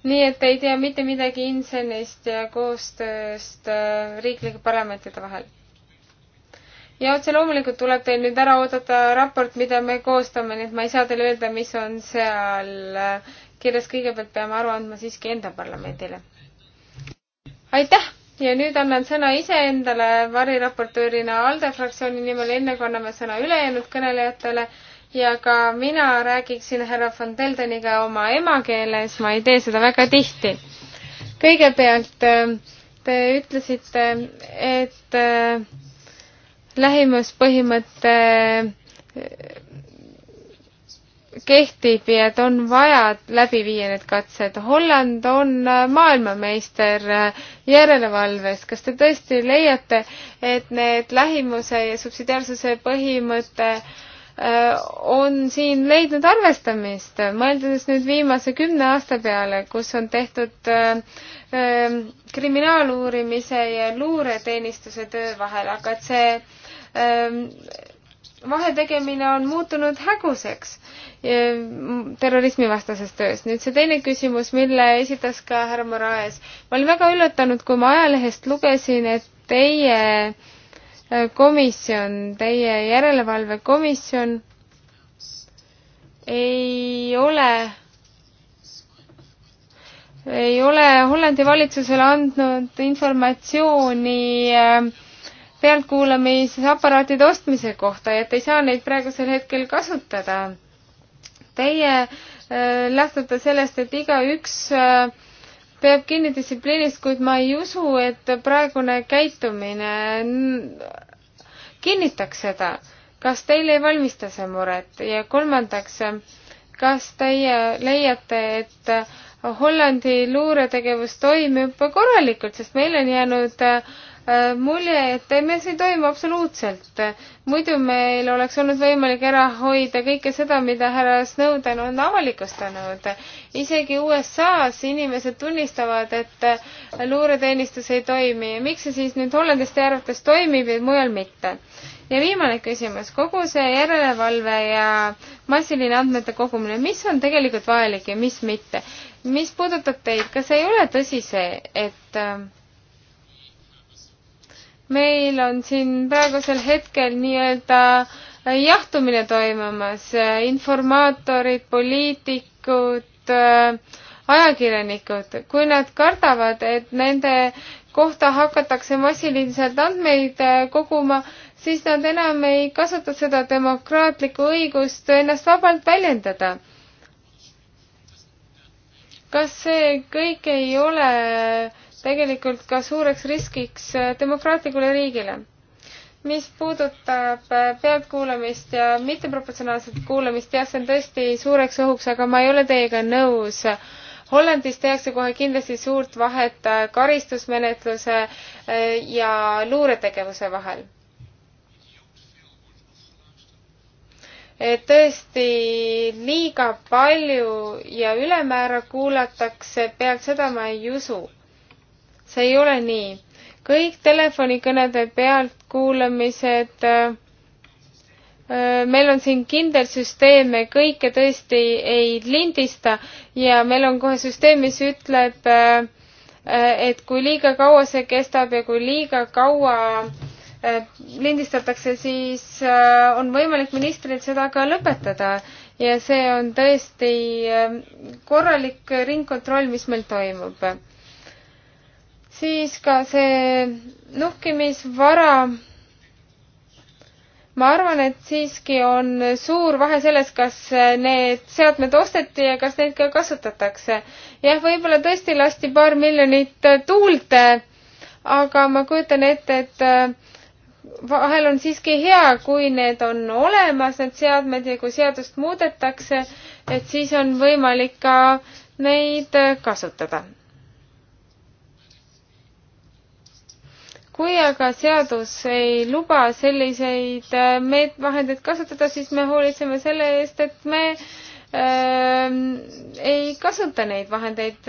Speaker 1: nii et ei tea mitte midagi Insenist ja koostööst äh, riiklike parlamentide vahel. ja otse loomulikult tuleb teil nüüd ära oodata raport, mida me koostame, nii et ma ei saa teile öelda, mis on seal äh, kirjas, kõigepealt peame aru andma siiski enda parlamendile. aitäh ja nüüd annan sõna iseendale variraportöörina ALDE fraktsiooni nimel, enne kui anname sõna ülejäänud kõnelejatele ja ka mina räägiksin härra von Deldeniga oma emakeeles, ma ei tee seda väga tihti. kõigepealt äh, te ütlesite, et äh, lähimuspõhimõte äh, kehtib ja et on vaja läbi viia need katsed. Holland on maailmameister järelevalves. kas te tõesti leiate, et need lähimuse ja subsidiaarsuse põhimõte äh, Äh, on siin leidnud arvestamist, mõeldes nüüd viimase kümne aasta peale, kus on tehtud äh, äh, kriminaaluurimise ja luureteenistuse töö vahel, aga et see ähm, vahetegemine on muutunud häguseks terrorismivastases töös. nüüd see teine küsimus, mille esitas ka härra Moraes. ma olin väga üllatunud, kui ma ajalehest lugesin, et teie äh, komisjon, teie järelevalvekomisjon ei ole, ei ole Hollandi valitsusele andnud informatsiooni äh, pealtkuulamisaparaatide ostmise kohta, et ei saa neid praegusel hetkel kasutada. Teie äh, lähtute sellest, et igaüks äh, peab kinni distsipliinist, kuid ma ei usu, et praegune käitumine kinnitaks seda. kas teile ei valmista see muret? ja kolmandaks, kas teie leiate, et Hollandi luuretegevus toimib korralikult, sest meil on jäänud äh, Äh, mulje, et meil see ei toimu absoluutselt. muidu meil oleks olnud võimalik ära hoida kõike seda, mida härra Snowden on avalikustanud. isegi USA-s inimesed tunnistavad, et äh, luureteenistus ei toimi ja miks see siis nüüd Hollandis teie arvates toimib ja mujal mitte? ja viimane küsimus, kogu see järelevalve ja massiline andmete kogumine, mis on tegelikult vajalik ja mis mitte? mis puudutab teid, kas ei ole tõsi see, et äh, meil on siin praegusel hetkel nii-öelda jahtumine toimumas, informaatorid, poliitikud, ajakirjanikud, kui nad kardavad, et nende kohta hakatakse massiliselt andmeid äh, koguma, siis nad enam ei kasuta seda demokraatlikku õigust ennast vabalt väljendada. kas see kõik ei ole tegelikult ka suureks riskiks äh, demokraatlikule riigile. mis puudutab äh, pealtkuulamist ja mitteproportsionaalset kuulamist, jah, see on tõesti suureks ohuks, aga ma ei ole teiega nõus Hollandis tehakse kohe kindlasti suurt vahet äh, karistusmenetluse ja luuretegevuse vahel. et tõesti liiga palju ja ülemäära kuulatakse pealt, seda ma ei usu see ei ole nii. kõik telefonikõnede pealtkuulamised äh, äh, meil on siin kindel süsteem, me kõike tõesti ei lindista ja meil on kohe süsteem, mis ütleb, äh, äh, et kui liiga kaua see kestab ja kui liiga kaua lindistatakse, siis on võimalik ministril seda ka lõpetada. ja see on tõesti korralik ringkontroll, mis meil toimub siis ka see nuhkimisvara. ma arvan, et siiski on suur vahe selles, kas need seadmed osteti ja kas neid ka kasutatakse. jah, võib-olla tõesti lasti paar miljonit tuulde, aga ma kujutan ette, et äh, vahel on siiski hea, kui need on olemas, need seadmed ja kui seadust muudetakse, et siis on võimalik ka neid äh, kasutada kui aga seadus ei luba selliseid äh, meet-, vahendeid kasutada, siis me hoolitseme selle eest, et me äh, ei kasuta neid vahendeid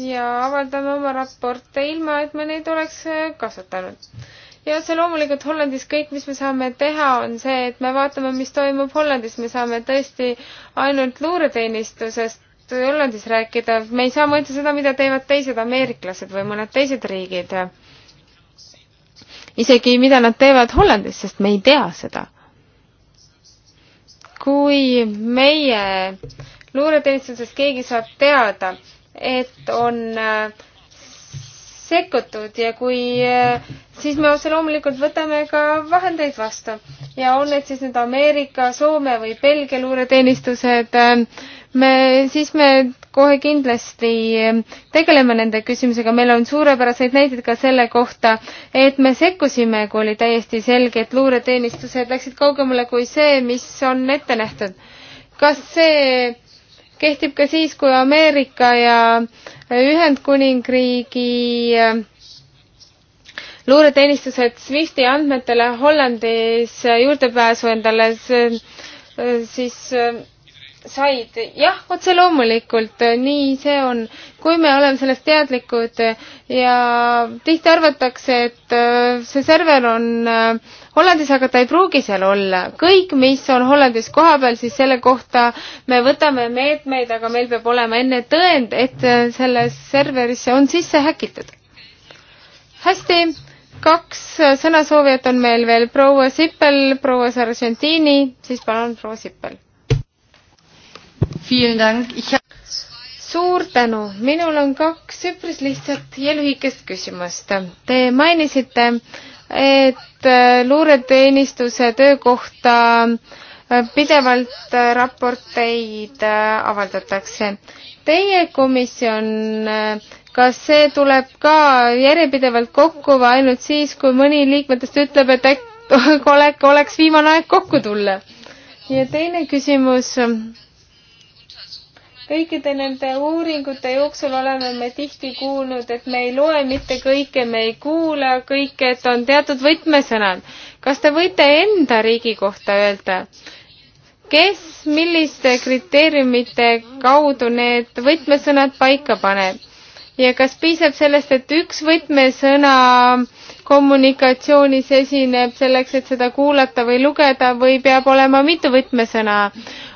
Speaker 1: ja avaldame oma raporte ilma, et me neid oleks äh, kasutanud. ja see loomulikult Hollandis kõik, mis me saame teha, on see, et me vaatame, mis toimub Hollandis, me saame tõesti ainult luureteenistusest Hollandis rääkida, me ei saa mõelda seda, mida teevad teised ameeriklased või mõned teised riigid isegi mida nad teevad Hollandis, sest me ei tea seda. kui meie luureteenistuses keegi saab teada, et on äh, sekkutud ja kui, äh, siis me otse loomulikult võtame ka vahendeid vastu ja on need siis nüüd Ameerika, Soome või Belgia luureteenistused, äh, me, siis me kohe kindlasti tegeleme nende küsimusega, meil on suurepäraseid näiteid ka selle kohta, et me sekkusime, kui oli täiesti selge, et luureteenistused läksid kaugemale kui see, mis on ette nähtud. kas see kehtib ka siis, kui Ameerika ja Ühendkuningriigi äh, luureteenistused SWIFTi andmetele Hollandis juurdepääsu endale äh, siis äh, said, jah, otse loomulikult, äh, nii see on. kui me oleme sellest teadlikud äh, ja tihti arvatakse, et äh, see server on Hollandis, aga ta ei pruugi seal olla. kõik, mis on Hollandis kohapeal, siis selle kohta me võtame meetmeid, aga meil peab olema enne tõend, et sellesse serverisse on sisse häkitud. hästi, kaks sõnasoovijat on meil veel proua Sippel, proua Sargentini, siis palun proua Sippel suur tänu, minul on kaks üpris lihtsat ja lühikest küsimust. Te mainisite, et äh, luureteenistuse töökohta äh, pidevalt äh, raporteid avaldatakse. Teie komisjon, kas see tuleb ka järjepidevalt kokku või ainult siis, kui mõni liikmetest ütleb, et äkki *laughs* oleks viimane aeg kokku tulla? ja teine küsimus kõikide nende uuringute jooksul oleme me tihti kuulnud, et me ei loe mitte kõike, me ei kuula kõike, et on teatud võtmesõnad. kas te võite enda riigi kohta öelda, kes milliste kriteeriumite kaudu need võtmesõnad paika paneb? ja kas piisab sellest, et üks võtmesõna kommunikatsioonis esineb selleks, et seda kuulata või lugeda või peab olema mitu võtmesõna?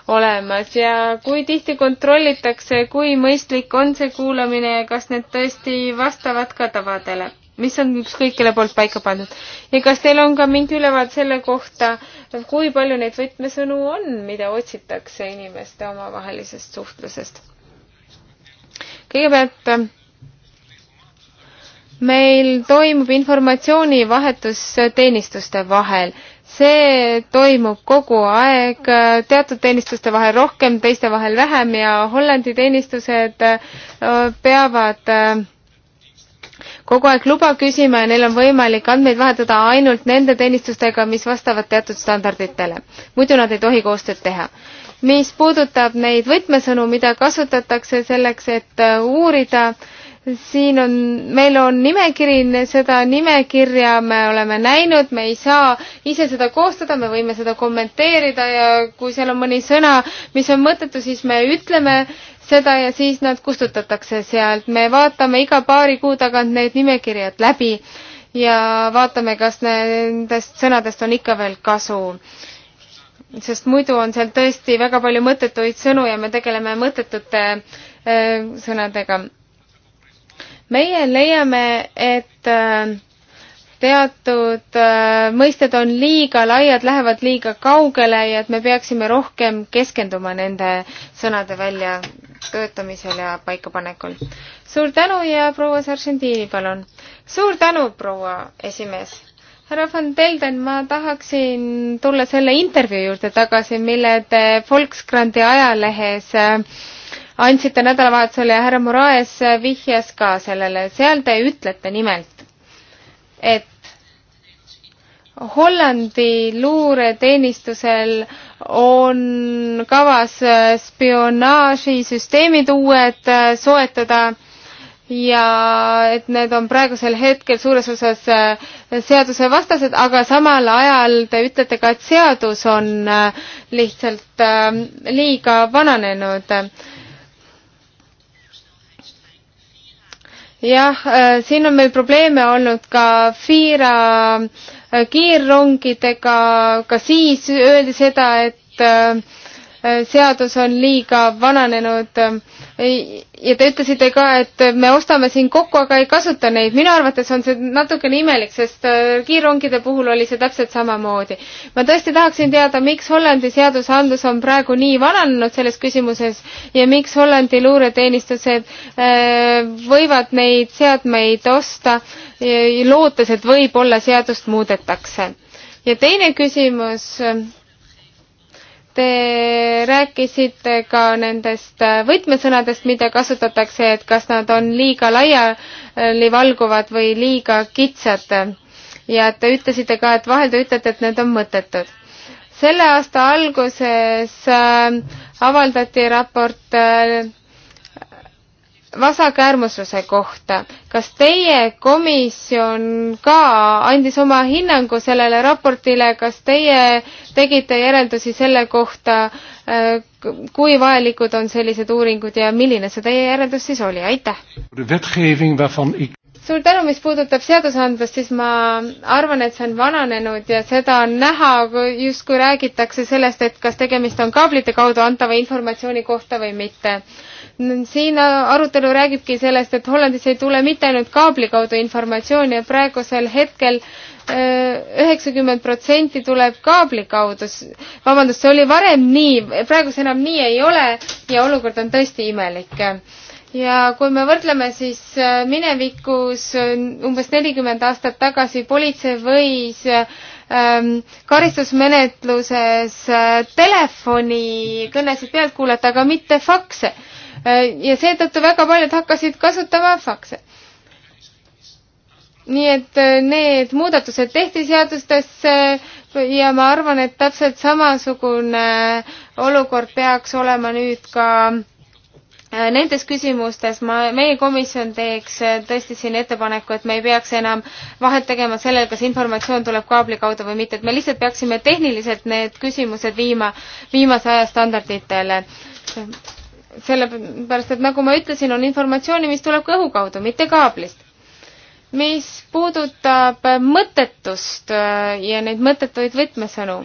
Speaker 1: olemas ja kui tihti kontrollitakse, kui mõistlik on see kuulamine ja kas need tõesti vastavad ka tavadele, mis on ükskõik kelle poolt paika pandud. ja kas teil on ka mingi ülevaade selle kohta, kui palju neid võtmesõnu on, mida otsitakse inimeste omavahelisest suhtlusest? kõigepealt meil toimub informatsioonivahetus teenistuste vahel see toimub kogu aeg, teatud teenistuste vahel rohkem, teiste vahel vähem ja Hollandi teenistused äh, peavad äh, kogu aeg luba küsima ja neil on võimalik andmeid vahetada ainult nende teenistustega, mis vastavad teatud standarditele. muidu nad ei tohi koostööd teha. mis puudutab neid võtmesõnu, mida kasutatakse selleks, et äh, uurida äh, siin on, meil on nimekiri, seda nimekirja me oleme näinud, me ei saa ise seda koostada, me võime seda kommenteerida ja kui seal on mõni sõna, mis on mõttetu, siis me ütleme seda ja siis nad kustutatakse sealt. me vaatame iga paari kuu tagant need nimekirjad läbi ja vaatame, kas nendest sõnadest on ikka veel kasu sest muidu on seal tõesti väga palju mõttetuid sõnu ja me tegeleme mõttetute äh, sõnadega meie leiame, et äh, teatud äh, mõisted on liiga laiad, lähevad liiga kaugele ja et me peaksime rohkem keskenduma nende sõnade väljatöötamisel ja paikapanekul. suur tänu ja proua Sargentini, palun. suur tänu, proua esimees härra von Delden, ma tahaksin tulla selle intervjuu juurde tagasi, mille te Volksgrandi ajalehes äh, andsite nädalavahetusel ja härra Moraes vihjas ka sellele. seal te ütlete nimelt, et Hollandi luureteenistusel on kavas spionaažisüsteemid uued soetada ja et need on praegusel hetkel suures osas seadusevastased, aga samal ajal te ütlete ka, et seadus on lihtsalt liiga vananenud jah, äh, siin on meil probleeme olnud ka Fiira äh, kiirrongidega, ka siis öeldi seda, et äh, seadus on liiga vananenud ja te ütlesite ka, et me ostame siin kokku, aga ei kasuta neid. minu arvates on see natukene imelik, sest äh, kiirrongide puhul oli see täpselt samamoodi. ma tõesti tahaksin teada, miks Hollandi seadusandlus on praegu nii vananenud selles küsimuses ja miks Hollandi luureteenistused äh, võivad neid seadmeid osta, lootes, et võib-olla seadust muudetakse. ja teine küsimus äh, Te rääkisite ka nendest võtmesõnadest, mida kasutatakse, et kas nad on liiga laialivalguvad või liiga kitsad. ja te ütlesite ka, et vahel te ütlete, et need on mõttetud. selle aasta alguses äh, avaldati raport äh, vasakäärmusluse kohta. kas teie komisjon ka andis oma hinnangu sellele raportile, kas teie tegite järeldusi selle kohta, äh, kui vajalikud on sellised uuringud ja milline see teie järeldus siis oli, aitäh! suur tänu, mis puudutab seadusandlust, siis ma arvan, et see on vananenud ja seda on näha, justkui räägitakse sellest, et kas tegemist on kaablite kaudu antava informatsiooni kohta või mitte. siin arutelu räägibki sellest, et Hollandis ei tule mitte ainult kaabli kaudu informatsiooni ja praegusel hetkel äh, üheksakümmend protsenti tuleb kaabli kaudu. vabandust, see oli varem nii, praegu see enam nii ei ole ja olukord on tõesti imelik ja kui me võrdleme siis äh, minevikus äh, umbes nelikümmend aastat tagasi politsei võis ähm, karistusmenetluses äh, telefonikõnesid pealt kuulata, aga mitte fakse äh,. ja seetõttu väga paljud hakkasid kasutama fakse. nii et äh, need muudatused tehti seadustesse äh, ja ma arvan, et täpselt samasugune äh, olukord peaks olema nüüd ka äh, Äh, nendes küsimustes ma, meie komisjon teeks äh, tõesti siin ettepaneku, et me ei peaks enam vahet tegema sellel, kas informatsioon tuleb kaabli kaudu või mitte, et me lihtsalt peaksime tehniliselt need küsimused viima viimase aja standarditele. sellepärast, et nagu ma ütlesin, on informatsiooni, mis tuleb ka õhu kaudu, mitte kaablist. mis puudutab äh, mõttetust ja neid mõttetuid võtmesõnu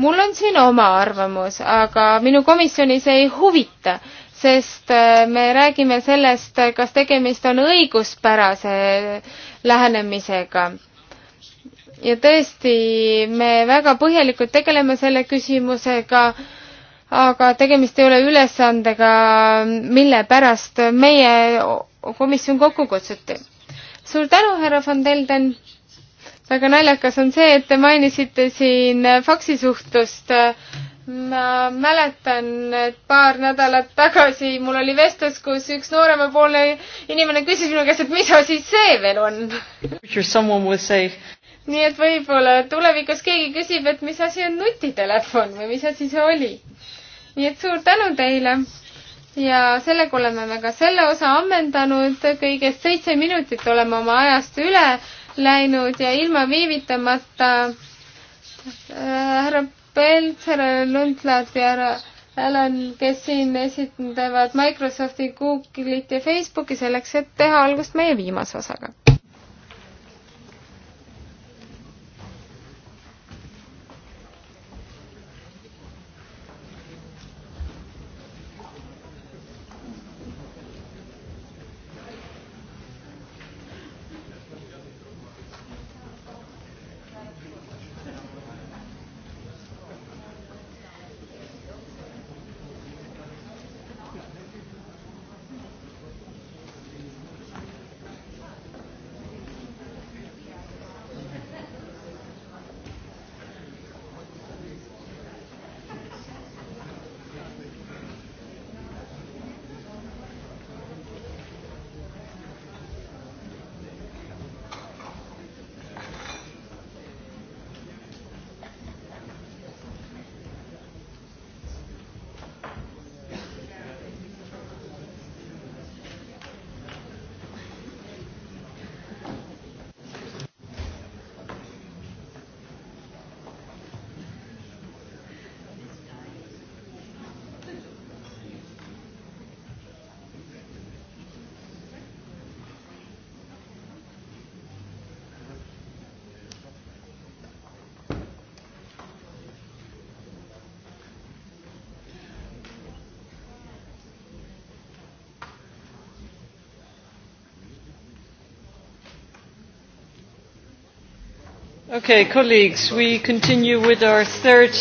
Speaker 1: mul on siin oma arvamus, aga minu komisjoni see ei huvita, sest äh, me räägime sellest, kas tegemist on õiguspärase lähenemisega. ja tõesti, me väga põhjalikult tegeleme selle küsimusega, aga tegemist ei ole ülesandega, mille pärast meie komisjon kokku kutsuti. suur tänu, härra von Delden! väga naljakas on see, et te mainisite siin faksisuhtlust äh, ma mäletan, et paar nädalat tagasi mul oli vestlus, kus üks nooremapoolne inimene küsis minu käest, et mis asi see veel on. nii et võib-olla tulevikus keegi küsib, et mis asi on nutitelefon või mis asi see oli. nii et suur tänu teile ja sellega oleme me ka selle osa ammendanud, kõigest seitse minutit oleme oma ajast üle läinud ja ilma viivitamata äh, härra äh, Belt, härra Lundblad ja härra Alan, kes siin esindavad Microsofti, Google'it ja Facebooki selleks, et teha algust meie viimase osaga
Speaker 2: okay, colleagues, we continue with our third.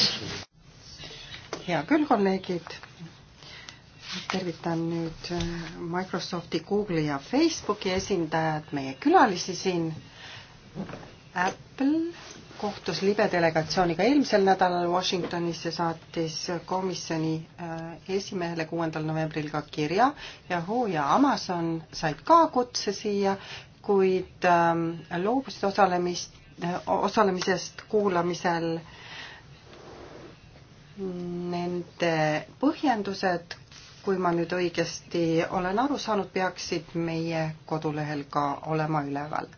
Speaker 2: hea küll, kolleegid. tervitan nüüd äh, Microsofti, Google'i ja Facebooki esindajad, meie külalisi siin. Apple kohtus libe delegatsiooniga eelmisel nädalal Washingtonis ja saatis komisjoni äh, esimehele kuuendal novembril ka kirja Yahoo ja Amazon said ka kutse siia, kuid ähm, loobusid osalemist osalemisest kuulamisel. Nende põhjendused, kui ma nüüd õigesti olen aru saanud, peaksid meie kodulehel ka olema üleval.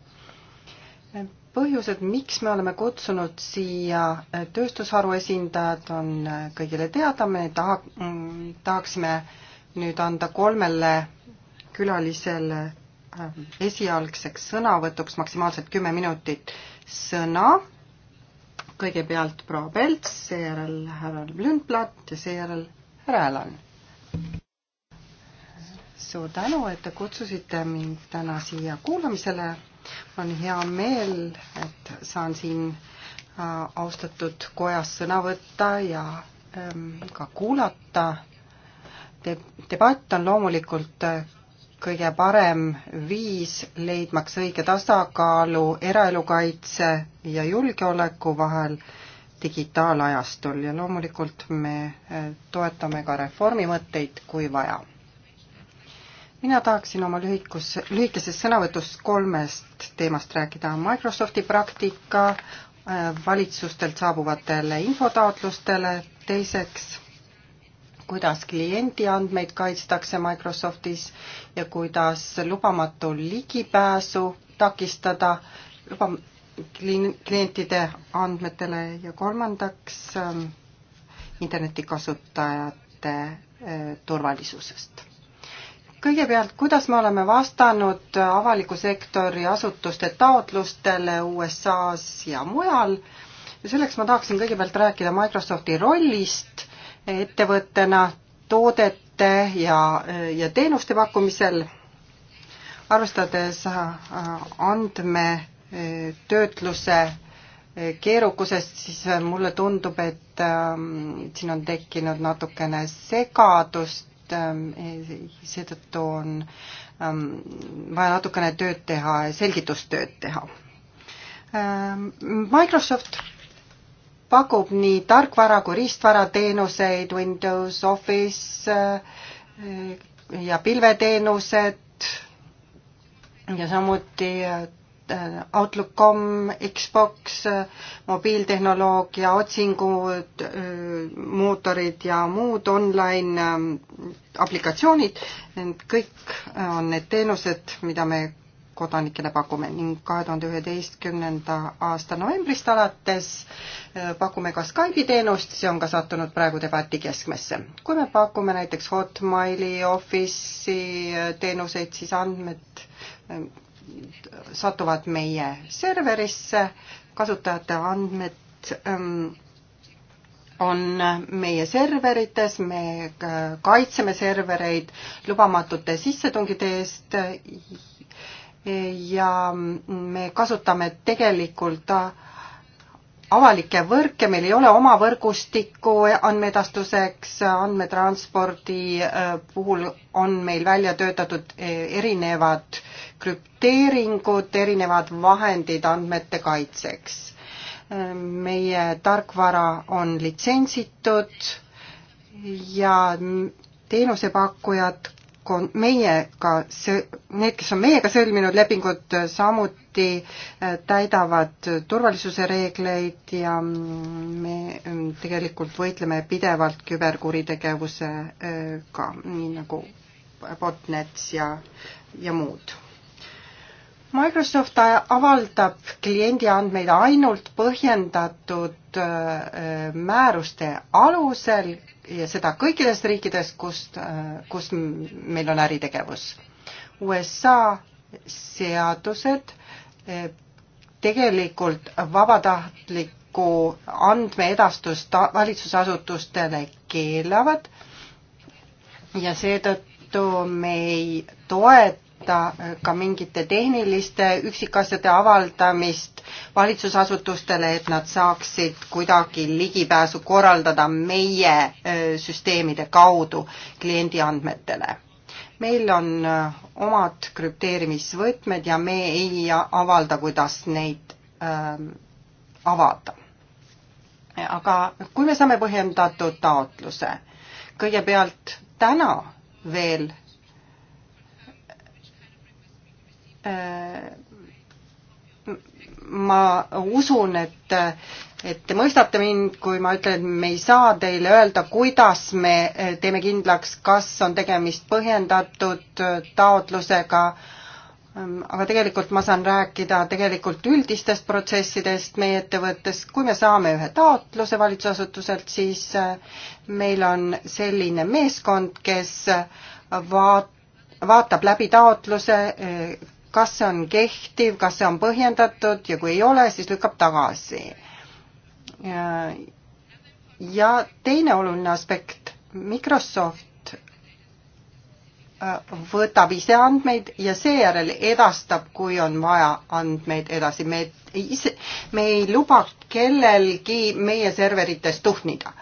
Speaker 2: põhjused, miks me oleme kutsunud siia tööstusharu esindajad, on kõigile teada, me taha, tahaksime nüüd anda kolmele külalisele esialgseks sõnavõtuks maksimaalselt kümme minutit sõna kõigepealt proua Pelts, seejärel härra Lundblad ja seejärel härra Alan. suur tänu, et te kutsusite mind täna siia kuulamisele. on hea meel, et saan siin äh, austatud kojas sõna võtta ja ähm, ka kuulata. debatt on loomulikult äh, kõige parem viis leidmaks õige tasakaalu eraelu kaitse ja julgeoleku vahel digitaalajastul ja loomulikult me eh, toetame ka reformi mõtteid, kui vaja. mina tahaksin oma lühikus, lühikeses sõnavõtus kolmest teemast rääkida, Microsofti praktika, eh, valitsustelt saabuvatele infotaotlustele, teiseks kuidas kliendi andmeid kaitstakse Microsoftis ja kuidas lubamatu ligipääsu takistada luba-, klientide andmetele ja kolmandaks ähm, internetikasutajate äh, turvalisusest. kõigepealt, kuidas me oleme vastanud avaliku sektori asutuste taotlustele USA-s ja mujal ja selleks ma tahaksin kõigepealt rääkida Microsofti rollist ettevõttena toodete ja, ja teenuste pakkumisel, arvestades äh, andmetöötluse äh, äh, keerukusest, siis mulle tundub, et ähm, siin on tekkinud natukene segadust, ähm, e-, seetõttu on ähm, vaja natukene tööd teha, selgitustööd teha. Microsoft pakub nii tarkvara kui riistvarateenuseid, Windows, Office äh, ja pilveteenused ja samuti äh, Outlook.com, Xbox, mobiiltehnoloogia, otsingud, äh, mootorid ja muud online aplikatsioonid, kõik on need teenused, mida me kodanikele pakume ning kahe tuhande üheteistkümnenda aasta novembrist alates äh, pakume ka Skype'i teenust, see on ka sattunud praegu debati keskmesse. kui me pakume näiteks Hotmaili, Office'i äh, teenuseid, siis andmed äh, satuvad meie serverisse, kasutajate andmed ähm, on meie serverites, me kaitseme servereid lubamatute sissetungide eest ja me kasutame tegelikult avalikke võrke, meil ei ole oma võrgustikku andmeedastuseks, andmetranspordi äh, puhul on meil välja töötatud äh, erinevad krüpteeringud, erinevad vahendid andmete kaitseks. Äh, meie tarkvara on litsentsitud ja teenusepakkujad kon-, meiega sõ-, need, kes on meiega sõlminud lepingud, samuti äh, täidavad turvalisuse reegleid ja mm, me mm, tegelikult võitleme pidevalt küberkuritegevusega, äh, nii nagu botnets ja, ja muud. Microsoft avaldab kliendi andmeid ainult põhjendatud äh, määruste alusel ja seda kõikides riikides, kust, kus meil on äritegevus. USA seadused eh, tegelikult vabatahtlikku andmeedastust valitsusasutustele keelavad ja seetõttu me ei toeta ta äh, ka mingite tehniliste üksikasjade avaldamist valitsusasutustele, et nad saaksid kuidagi ligipääsu korraldada meie äh, süsteemide kaudu kliendi andmetele. meil on äh, omad krüpteerimisvõtmed ja me ei avalda, kuidas neid ähm, avada. aga kui me saame põhjendatud taotluse, kõigepealt täna veel Äh, ma usun, et, et te mõistate mind, kui ma ütlen, et me ei saa teile öelda, kuidas me äh, teeme kindlaks, kas on tegemist põhjendatud äh, taotlusega, ähm, aga tegelikult ma saan rääkida tegelikult üldistest protsessidest meie ettevõttes, kui me saame ühe taotluse valitsusasutuselt, siis meil on selline meeskond, kes vaat-, vaatab läbi taotluse, kas see on kehtiv, kas see on põhjendatud ja kui ei ole, siis lükkab tagasi. ja teine oluline aspekt, Microsoft äh, võtab ise andmeid ja seejärel edastab, kui on vaja andmeid edasi. me ise, me ei luba kellelgi meie serverites tuhnida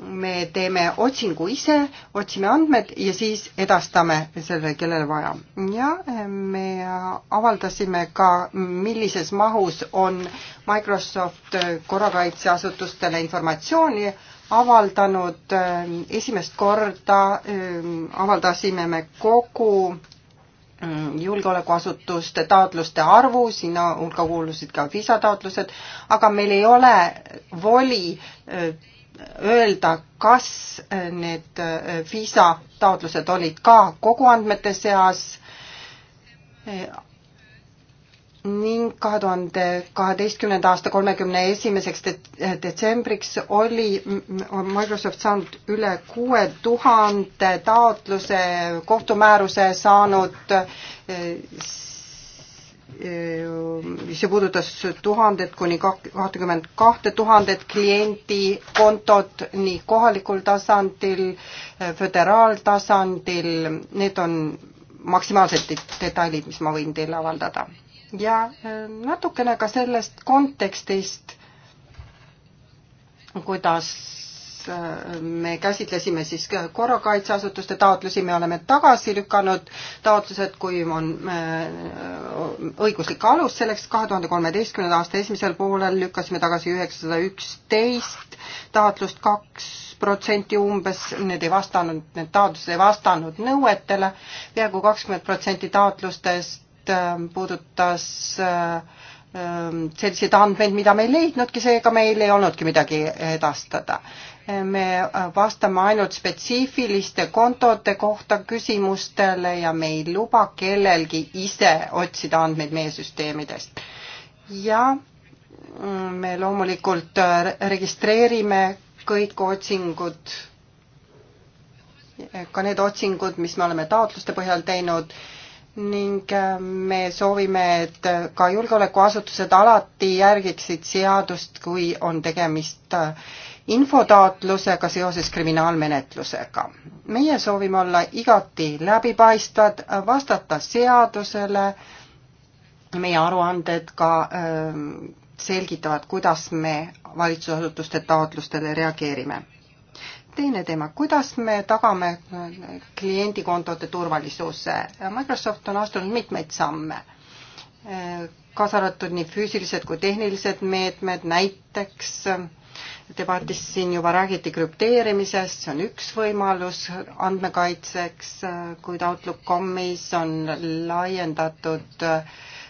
Speaker 2: me teeme otsingu ise, otsime andmed ja siis edastame sellele, kellele vaja. ja eh, me avaldasime ka, millises mahus on Microsoft eh, korrakaitseasutustele informatsiooni avaldanud. Eh, esimest korda avaldasime me kogu julgeolekuasutuste taotluste arvu, sinna hulka kuulusid ka viisataotlused, aga meil ei ole voli öelda, kas äh, need äh, viisa taotlused olid ka koguandmete seas äh, ning kahe tuhande kaheteistkümnenda aasta kolmekümne esimeseks detsembriks oli Microsoft saanud üle kuue tuhande taotluse kohtumääruse saanud Äh, see puudutas tuhandet kuni kahtekümmend kahte tuhandet kliendi kontot nii kohalikul tasandil, äh, föderaaltasandil, need on maksimaalsed detailid, mis ma võin teile avaldada. ja äh, natukene ka sellest kontekstist, kuidas me käsitlesime siis korrakaitseasutuste taotlusi, me oleme tagasi lükanud taotlused, kui on äh, õiguslik alus selleks, kahe tuhande kolmeteistkümnenda aasta esimesel poolel lükkasime tagasi üheksasada üksteist taotlust, kaks protsenti umbes, need ei vastanud, need taotlused ei vastanud nõuetele, peaaegu kakskümmend protsenti taotlustest äh, puudutas äh, selliseid andmeid, mida me ei leidnudki, seega meil ei olnudki midagi edastada me vastame ainult spetsiifiliste kontode kohta küsimustele ja me ei luba kellelgi ise otsida andmeid meie süsteemidest. ja me loomulikult registreerime kõik otsingud, ka need otsingud, mis me oleme taotluste põhjal teinud ning me soovime, et ka julgeolekuasutused alati järgiksid seadust, kui on tegemist äh, infotaotlusega seoses kriminaalmenetlusega. meie soovime olla igati läbipaistvad, vastata seadusele, meie aruanded ka äh, selgitavad, kuidas me valitsusasutuste taotlustele reageerime. teine teema, kuidas me tagame kliendikontode turvalisuse? Microsoft on astunud mitmeid samme äh, kaasa arvatud nii füüsilised kui tehnilised meetmed, näiteks äh, debatis siin juba räägiti krüpteerimisest, see on üks võimalus andmekaitseks, kuid Outlook.com-is on laiendatud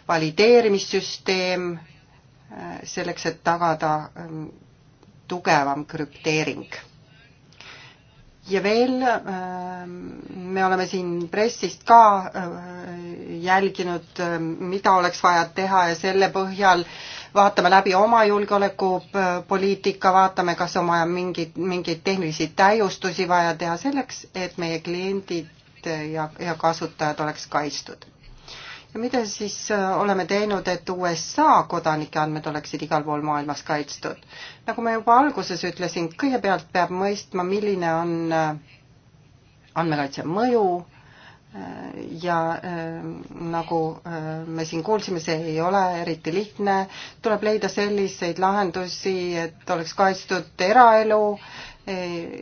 Speaker 2: valideerimissüsteem eh, selleks, et tagada ehm, tugevam krüpteering. ja veel ehm, me oleme siin pressist ka eh, jälginud, eh, mida oleks vaja teha ja selle põhjal äh, vaatame läbi oma julgeolekupoliitika, vaatame, kas on vaja mingeid, mingeid tehnilisi täiustusi vaja teha selleks, et meie kliendid ja, ja kasutajad oleks kaitstud. ja mida siis äh, oleme teinud, et USA kodanike andmed oleksid igal pool maailmas kaitstud? nagu ma juba alguses ütlesin, kõigepealt peab mõistma, milline on äh, andmekaitse mõju, ja äh, nagu äh, me siin kuulsime, see ei ole eriti lihtne, tuleb leida selliseid lahendusi, et oleks kaitstud eraelu, äh,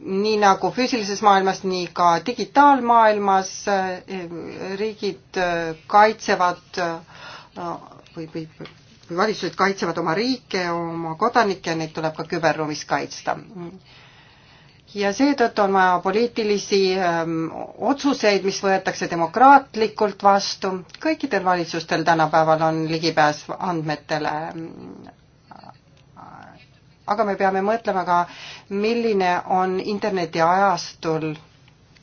Speaker 2: nii nagu füüsilises maailmas, nii ka digitaalmaailmas riigid kaitsevad või, või, või valitsused kaitsevad oma riike, oma kodanikke, neid tuleb ka küberruumis kaitsta ja seetõttu on vaja poliitilisi ähm, otsuseid, mis võetakse demokraatlikult vastu. kõikidel valitsustel tänapäeval on ligipääs andmetele. aga me peame mõtlema ka, milline on interneti ajastul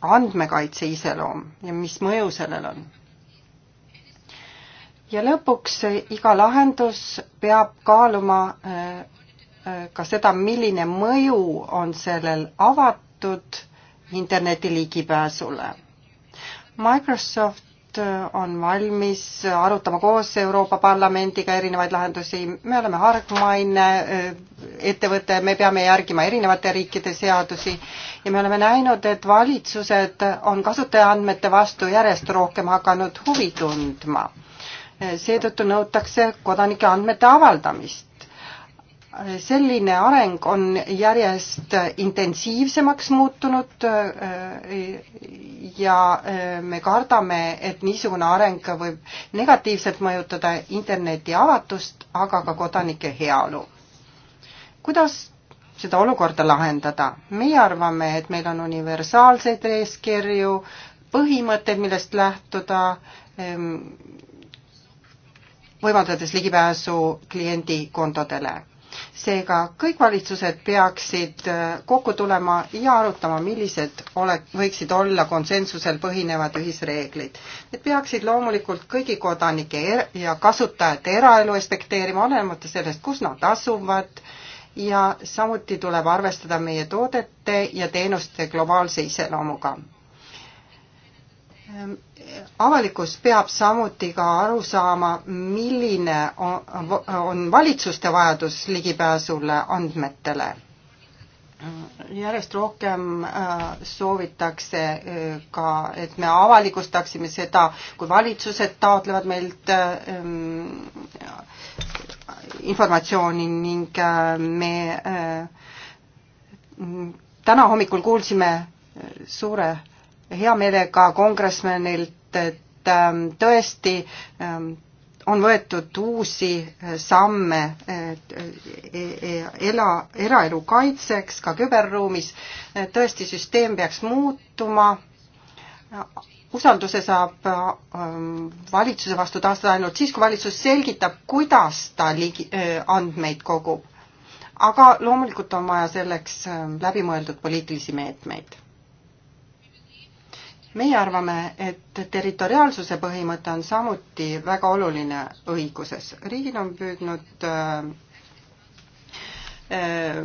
Speaker 2: andmekaitse iseloom ja mis mõju sellel on. ja lõpuks iga lahendus peab kaaluma äh, ka seda, milline mõju on sellel avatud interneti ligipääsule. Microsoft äh, on valmis arutama koos Euroopa Parlamendiga erinevaid lahendusi, me oleme hargmaine äh, ettevõte, me peame järgima erinevate riikide seadusi ja me oleme näinud, et valitsused on kasutajaandmete vastu järjest rohkem hakanud huvi tundma. Äh, seetõttu nõutakse kodanike andmete avaldamist selline areng on järjest intensiivsemaks muutunud ja me kardame, et niisugune areng võib negatiivselt mõjutada interneti avatust, aga ka kodanike heaolu. kuidas seda olukorda lahendada? meie arvame, et meil on universaalseid eeskirju, põhimõtteid, millest lähtuda, ehm, võimaldades ligipääsu kliendi kontodele seega kõik valitsused peaksid äh, kokku tulema ja arutama, millised ole, võiksid olla konsensusel põhinevad ühisreeglid. Need peaksid loomulikult kõigi kodanike er-, ja kasutajate eraelu respekteerima, olenemata sellest, kus nad asuvad, ja samuti tuleb arvestada meie toodete ja teenuste globaalse iseloomuga Ehm, avalikkus peab samuti ka aru saama, milline on, on valitsuste vajadus ligipääsule andmetele järjest rohkem äh, soovitakse äh, ka, et me avalikustaksime seda, kui valitsused taotlevad meilt ähm, informatsiooni ning äh, me täna hommikul kuulsime suure hea meelega kongresmenilt, et ähm, tõesti ähm, on võetud uusi äh, samme äh, e, e, ela, eraelu kaitseks ka küberruumis. tõesti, süsteem peaks muutuma. usalduse saab ähm, valitsuse vastu taastada ainult siis, kui valitsus selgitab, kuidas ta ligi, äh, andmeid kogub. aga loomulikult on vaja selleks läbimõeldud poliitilisi meetmeid meie arvame, et territoriaalsuse põhimõte on samuti väga oluline õiguses. riigid on püüdnud äh, äh,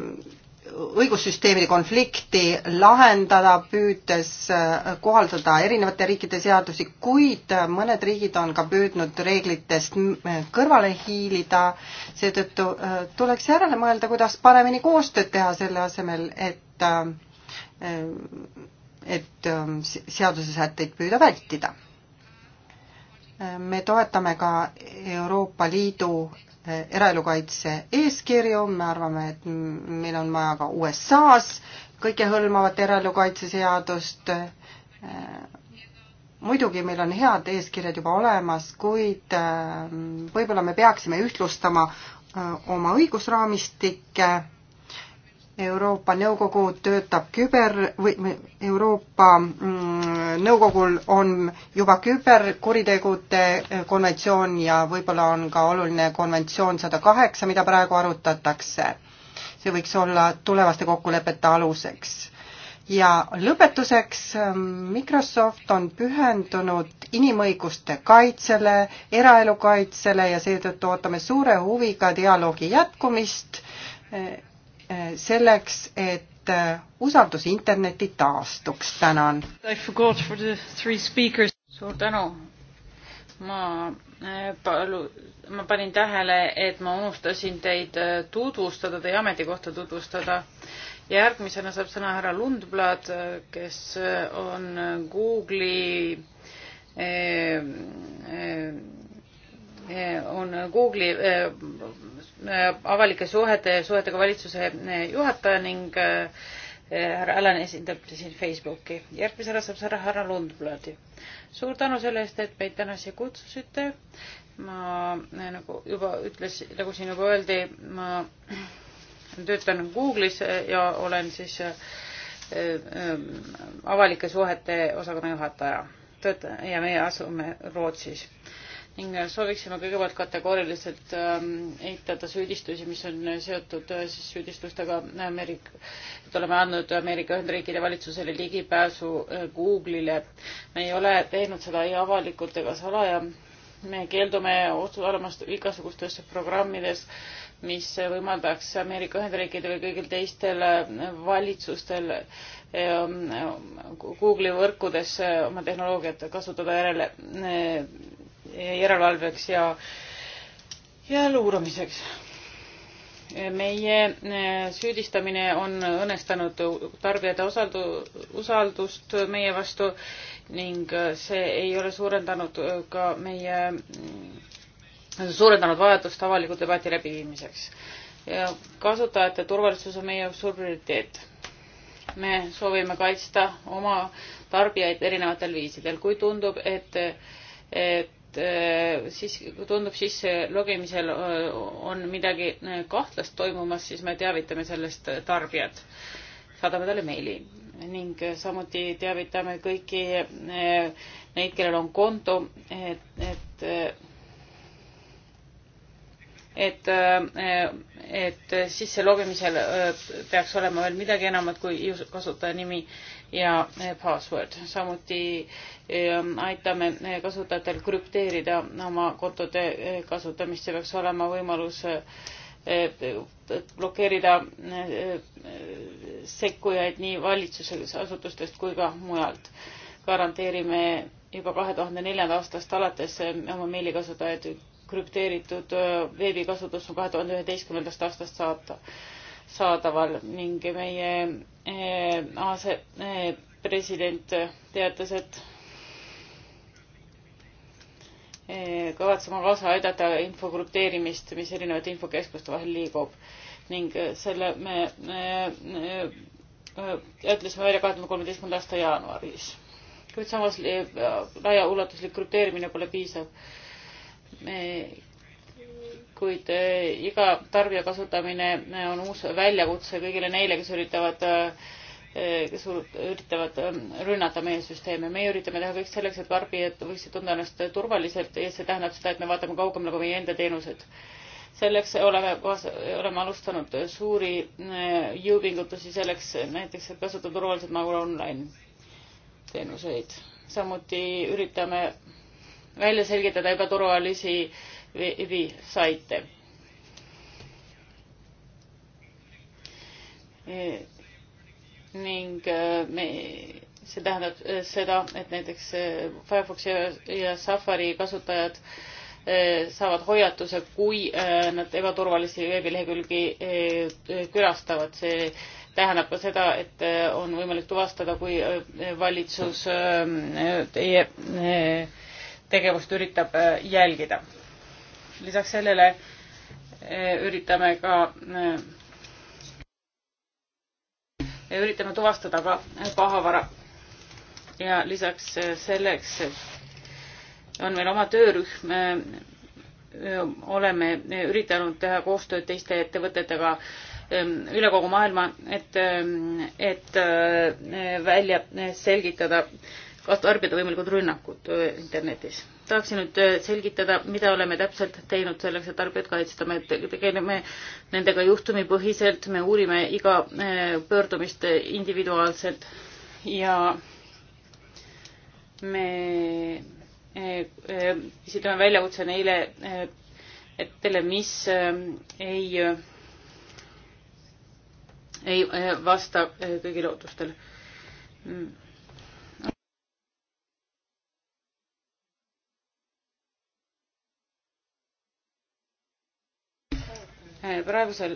Speaker 2: õigussüsteemide konflikti lahendada, püüdes äh, kohaldada erinevate riikide seadusi, kuid mõned riigid on ka püüdnud reeglitest kõrvale hiilida, seetõttu tuleks järele mõelda, kuidas paremini koostööd teha, selle asemel et et ähm, seadusesätteid püüda vältida. me toetame ka Euroopa Liidu äh, eraelukaitse eeskirju, me arvame, et meil on vaja ka USA-s kõikehõlmavat eraelukaitseseadust. Äh, muidugi meil on head eeskirjad juba olemas, kuid äh, võib-olla me peaksime ühtlustama oma õigusraamistikke Euroopa Nõukogu töötab küber või Euroopa mm, Nõukogul on juba küberkuritegude äh, konventsioon ja võib-olla on ka oluline konventsioon sada kaheksa, mida praegu arutatakse. see võiks olla tulevaste kokkulepete aluseks. ja lõpetuseks, äh, Microsoft on pühendunud inimõiguste kaitsele, eraelu kaitsele ja seetõttu ootame suure huviga dialoogi jätkumist äh, Eh, selleks, et eh, usaldus interneti taastuks. tänan.
Speaker 4: suur tänu. ma eh, palu-, ma panin tähele, et ma unustasin teid tutvustada, teie ametikohta tutvustada. järgmisena saab sõna härra Lundblad, kes on Google'i eh, eh, Eh, on Google'i eh, eh, avalike suhete, suhetega valitsuse juhataja ning härra Allan esindab siin Facebooki. järgmisena saab sõna härra Lundbladi. suur tänu selle eest, et meid täna siia kutsusite. ma nagu juba ütles, nagu siin juba öeldi, ma *clears throat* töötan Google'is ja olen siis avalike suhete osakonna juhataja. töötan ja meie asume Rootsis ning sooviksime kõigepealt kategooriliselt ähm, eitada süüdistusi, mis on seotud äh, siis süüdistustega Ameerika, et oleme andnud Ameerika Ühendriikide valitsusele ligipääsu äh, Google'ile. me ei ole teinud seda ei avalikult ega salaja. me keeldume olemast igasugustes programmides, mis võimaldaks Ameerika Ühendriikide või kõigil teistel äh, valitsustel ähm, Google'i võrkudes oma tehnoloogiat kasutada järele järelevalveks ja, ja luuramiseks. meie eh, süüdistamine on õnnestanud tarbijate usaldu, usaldust meie vastu ning eh, see ei ole suurendanud eh, ka meie, mm, suurendanud vajadust avaliku debati läbiviimiseks. kasutajate turvalisus on meie jaoks suur prioriteet me soovime kaitsta oma tarbijaid erinevatel viisidel. kui tundub, et, et Äh, siis tundub sisse logimisel äh, on midagi äh, kahtlast toimumas, siis me teavitame sellest tarbijat. saadame talle meili ning samuti teavitame kõiki neid, kellel on konto, et, et et, et sisse logimisel peaks olema veel midagi enamat kui kasutaja nimi ja eh, password. samuti ehm, aitame eh, kasutajatel krüpteerida oma kontode eh, kasutamist, see peaks olema võimalus blokeerida sekkujaid nii valitsuses, asutustest kui ka mujalt. garanteerime juba kahe tuhande neljanda aastast alates oma meilikasutajaid krüpteeritud veebikasutus on kahe tuhande üheteistkümnendast aastast saata, saadaval ning meie Eh, aase eh, president teatas, et eh, kavatsema kaasa aidata info krüpteerimist, mis erinevate infokeskuste vahel liigub ning selle me, me ütlesime välja kahe tuhande kolmeteistkümnenda aasta jaanuaris. kuid samas laiaulatuslik krüpteerimine pole piisav. me kuid eh, iga tarbija kasutamine eh, on uus väljakutse kõigile neile, kes üritavad eh, kes üritavad rünnata meie süsteeme. meie üritame teha kõik selleks, et tarbijad võiksid tunda ennast turvaliselt ja see tähendab seda, et me vaatame kaugemale kui meie enda teenused. selleks oleme, oleme alustanud suuri jõupingutusi selleks näiteks, et kasutada turvaliselt nagu online teenuseid. samuti üritame välja selgitada ebaturvalisi äh, veebi saite. ning äh, me, see tähendab äh, seda, et näiteks äh, Firefox ja, ja Safari kasutajad saavad hoiatuse, kui nad ebaturvalisi veebilehekülgi külastavad. see tähendab ka seda, et on võimalik tuvastada, kui valitsus teie tegevust üritab jälgida lisaks sellele e, üritame ka, e, e, üritame tuvastada ka pahavara. ja lisaks selleks on meil oma töörühm, oleme üritanud teha koostööd teiste ettevõtetega üle kogu maailma, et, et välja selgitada, kas tarbida võimalikud rünnakud internetis tahaksin nüüd äh, selgitada, mida oleme täpselt teinud selleks, et tarbijat kaitsta. me tegeleme nendega juhtumipõhiselt, me uurime iga äh, pöördumist individuaalselt ja me äh, esitame väljakutse neile, et teile, mis ei, ei vasta kõigile ootustele mm.
Speaker 3: Äh, praegusel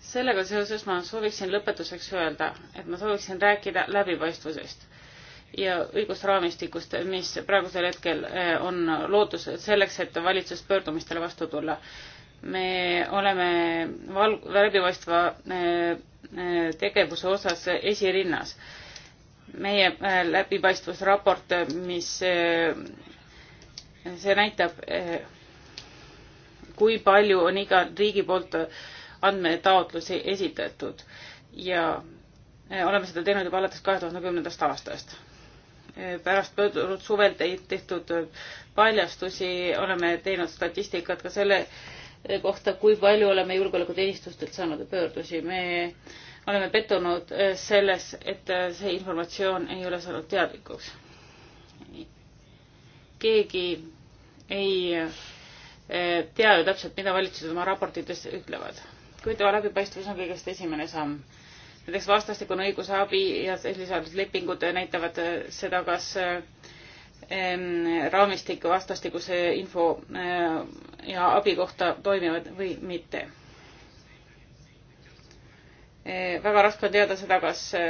Speaker 4: sellega seoses ma sooviksin lõpetuseks öelda, et ma sooviksin rääkida läbipaistvusest ja õigusraamistikust, mis praegusel hetkel äh, on lootus selleks, et valitsus pöördumistele vastu tulla me oleme val-, läbipaistva äh, äh, tegevuse osas esirinnas. meie äh, läbipaistvusraport, mis, see näitab, kui palju on iga riigi poolt andmetaotlusi esitatud ja oleme seda teinud juba alates kahe tuhande kümnendast aastast. pärast pöördunud suvel tehtud paljastusi oleme teinud statistikat ka selle äh, kohta, kui palju oleme julgeolekuteenistustelt saanud pöördusi. me oleme pettunud eh, selles, et eh, see informatsioon ei ole saanud teadlikuks. keegi ei eh, tea ju täpselt, mida valitsused oma raportites ütlevad. kuid läbipaistvus on kõigest esimene samm. näiteks vastastikune õigusabi ja sellised lepingud näitavad seda, kas raamistiku vastastikuse info ja abi kohta toimivad või mitte. E, väga raske on teada seda, kas, e,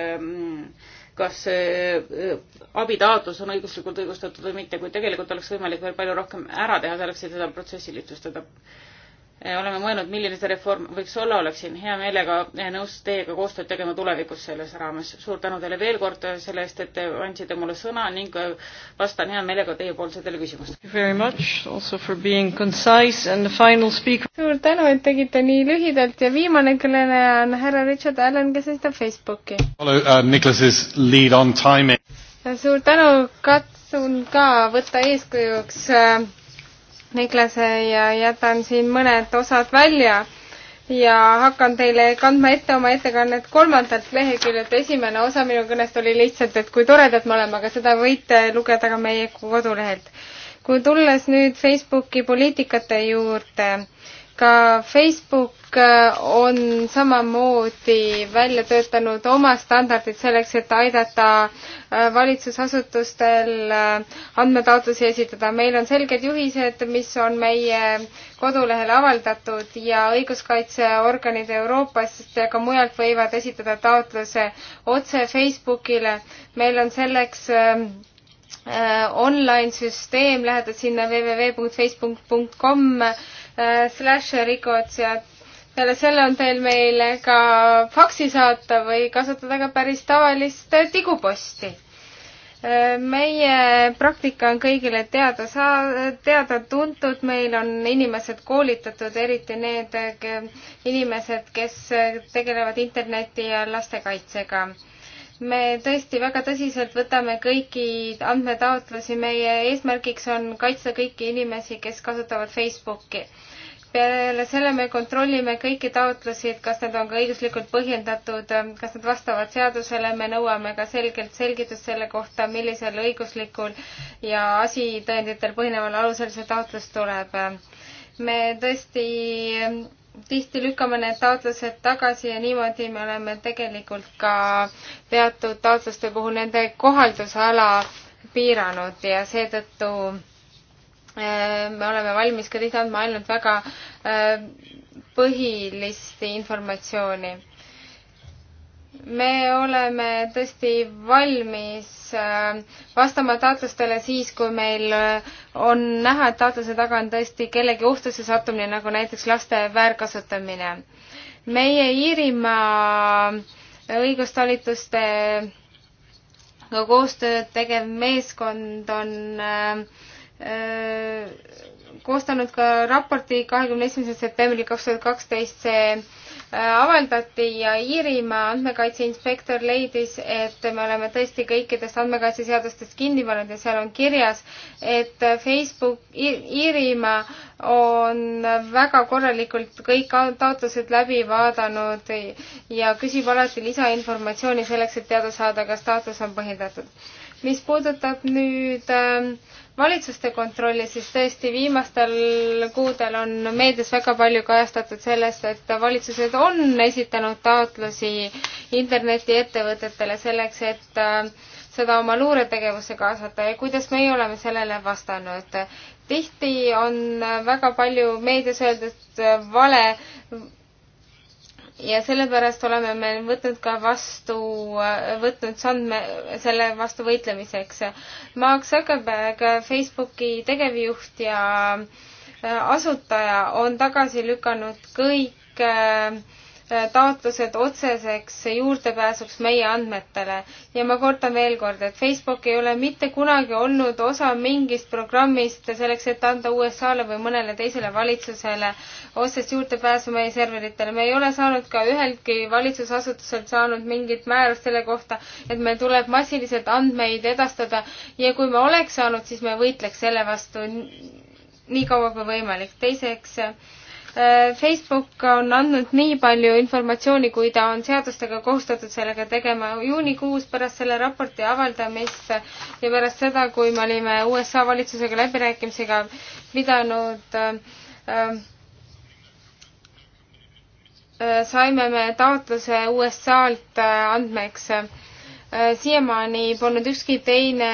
Speaker 4: kas e, abitaotlus on õiguslikult õigustatud või mitte, kuid tegelikult oleks võimalik veel palju rohkem ära teha selleks, et seda protsessi lihtsustada Eh, oleme mõelnud, milline see reform võiks olla, oleksin hea meelega eh, nõus teiega koostööd tegema tulevikus selles raames. suur tänu teile veel kord eh, selle eest, et te andsite mulle sõna ning vastan hea meelega teiepoolsetele küsimustele.
Speaker 1: suur tänu, et tegite nii lühidalt ja viimane kõneleja on härra Richard Allan, kes esitab Facebooki. Uh, suur tänu, katsun ka võtta eeskujuks uh, Niklase ja jätan siin mõned osad välja ja hakkan teile kandma ette oma ettekannet kolmandalt leheküljelt. esimene osa minu kõnest oli lihtsalt, et kui toredad me oleme, aga seda võite lugeda ka meie kodulehelt. kui tulles nüüd Facebooki poliitikate juurde ka Facebook äh, on samamoodi välja töötanud oma standardid selleks, et aidata äh, valitsusasutustel äh, andmetaotlusi esitada. meil on selged juhised, mis on meie kodulehel avaldatud ja õiguskaitseorganid Euroopast ja ka mujalt võivad esitada taotluse otse Facebookile. meil on selleks online süsteem, lähed sinna www.facebook.com Äh, slasherikotsijad. peale selle on teil meile ka faksi saata või kasutada ka päris tavalist tiguposti. Äh, meie praktika on kõigile teada saa-, teada-tuntud, meil on inimesed koolitatud, eriti need inimesed, kes tegelevad interneti ja lastekaitsega me tõesti väga tõsiselt võtame kõiki andmetaotlusi, meie eesmärgiks on kaitsta kõiki inimesi, kes kasutavad Facebooki. peale selle me kontrollime kõiki taotlusi, et kas need on ka õiguslikult põhjendatud, kas nad vastavad seadusele, me nõuame ka selgelt selgitust selle kohta, millisel õiguslikul ja asitõenditel põhineval alusel see taotlus tuleb me tõesti tihti lükkame need taotlused tagasi ja niimoodi me oleme tegelikult ka teatud taotluste puhul nende kohaldusala piiranud ja seetõttu äh, me oleme valmis ka tihti andma ainult väga äh, põhilist informatsiooni me oleme tõesti valmis äh, vastama taotlustele siis, kui meil äh, on näha, et taotluse taga on tõesti kellegi ohtusse sattumine, nagu näiteks laste väärkasutamine. meie Iirimaa õigustalituste ka koostööd tegev meeskond on äh, koostanud ka raporti kahekümne esimesel septembril kaks tuhat kaksteist, see avaldati ja Iirimaa andmekaitse inspektor leidis, et me oleme tõesti kõikidest andmekaitseseadustest kinni pannud ja seal on kirjas, et Facebook Iirimaa on väga korralikult kõik taotlused läbi vaadanud ja küsib alati lisainformatsiooni selleks, et teada saada, kas taotlus on põhjendatud. mis puudutab nüüd äh, valitsuste kontrolli, siis tõesti viimastel kuudel on meedias väga palju kajastatud sellest, et valitsused on esitanud taotlusi internetiettevõtetele selleks, et äh, seda oma luuretegevusse kaasata ja kuidas meie oleme sellele vastanud. tihti on väga palju meedias öeldud vale ja sellepärast oleme me võtnud ka vastu, võtnud sandme selle vastu võitlemiseks. Mark Zuckerberg, Facebooki tegevjuht ja äh, asutaja on tagasi lükanud kõik äh, taotlused otseseks juurdepääsuks meie andmetele. ja ma kordan veel kord, et Facebook ei ole mitte kunagi olnud osa mingist programmist selleks, et anda USA-le või mõnele teisele valitsusele otsest juurdepääsu meie serveritele. me ei ole saanud ka üheltki valitsusasutuselt saanud mingit määrust selle kohta, et meil tuleb massiliselt andmeid edastada ja kui me oleks saanud, siis me võitleks selle vastu nii kaua kui võimalik. teiseks Äh, Facebook on andnud nii palju informatsiooni, kui ta on seadustega kohustatud sellega tegema. juunikuus pärast selle raporti avaldamist ja pärast seda, kui me olime USA valitsusega läbirääkimisega pidanud äh, äh, äh, saime me taotluse USA-lt andmeks Äh, siiamaani polnud ükski teine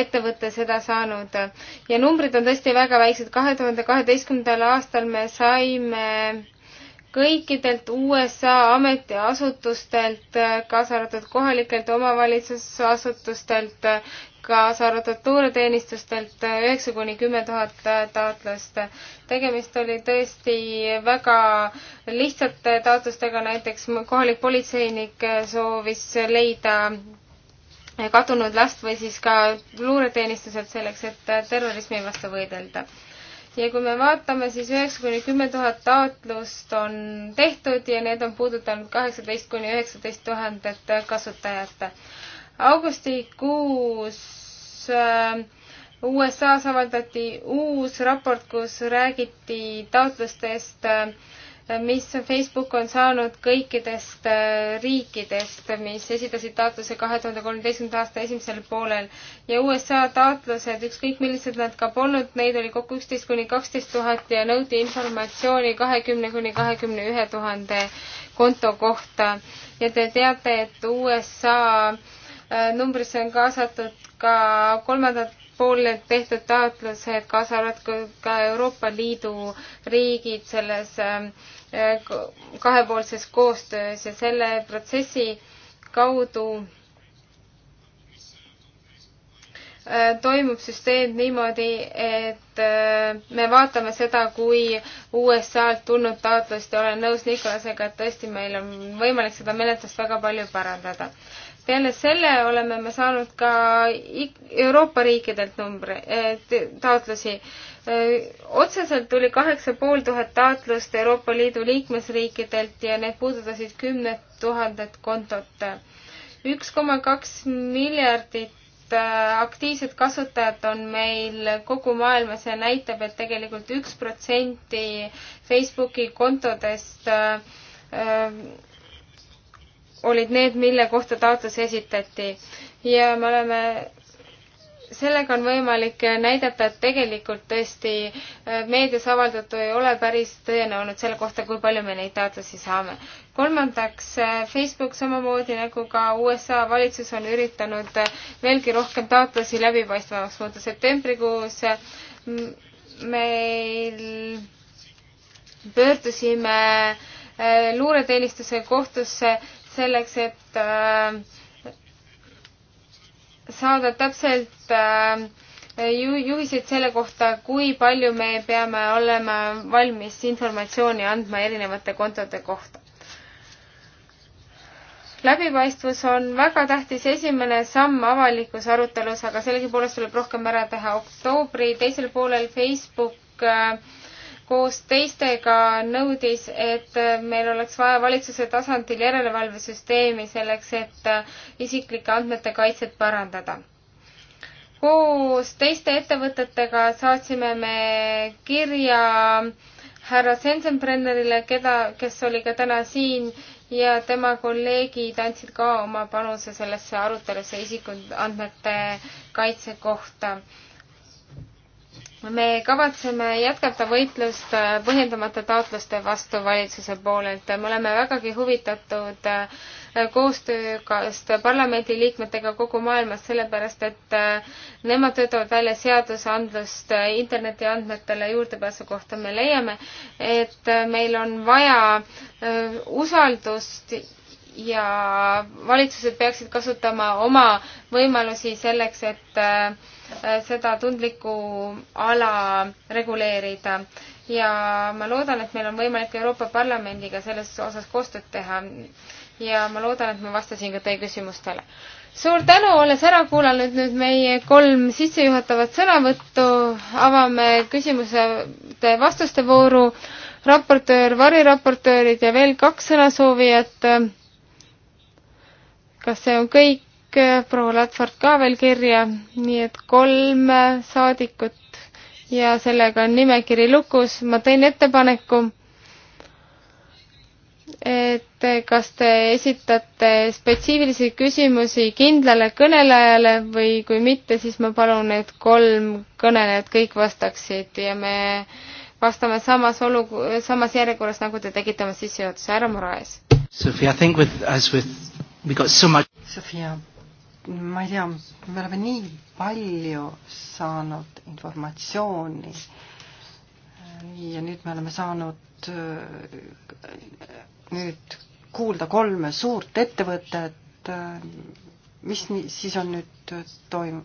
Speaker 1: ettevõte seda saanud ja numbrid on tõesti väga väiksed. kahe tuhande kaheteistkümnendal aastal me saime kõikidelt USA ametiasutustelt, äh, kaasa arvatud kohalikelt omavalitsusasutustelt kaasa arvatud tuuriteenistustelt üheksa kuni kümme tuhat taotlust. tegemist oli tõesti väga lihtsate taotlustega, näiteks kohalik politseinik soovis leida kadunud last või siis ka luureteenistused selleks, et terrorismi vastu võidelda. ja kui me vaatame, siis üheksa kuni kümme tuhat taotlust on tehtud ja need on puudutanud kaheksateist kuni üheksateist tuhandet kasutajat augustikuus äh, USA-s avaldati uus raport, kus räägiti taotlustest, äh, mis Facebook on saanud kõikidest äh, riikidest, mis esitasid taotluse kahe tuhande kolmeteistkümnenda aasta esimesel poolel. ja USA taotlused, ükskõik millised nad ka polnud, neid oli kokku üksteist kuni kaksteist tuhat ja nõuti informatsiooni kahekümne kuni kahekümne ühe tuhande konto kohta. ja te teate, et USA Äh, numbrisse on kaasatud ka kolmandad poolelt tehtud taotlused, kaasa arvatud ka Euroopa Liidu riigid selles ähm, äh, kahepoolses koostöös ja selle protsessi kaudu äh, toimub süsteem niimoodi, et me vaatame seda, kui USA-lt tulnud taotlust ja olen nõus Nikolasega, et tõesti, meil on võimalik seda menetlust väga palju parandada peale selle oleme me saanud ka Euroopa riikidelt numbre, taotlusi. otseselt tuli kaheksa pool tuhat taotlust Euroopa Liidu liikmesriikidelt ja need puudutasid kümnet tuhandet kontot. üks koma kaks miljardit äh, aktiivset kasutajat on meil kogu maailmas ja näitab, et tegelikult üks protsenti Facebooki kontodest äh, äh olid need, mille kohta taotlus esitati ja me oleme sellega on võimalik näidata, et tegelikult tõesti äh, meedias avaldatu ei ole päris tõene olnud selle kohta, kui palju me neid taotlusi saame. kolmandaks, äh, Facebook samamoodi nagu ka USA valitsus on üritanud äh, veelgi rohkem taotlusi läbipaistvamaks muuta. septembrikuus meil pöördusime luureteenistuse kohtusse selleks, et äh, saada täpselt äh, juhiseid selle kohta, kui palju me peame olema valmis informatsiooni andma erinevate kontode kohta. läbipaistvus on väga tähtis esimene samm avalikus arutelus, aga sellegipoolest tuleb rohkem ära teha. oktoobri teisel poolel Facebook äh, koos teistega nõudis, et meil oleks vaja valitsuse tasandil järelevalvesüsteemi selleks, et äh, isiklike andmete kaitset parandada. koos teiste ettevõtetega saatsime me kirja härra Sensenbrennerile, keda, kes oli ka täna siin ja tema kolleegid andsid ka oma panuse sellesse arutelusse isikuandmete kaitse kohta me kavatseme jätkata võitlust äh, põhjendamata taotluste vastu valitsuse poolelt. me oleme vägagi huvitatud äh, koostööst parlamendiliikmetega kogu maailmas, sellepärast et äh, nemad töötavad välja seadusandlust interneti andmetele juurdepääsu kohta. me leiame, et meil on vaja usaldust ja valitsused peaksid kasutama oma võimalusi selleks, et äh, seda tundlikku ala reguleerida. ja ma loodan, et meil on võimalik Euroopa Parlamendiga selles osas koostööd teha. ja ma loodan, et ma vastasin ka teie küsimustele. suur tänu, olles ära kuulanud nüüd meie kolm sissejuhatavat sõnavõttu, avame küsimuste vastuste vooru raportöör, variraportöörid ja veel kaks sõnasoovijat kas see on kõik, proua Latsvart ka veel kirja, nii et kolm saadikut ja sellega on nimekiri lukus, ma teen ettepaneku, et kas te esitate spetsiifilisi küsimusi kindlale kõnelejale või kui mitte, siis ma palun, et kolm kõnelejat kõik vastaksid ja me vastame samas olu-, samas järjekorras, nagu te tegite oma sissejuhatuse, härra
Speaker 2: Moraes.
Speaker 3: Sophie, I think with, as with We got so much.
Speaker 2: Sofia, ma ei tea, me oleme nii palju saanud informatsiooni ja nüüd me oleme saanud äh, nüüd kuulda kolme suurt ettevõtet, mis nii, siis on nüüd toim-,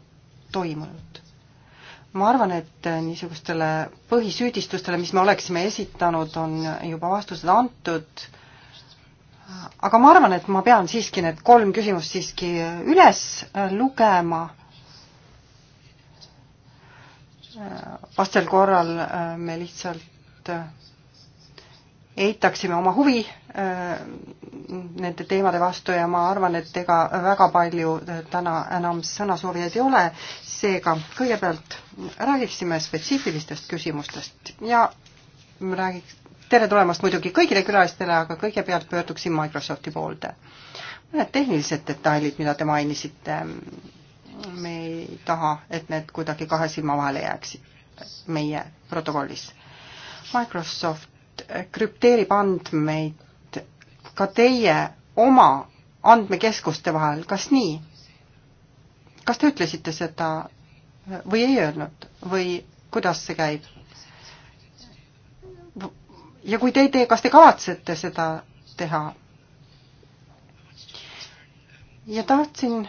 Speaker 2: toimunud? ma arvan, et niisugustele põhisüüdistustele, mis me oleksime esitanud, on juba vastused antud aga ma arvan, et ma pean siiski need kolm küsimust siiski üles lugema. vastasel korral äh, me lihtsalt äh, eitaksime oma huvi äh, nende teemade vastu ja ma arvan, et ega väga palju täna enam sõnasoovijaid ei ole, seega kõigepealt räägiksime spetsiifilistest küsimustest ja räägiks, tere tulemast muidugi kõigile külalistele, aga kõigepealt pöörduksin Microsofti poolde. mõned tehnilised detailid, mida te mainisite, me ei taha, et need kuidagi kahe silma vahele jääksid meie protokollis. Microsoft krüpteerib andmeid ka teie oma andmekeskuste vahel, kas nii? kas te ütlesite seda või ei öelnud või kuidas see käib? ja kui te ei tee, kas te kavatsete seda teha? ja tahtsin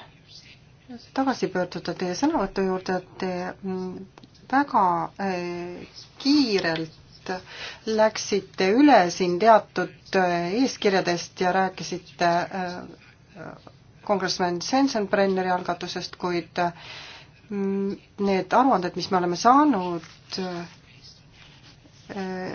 Speaker 2: tagasi pöörduda teie sõnavõtu juurde, et te mm, väga eh, kiirelt läksite üle siin teatud eh, eeskirjadest ja rääkisite eh, kongresmen Sensenbrenneri algatusest, kuid mm, need aruanded, mis me oleme saanud, Äh,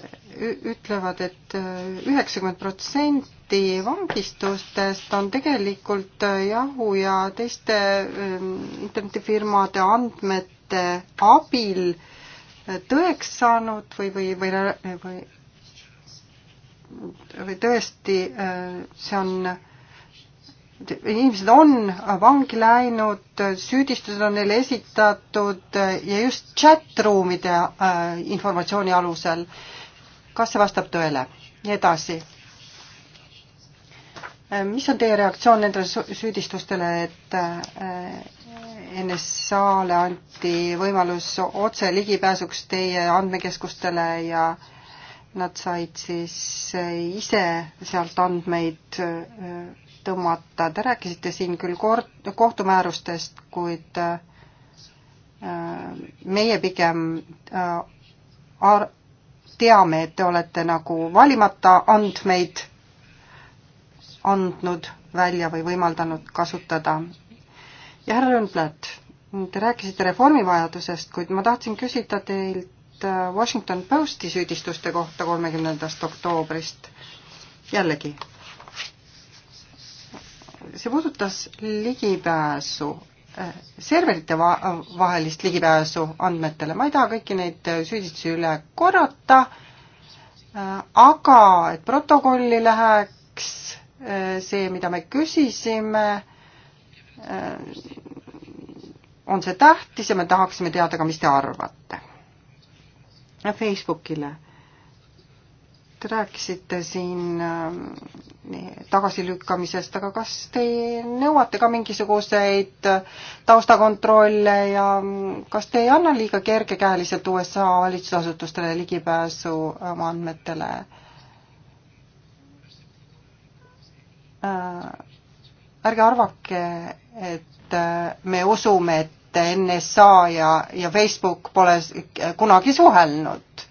Speaker 2: ütlevad et, et äh, üheksakümmend protsenti vangistustest on tegelikult jahu äh, ja teiste ähm, internetifirmade andmete abil tõeks saanud või, või, või, või, või tõesti see on inimesed on vangi läinud, süüdistused on neile esitatud ja just chat-ruumide äh, informatsiooni alusel. kas see vastab tõele? edasi. Äh, mis on teie reaktsioon nendele süüdistustele, et äh, NSA-le anti võimalus otse ligipääsuks teie andmekeskustele ja nad said siis ise sealt andmeid tõmmata. Te rääkisite siin küll kord-, kohtumäärustest, kuid äh, meie pigem äh, ar-, teame, et te olete nagu valimata andmeid andnud välja või võimaldanud kasutada. ja härra Rönnblat, te rääkisite reformi vajadusest, kuid ma tahtsin küsida teilt äh, Washington Posti süüdistuste kohta kolmekümnendast oktoobrist. jällegi, see puudutas ligipääsu, eh, serverite va-, vahelist ligipääsu andmetele, ma ei taha kõiki neid eh, süüdistusi üle korrata, eh, aga et protokolli läheks see, mida me küsisime, on see tähtis ja me tahaksime teada ka, mis te arvate. Facebookile Te rääkisite siin ähm, tagasilükkamisest, aga kas te nõuate ka mingisuguseid taustakontrolle ja mm, kas te ei anna liiga kergekäeliselt USA valitsusasutustele ligipääsu oma ähm, andmetele? Äh, ärge arvake, et äh, me usume, et NSA ja, ja Facebook pole kunagi suhelnud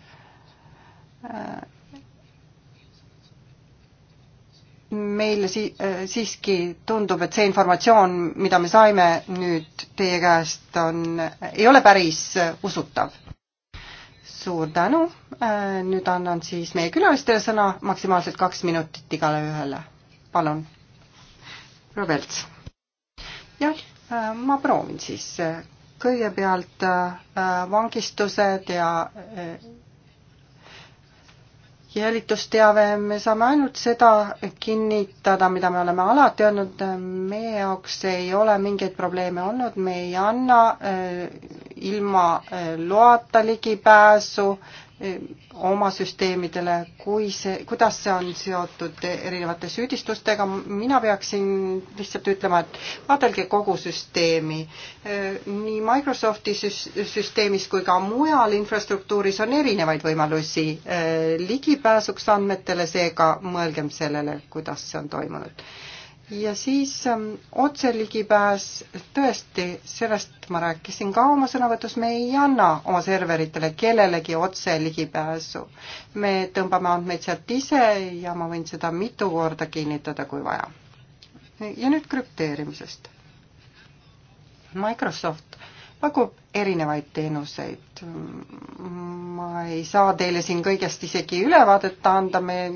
Speaker 2: äh, meile si-, äh, siiski tundub, et see informatsioon, mida me saime nüüd teie käest, on, ei ole päris äh, usutav. suur tänu, äh, nüüd annan siis meie külalistele sõna, maksimaalselt kaks minutit igale ühele. palun. proua Pelts. jah, ma proovin siis. kõigepealt vangistused ja jälitusteave, me saame ainult seda kinnitada, mida me oleme alati öelnud, meie jaoks ei ole mingeid probleeme olnud, me ei anna äh, ilma äh, loata ligipääsu oma süsteemidele, kui see, kuidas see on seotud erinevate süüdistustega, mina peaksin lihtsalt ütlema, et vaadelge kogu süsteemi. nii Microsofti süsteemis kui ka mujal infrastruktuuris on erinevaid võimalusi eh, ligipääsuks andmetele, seega mõelgem sellele, kuidas see on toimunud ja siis ähm, otseligipääs, tõesti, sellest ma rääkisin ka oma sõnavõtus, me ei anna oma serveritele kellelegi otseligipääsu. me tõmbame andmeid sealt ise ja ma võin seda mitu korda kinnitada, kui vaja. ja nüüd krüpteerimisest. Microsoft pakub erinevaid teenuseid. ma ei saa teile siin kõigest isegi ülevaadet anda, me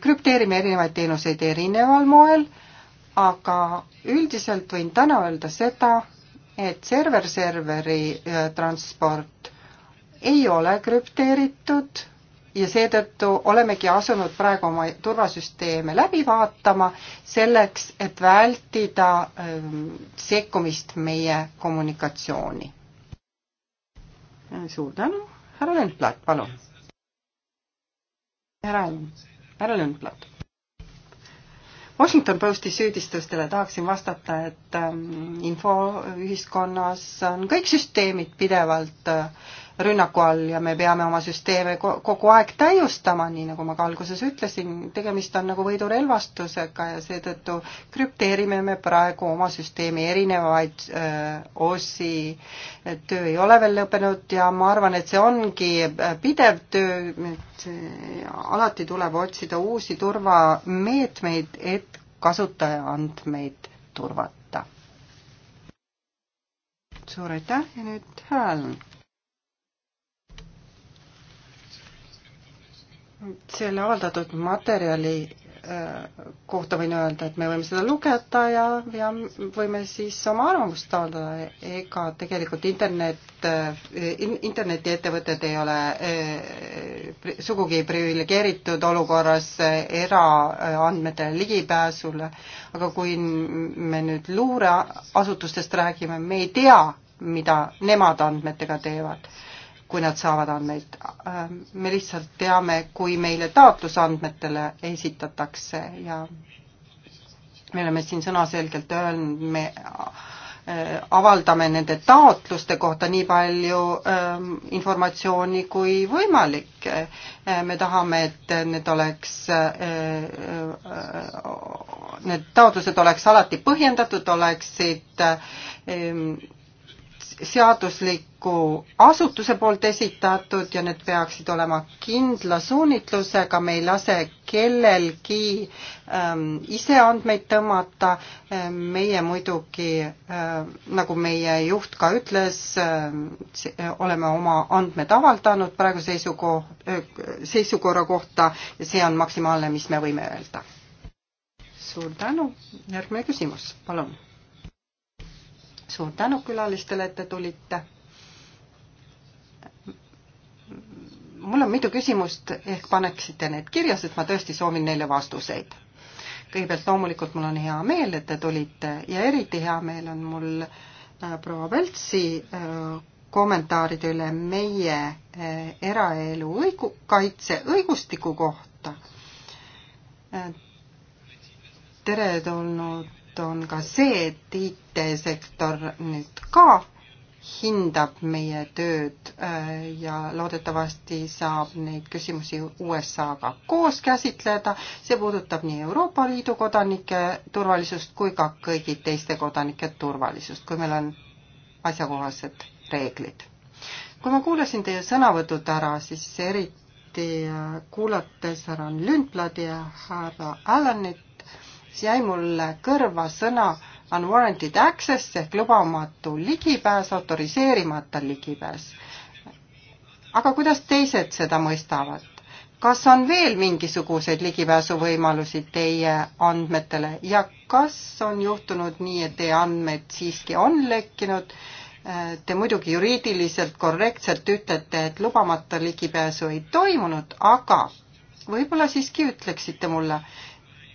Speaker 2: krüpteerime erinevaid teenuseid erineval moel, aga üldiselt võin täna öelda seda, et server-serveri äh, transport ei ole krüpteeritud ja seetõttu olemegi asunud praegu oma turvasüsteeme läbi vaatama selleks, et vältida ähm, sekkumist meie kommunikatsiooni. Äh, suur tänu, härra Lendblad, palun. härra Lendblad härra Lundblad. Washington Posti süüdistustele tahaksin vastata, et ähm, infoühiskonnas on kõik süsteemid pidevalt äh, rünnaku all ja me peame oma süsteeme kogu aeg täiustama, nii nagu ma ka alguses ütlesin, tegemist on nagu võidurelvastusega ja seetõttu krüpteerime me praegu oma süsteemi erinevaid öö, osi. töö ei ole veel lõppenud ja ma arvan, et see ongi pidev töö, et alati tuleb otsida uusi turvameetmeid, et kasutaja andmeid turvata. suur aitäh ja nüüd hääl selle avaldatud materjali äh, kohta võin öelda, et me võime seda lugeda ja, ja võime siis oma arvamust avaldada, ega tegelikult internet, äh, internetiettevõtted ei ole äh, sugugi priviligeeritud olukorras eraandmetele ligipääsule, aga kui me nüüd luureasutustest räägime, me ei tea, mida nemad andmetega teevad kui nad saavad andmeid. Ähm, me lihtsalt teame, kui meile taotlus andmetele esitatakse ja me oleme siin sõnaselgelt öelnud, me äh, avaldame nende taotluste kohta nii palju ähm, informatsiooni kui võimalik. Äh, me tahame, et need oleks äh,, äh, need taotlused oleks alati põhjendatud, oleksid äh, seadusliku asutuse poolt esitatud ja need peaksid olema kindla suunitlusega, me ei lase kellelgi ähm, ise andmeid tõmmata ähm,. meie muidugi ähm,, nagu meie juht ka ütles ähm,, äh, oleme oma andmed avaldanud praegu seisuko- äh,, seisukorra kohta ja see on maksimaalne, mis me võime öelda. suur tänu, järgmine küsimus, palun suur tänu külalistele, et te tulite. mul on mitu küsimust, ehk paneksite need kirja, sest ma tõesti soovin neile vastuseid. kõigepealt loomulikult mul on hea meel, et te tulite ja eriti hea meel on mul äh, proua Vältsi äh, kommentaaride üle meie äh, eraelu õigu-, kaitse õigustiku kohta. tere tulnud on ka see, et IT-sektor nüüd ka hindab meie tööd äh, ja loodetavasti saab neid küsimusi USA-ga koos käsitleda. see puudutab nii Euroopa Liidu kodanike turvalisust kui ka kõigi teiste kodanike turvalisust, kui meil on asjakohased reeglid. kui ma kuulasin teie sõnavõtud ära, siis eriti äh, kuulates härra Lündbladi ja härra Allanit, siis jäi mulle kõrva sõna unwarranted access ehk lubamatu ligipääs, autoriseerimata ligipääs. aga kuidas teised seda mõistavad? kas on veel mingisuguseid ligipääsuvõimalusi teie andmetele ja kas on juhtunud nii, et teie andmed siiski on lekkinud? Te muidugi juriidiliselt korrektselt ütlete, et lubamata ligipääsu ei toimunud, aga võib-olla siiski ütleksite mulle,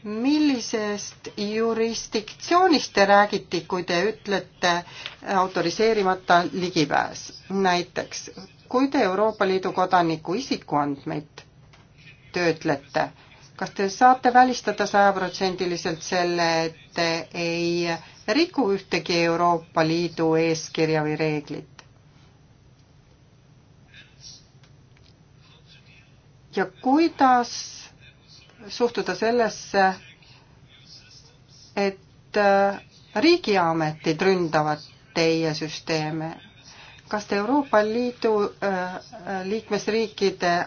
Speaker 2: millisest jurisdiktsioonist te räägite, kui te ütlete autoriseerimata ligipääs? näiteks, kui te Euroopa Liidu kodaniku isikuandmeid töötlete, kas te saate välistada sajaprotsendiliselt selle, et te ei riku ühtegi Euroopa Liidu eeskirja või reeglit? ja kuidas suhtuda sellesse, et äh, riigiametid ründavad teie süsteeme. kas Euroopa Liidu äh, liikmesriikide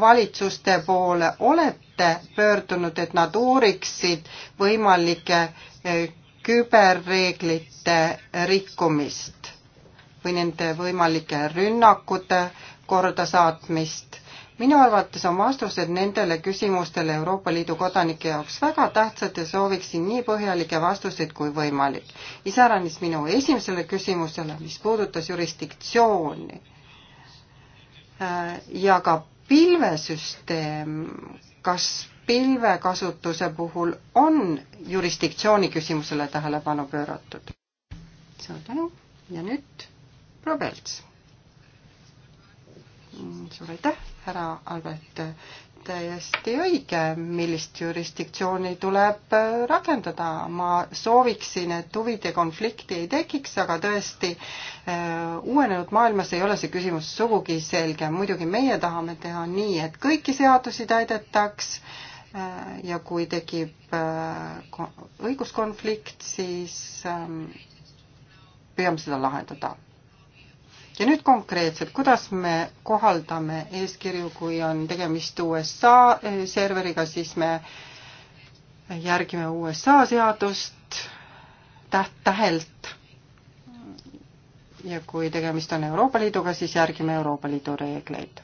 Speaker 2: valitsuste poole olete pöördunud, et nad uuriksid võimalike äh, küberreeglite rikkumist või nende võimalike rünnakute kordasaatmist? minu arvates on vastused nendele küsimustele Euroopa Liidu kodanike jaoks väga tähtsad ja sooviksin nii põhjalikke vastuseid kui võimalik. iseäranis minu esimesele küsimusele, mis puudutas jurisdiktsiooni äh, ja ka pilvesüsteem, kas pilvekasutuse puhul on jurisdiktsiooni küsimusele tähelepanu pööratud? suur tänu ja nüüd proua Pelts suur aitäh, härra Albert. täiesti õige, millist jurisdiktsiooni tuleb äh, rakendada. ma sooviksin, et huvide konflikti ei tekiks, aga tõesti äh, uuenenud maailmas ei ole see küsimus sugugi selge. muidugi meie tahame teha nii, et kõiki seadusi täidetaks äh, ja kui tekib õiguskonflikt, siis ähm, püüame seda lahendada ja nüüd konkreetselt, kuidas me kohaldame eeskirju, kui on tegemist USA eh, serveriga, siis me järgime USA seadust täht tähelt. ja kui tegemist on Euroopa Liiduga, siis järgime Euroopa Liidu reegleid.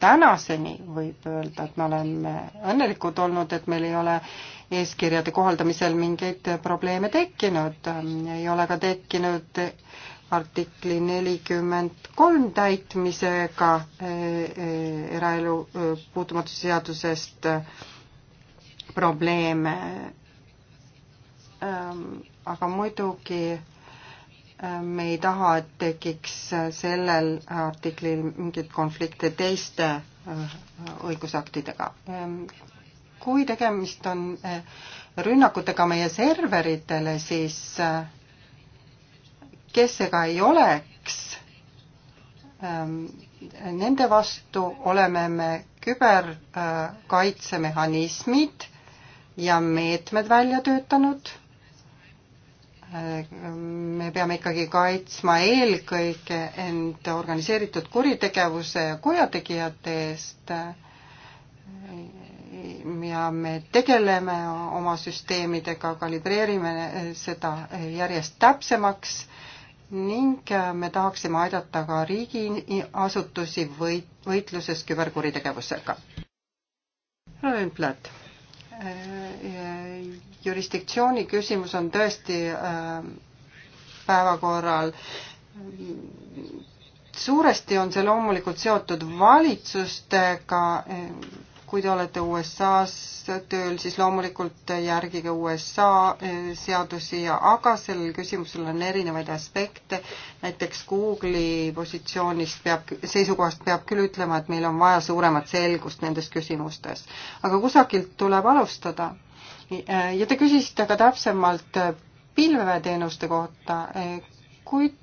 Speaker 2: tänaseni võib öelda, et me oleme õnnelikud olnud, et meil ei ole eeskirjade kohaldamisel mingeid probleeme tekkinud, ei ole ka tekkinud artikli nelikümmend kolm täitmisega eh, eh, eraelu eh, puutumatuse seadusest probleeme. Ehm, aga muidugi me ei taha, et tekiks sellel artiklil mingeid konflikte teiste õigusaktidega. Ehm, kui tegemist on rünnakutega meie serveritele, siis kes see ka ei oleks, ähm, nende vastu oleme me küberkaitsemehhanismid äh, ja meetmed välja töötanud. Äh, me peame ikkagi kaitsma eelkõige end organiseeritud kuritegevuse ja kurjategijate eest äh, ja me tegeleme oma süsteemidega, kalibreerime seda järjest täpsemaks ning me tahaksime aidata ka riigiasutusi võit-, võitluses küberkuritegevusega. härra Lindblad, äh, jurisdiktsiooni küsimus on tõesti äh, päevakorral. suuresti on see loomulikult seotud valitsustega, äh, kui te olete USA-s tööl, siis loomulikult järgige USA eh, seadusi, aga sellel küsimusel on erinevaid aspekte. näiteks Google'i positsioonist peab, seisukohast peab küll ütlema, et meil on vaja suuremat selgust nendes küsimustes. aga kusagilt tuleb alustada. Eh, ja te küsisite ka täpsemalt eh, pilveteenuste kohta kuid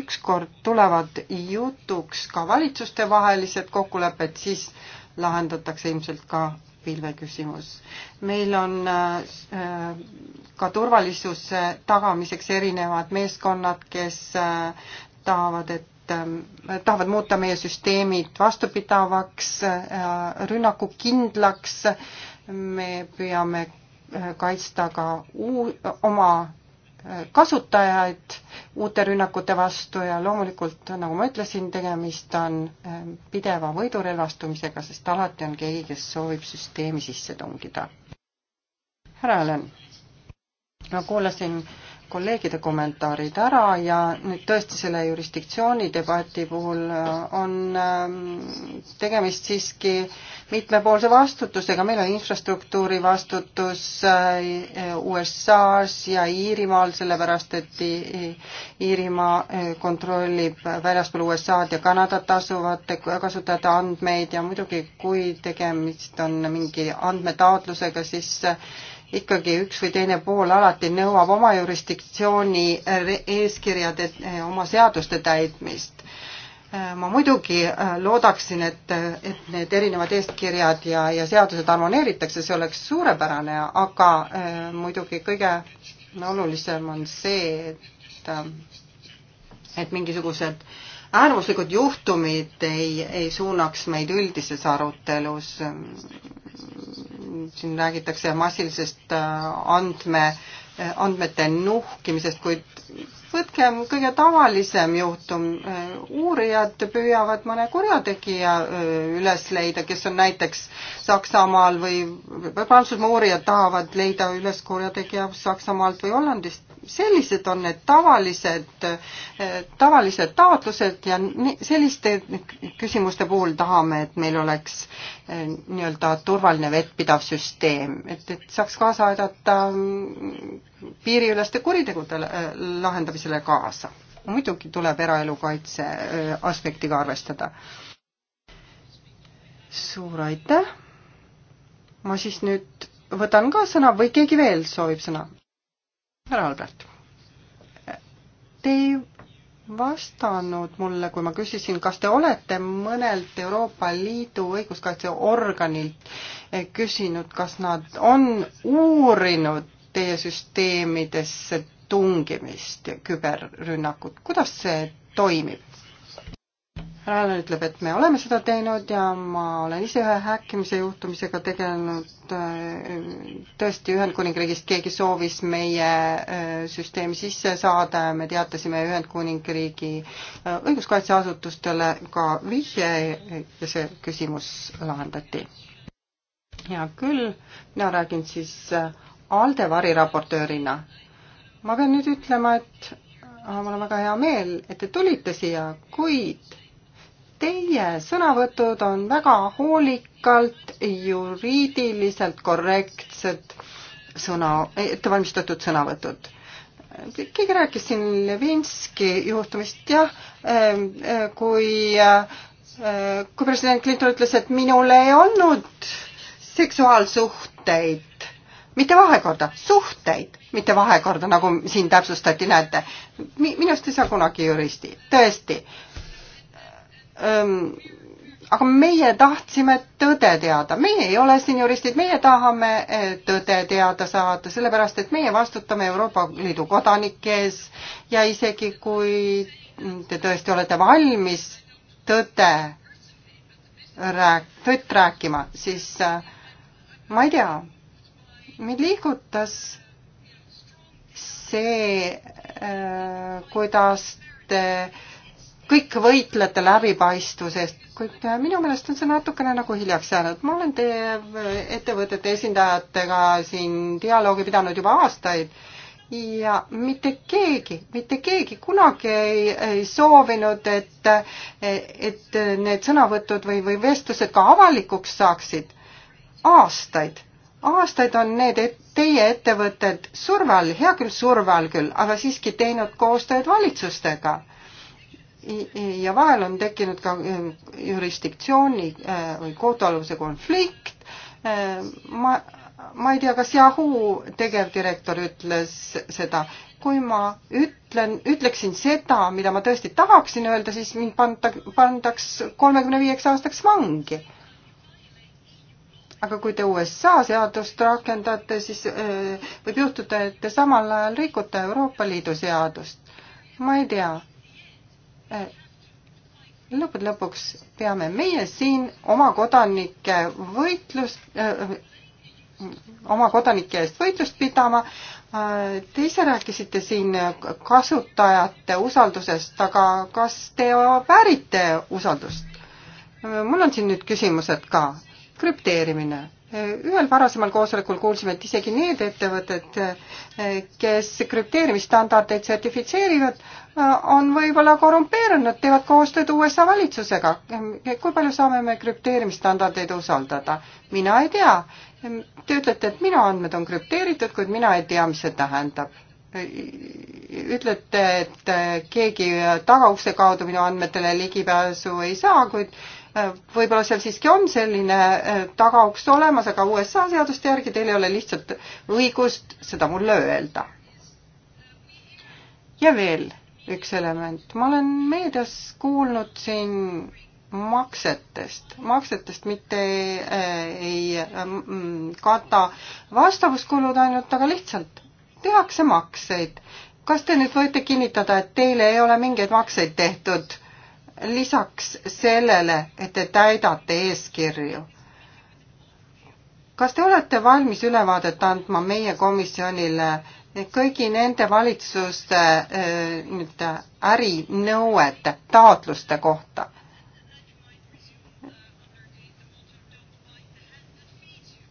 Speaker 2: ükskord tulevad jutuks ka valitsustevahelised kokkulepped, siis lahendatakse ilmselt ka pilveküsimus. meil on äh, ka turvalisuse tagamiseks erinevad meeskonnad, kes äh, tahavad, et ähm, tahavad muuta meie süsteemid vastupidavaks, äh, rünnakukindlaks, me püüame kaitsta ka uu-, oma kasutajaid uute rünnakute vastu ja loomulikult, nagu ma ütlesin, tegemist on ähm, pideva võidurelvastumisega, sest alati on keegi, kes soovib süsteemi sisse tungida. härra Allan, ma kuulasin äh, kolleegide kommentaarid ära ja nüüd tõesti selle jurisdiktsioonidebati puhul äh, on ähm, tegemist siiski mitmepoolse vastutusega, meil on infrastruktuuri vastutus äh, USA-s ja Iirimaal, sellepärast et Iirimaa äh, kontrollib väljaspool USA-d ja Kanadat asuvate kasutajate andmeid ja muidugi, kui tegemist on mingi andmetaotlusega, siis ikkagi üks või teine pool alati nõuab oma jurisdiktsiooni eeskirjade, eh, oma seaduste täitmist. Eh, ma muidugi eh, loodaksin, et, et need erinevad eeskirjad ja, ja seadused harmoneeritakse, see oleks suurepärane, aga muidugi kõige olulisem on see, et et mingisugused äärmuslikud juhtumid ei, ei suunaks meid üldises arutelus siin räägitakse massilisest äh, andme, äh, andmete nuhkimisest, kuid võtkem kõige tavalisem juhtum, äh, uurijad püüavad mõne kurjategija üles leida, kes on näiteks Saksamaal või Prantsusmaa uurijad tahavad leida üles kurjategija Saksamaalt või Hollandist sellised on need tavalised, tavalised taotlused ja selliste küsimuste puhul tahame, et meil oleks eh, nii-öelda turvaline vettpidav süsteem, et, et saaks kaasa aidata mm, piiriüleste kuritegude eh, lahendamisele kaasa. muidugi tuleb eraelu kaitse eh, aspektiga arvestada. suur aitäh! ma siis nüüd võtan ka sõna või keegi veel soovib sõna? härra Albert, te ei vastanud mulle, kui ma küsisin, kas te olete mõnelt Euroopa Liidu õiguskaitseorganilt küsinud, kas nad on uurinud teie süsteemidesse tungimist, küberrünnakut, kuidas see toimib? Railan ütleb, et me oleme seda teinud ja ma olen ise ühe häkkimise juhtumisega tegelenud. Äh, tõesti, Ühendkuningriigist keegi soovis meie äh, süsteemi sisse saada ja me teatasime Ühendkuningriigi äh, õiguskaitseasutustele ka vihje ja see küsimus lahendati. hea küll, mina räägin siis ALDE variraportöörina. ma pean nüüd ütlema, et mul on väga hea meel, et te tulite siia, kuid teie sõnavõtud on väga hoolikalt, juriidiliselt korrektsed sõna, ettevalmistatud sõnavõtud. keegi rääkis siin Levinski juhtumist, jah, ähm, äh, kui, äh, kui president Clinton ütles, et minul ei olnud seksuaalsuhteid, mitte vahekorda, suhteid, mitte vahekorda, nagu siin täpsustati, näete. minust ei saa kunagi juristi, tõesti aga meie tahtsime tõde teada, meie ei ole siin juristid, meie tahame e, tõde teada saada, sellepärast et meie vastutame Euroopa Liidu kodanike ees ja isegi kui te tõesti olete valmis tõde rääk-, tõtt rääkima, siis e, ma ei tea, mind liigutas see, e, kuidas te äh, kõik võitlete läbipaistvuse eest, kuid äh, minu meelest on see natukene nagu hiljaks jäänud. ma olen teie äh, ettevõtete esindajatega siin dialoogi pidanud juba aastaid ja mitte keegi, mitte keegi kunagi ei, ei soovinud, et, et need sõnavõtud või, või vestlused ka avalikuks saaksid. aastaid, aastaid on need et, teie ettevõtted surve all, hea küll, surve all küll, aga siiski teinud koostööd valitsustega ja vahel on tekkinud ka eh, jurisdiktsiooni eh, või kohtualuse konflikt. Eh, ma, ma ei tea, kas Yahoo tegevdirektor ütles seda. kui ma ütlen, ütleksin seda, mida ma tõesti tahaksin öelda, siis mind panda, pandaks kolmekümne viieks aastaks vangi. aga kui te USA seadust rakendate, siis võib juhtuda, et te samal ajal rikute Euroopa Liidu seadust. ma ei tea Äh, lõppude lõpuks peame meie siin oma kodanike võitlust, äh, oma kodanike eest võitlust pidama. Äh, te ise rääkisite siin kasutajate usaldusest, aga kas te väärite usaldust? mul on siin nüüd küsimused ka. krüpteerimine. ühel varasemal koosolekul kuulsime, et isegi need ettevõtted, kes krüpteerimisstandardeid sertifitseerivad, Äh, on võib-olla korrumpeerunud, teevad koostööd USA valitsusega. kui palju saame me krüpteerimisstandardeid usaldada? mina ei tea. Te ütlete, et minu andmed on krüpteeritud, kuid mina ei tea, mis see tähendab. ütlete, et äh, keegi tagaukse kaudu minu andmetele ligipääsu ei saa, kuid äh, võib-olla seal siiski on selline tagauks olemas, aga USA seaduste järgi teil ei ole lihtsalt õigust seda mulle öelda. ja veel üks element. ma olen meedias kuulnud siin maksetest, maksetest mitte äh, ei äh, kata vastavuskulud ainult, aga lihtsalt tehakse makseid. kas te nüüd võite kinnitada, et teile ei ole mingeid makseid tehtud lisaks sellele, et te täidate eeskirju? kas te olete valmis ülevaadet andma meie komisjonile äh, kõigi nende valitsuste eh, nii-öelda ärinõuete, taotluste kohta.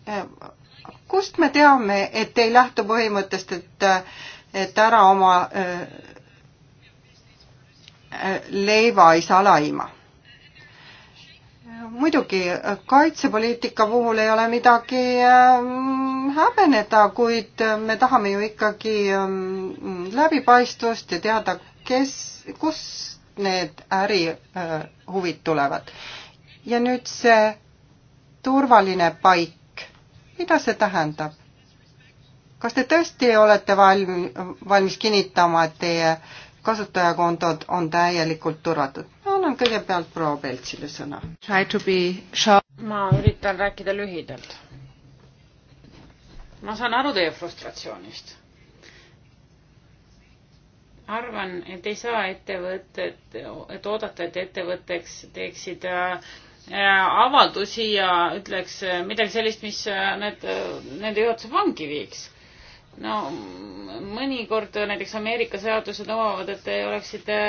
Speaker 2: Eh, kust me teame, et ei lähtu põhimõttest, et, et ära oma eh, leiva ei salaima? muidugi, kaitsepoliitika puhul ei ole midagi ähm, häbeneda, kuid me tahame ju ikkagi ähm, läbipaistvust ja teada, kes, kust need ärihuvid äh, tulevad. ja nüüd see turvaline paik, mida see tähendab? kas te tõesti olete valm-, valmis kinnitama, et teie kasutajakontod on täielikult turvatud? annan kõigepealt proua Peltsile sõna.
Speaker 4: ma üritan rääkida lühidalt. ma saan aru teie frustratsioonist. arvan, et ei saa ettevõtted, et oodata, et ettevõtteks teeksid äh, avaldusi ja ütleks äh, midagi sellist, mis äh, need, nende juhatuse vangi viiks no mõnikord näiteks Ameerika seadused nõuavad, et te oleksite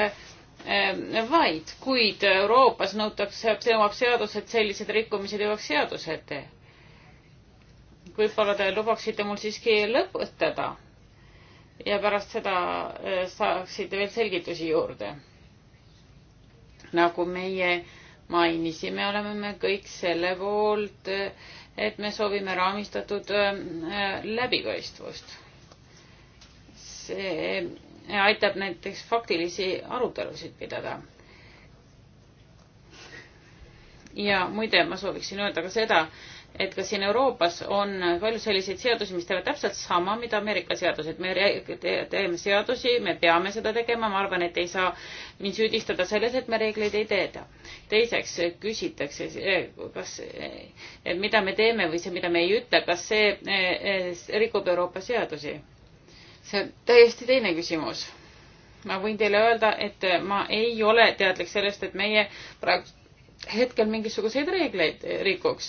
Speaker 4: Ähm, vaid, kuid Euroopas nõutakse, nõuab seadus, et sellised rikkumised jõuaks seaduse ette. võib-olla te lubaksite mul siiski lõpetada ja pärast seda äh, saaksite veel selgitusi juurde. nagu meie mainisime, oleme me kõik selle poolt, et me soovime raamistatud äh, läbipaistvust. see aitab näiteks faktilisi arutelusid pidada. ja muide, ma sooviksin öelda ka seda, et ka siin Euroopas on palju selliseid seadusi, mis teevad täpselt sama, mida Ameerika seadused. me teeme seadusi, me peame seda tegema, ma arvan, et ei saa mind süüdistada selles, et me reegleid ei teeda. teiseks küsitakse, kas, mida me teeme või see, mida me ei ütle, kas see eh, eh, rikub Euroopa seadusi see on täiesti teine küsimus. ma võin teile öelda, et ma ei ole teadlik sellest, et meie praegu hetkel mingisuguseid reegleid rikuks.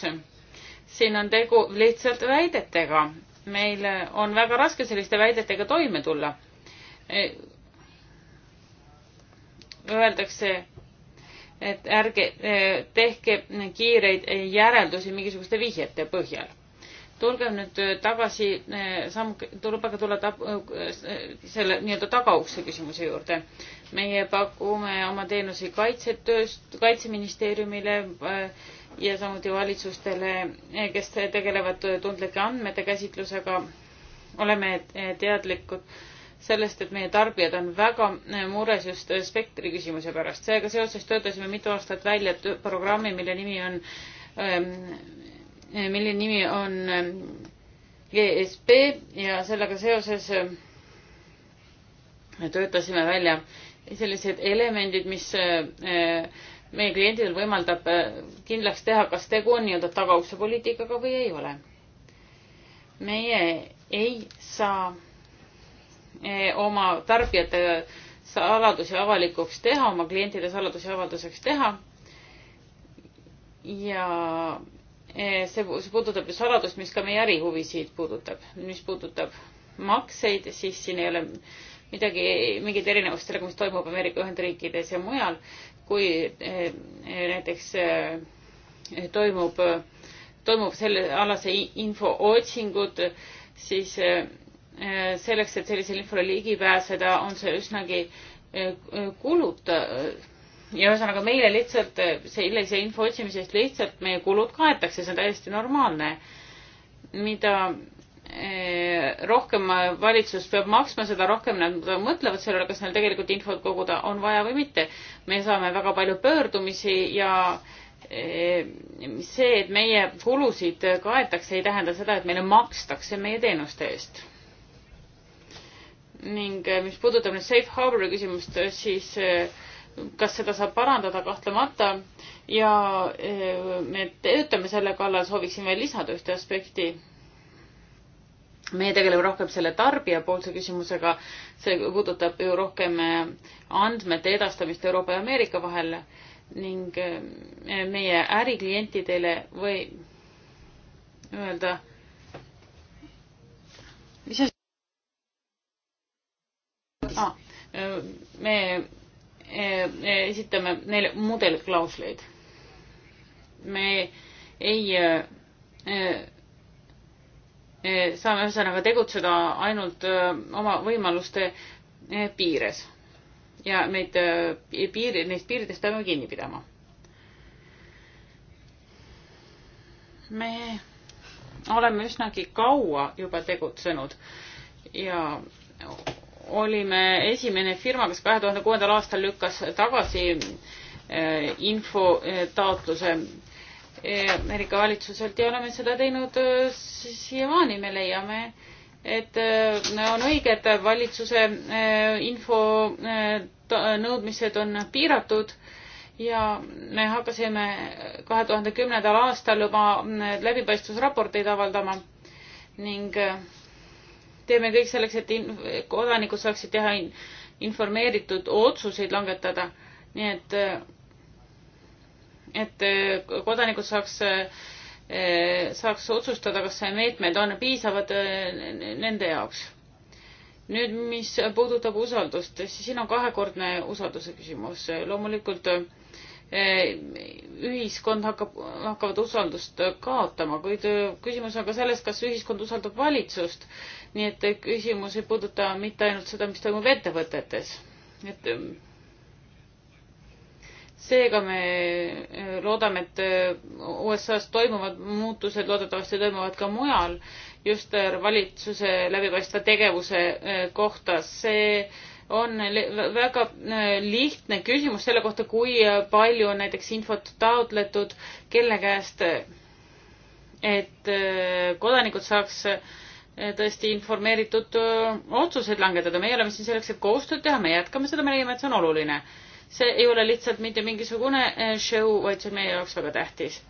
Speaker 4: siin on tegu lihtsalt väidetega. meil on väga raske selliste väidetega toime tulla. E, öeldakse, et ärge e, tehke kiireid järeldusi mingisuguste vihjete põhjal tulgem nüüd äh, tagasi, äh, samm, tuleb aga tulla tab, äh, selle nii-öelda tagaukse küsimuse juurde. meie pakume oma teenuseid kaitsetööst, kaitseministeeriumile ja samuti valitsustele, kes tegelevad tundlike andmete käsitlusega. oleme teadlikud sellest, et meie tarbijad on väga mures just spektri küsimuse pärast. seega seoses töötasime mitu aastat välja programmi, mille nimi on ähm, mille nimi on ähm, GSP ja sellega seoses ähm, töötasime välja sellised elemendid, mis äh, äh, meie kliendidel võimaldab äh, kindlaks teha, kas tegu on nii-öelda tagaukse poliitikaga või ei ole. meie ei saa oma tarbijate saladusi avalikuks teha, oma klientide saladusi avalduseks teha. ja Eh, see, see puudutab ju saladust, mis ka meie ärihuvisid puudutab. mis puudutab makseid, siis siin ei ole midagi, mingit erinevust sellega, mis toimub Ameerika Ühendriikides ja mujal, kui eh, näiteks eh, toimub, toimub sellealase info otsingud, siis selleks, et sellisele infole ligi pääseda, on see üsnagi kuluta-, ja ühesõnaga meile lihtsalt eh, sellise info otsimise eest lihtsalt meie kulud kaetakse, see on täiesti normaalne. mida eh, rohkem valitsus peab maksma, seda rohkem nad mõtlevad sellele, kas neil tegelikult infot koguda on vaja või mitte. me saame väga palju pöördumisi ja eh, see, et meie kulusid kaetakse, ei tähenda seda, et meile makstakse meie teenuste eest. ning mis puudutab nüüd safe harbori küsimust, siis äh, kas seda saab parandada, kahtlemata ja eh, me töötame selle kallal, sooviksin veel lisada ühte aspekti. meie tegeleme rohkem selle tarbijapoolse küsimusega, see puudutab ju rohkem eh, andmete edastamist Euroopa ja Ameerika vahel ning eh, meie äriklientidele või öelda, mis asi ah, me Eh, eh, esitame neile mudelklausleid. me ei eh, saame ühesõnaga tegutseda ainult oma võimaluste piires ja meid piiri, neist piiridest peame kinni pidama. me oleme üsnagi kaua juba tegutsenud ja olime esimene firma, kes kahe tuhande kuuendal aastal lükkas tagasi eh, infotaotluse eh, eh, Ameerika valitsuselt ja oleme seda teinud siiamaani, me leiame, et on õige, et valitsuse info nõudmised on piiratud ja me hakkasime kahe tuhande kümnendal aastal juba läbipaistvusraporteid avaldama ning teeme kõik selleks, et in-, kodanikud saaksid teha in-, informeeritud otsuseid langetada, nii et, äh, et äh, kodanikud saaks, äh, saaks otsustada, kas meetmed on piisavad nende jaoks. nüüd, mis puudutab usaldust, siis siin on kahekordne usalduse küsimus. loomulikult äh, Eh, ühiskond hakkab, hakkavad usaldust kaotama, kuid eh, küsimus on ka selles, kas ühiskond usaldab valitsust. nii et küsimus ei puuduta mitte ainult seda, mis toimub ettevõtetes. et eh, seega me loodame, et USA-s toimuvad muutused loodetavasti toimuvad ka mujal just valitsuse läbipaistva tegevuse kohta. see on väga äh, lihtne küsimus selle kohta, kui palju on näiteks infot taotletud, kelle käest, et äh, kodanikud saaks äh, tõesti informeeritud otsuseid langetada. meie oleme siin selleks, et koostööd teha, me jätkame seda, me leiame, et see on oluline. see ei ole lihtsalt mitte mingisugune show, vaid see on meie jaoks väga tähtis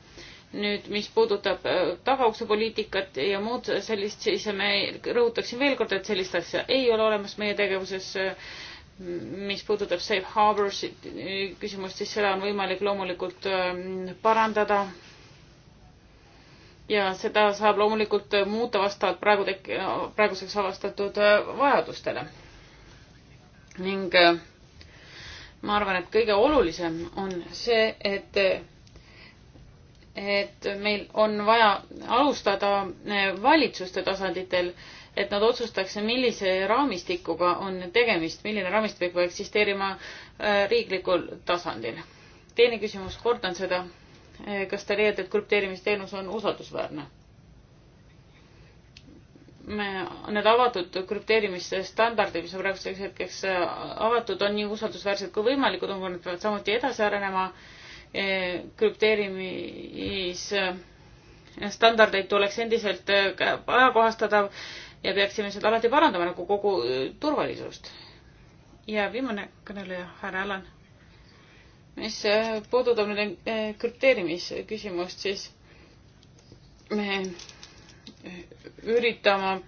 Speaker 4: nüüd, mis puudutab äh, tagauksepoliitikat ja muud sellist, siis me rõhutaksin veel kord, et sellist asja ei ole olemas meie tegevuses. mis puudutab safe harbors küsimust, siis seda on võimalik loomulikult ähm, parandada. ja seda saab loomulikult muuta vastavalt praegu tek-, praeguseks avastatud äh, vajadustele. ning äh, ma arvan, et kõige olulisem on see, et et meil on vaja alustada eh, valitsuste tasanditel, et nad otsustaks, millise raamistikuga on tegemist, milline raamistik peab eksisteerima eh, riiklikul tasandil. teine küsimus, kordan seda, eh, kas te leiate, et krüpteerimisteenus on usaldusväärne? me, need avatud krüpteerimisstandardid, mis on praeguseks hetkeks avatud, on nii usaldusväärsed kui võimalikud, on, nad peavad samuti edasi arenema äh, krüpteerimis äh, standardeid tuleks endiselt äh, ajakohastada ja peaksime seda alati parandama nagu kogu äh, turvalisust. ja viimane kõneleja, härra Alan. mis puudutab nüüd krüpteerimisküsimust, siis me üritama,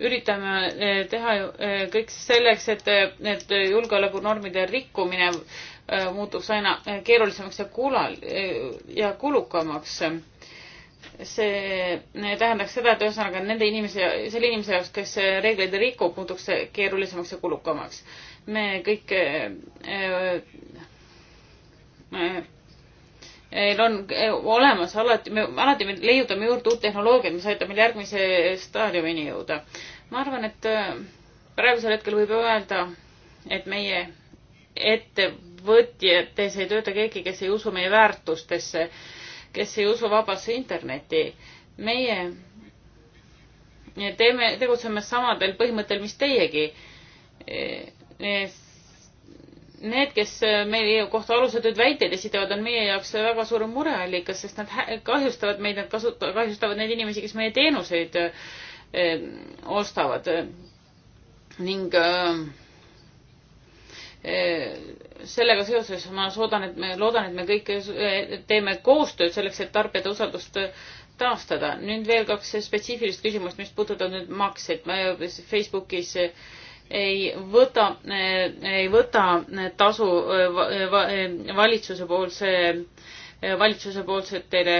Speaker 4: üritame teha ju kõik selleks, et need julgeolekunormide rikkumine Äh, muutuks aina äh, keerulisemaks ja kulal- äh, ja kulukamaks. see tähendaks seda, et ühesõnaga nende inimese, selle inimese jaoks, kes reegleid rikub, muutuks see keerulisemaks ja kulukamaks. me kõik meil on olemas alati, me alati me leiutame juurde uut tehnoloogiat, mis aitab meil järgmise staadiumini jõuda. ma arvan, et praegusel hetkel võib öelda, et meie ette võtjates ei tööta keegi, kes ei usu meie väärtustesse, kes ei usu vabasse internetti. meie teeme, tegutseme samadel põhimõttel, mis teiegi. Need, kes meie kohta alusetuid väiteid esitavad, on meie jaoks väga suur mureallikas, sest nad kahjustavad meid, nad kasuta-, kahjustavad neid inimesi, kes meie teenuseid ehm, ostavad ning ehm, ehm, sellega seoses ma soodan, et me, loodan, et me kõik eh, teeme koostööd selleks, et tarbijate usaldust eh, taastada. nüüd veel kaks spetsiifilist küsimust, mis puudutab nüüd makse, et ma eh, Facebookis ei võta, ei võta tasu valitsuse poolse, valitsuse poolsetele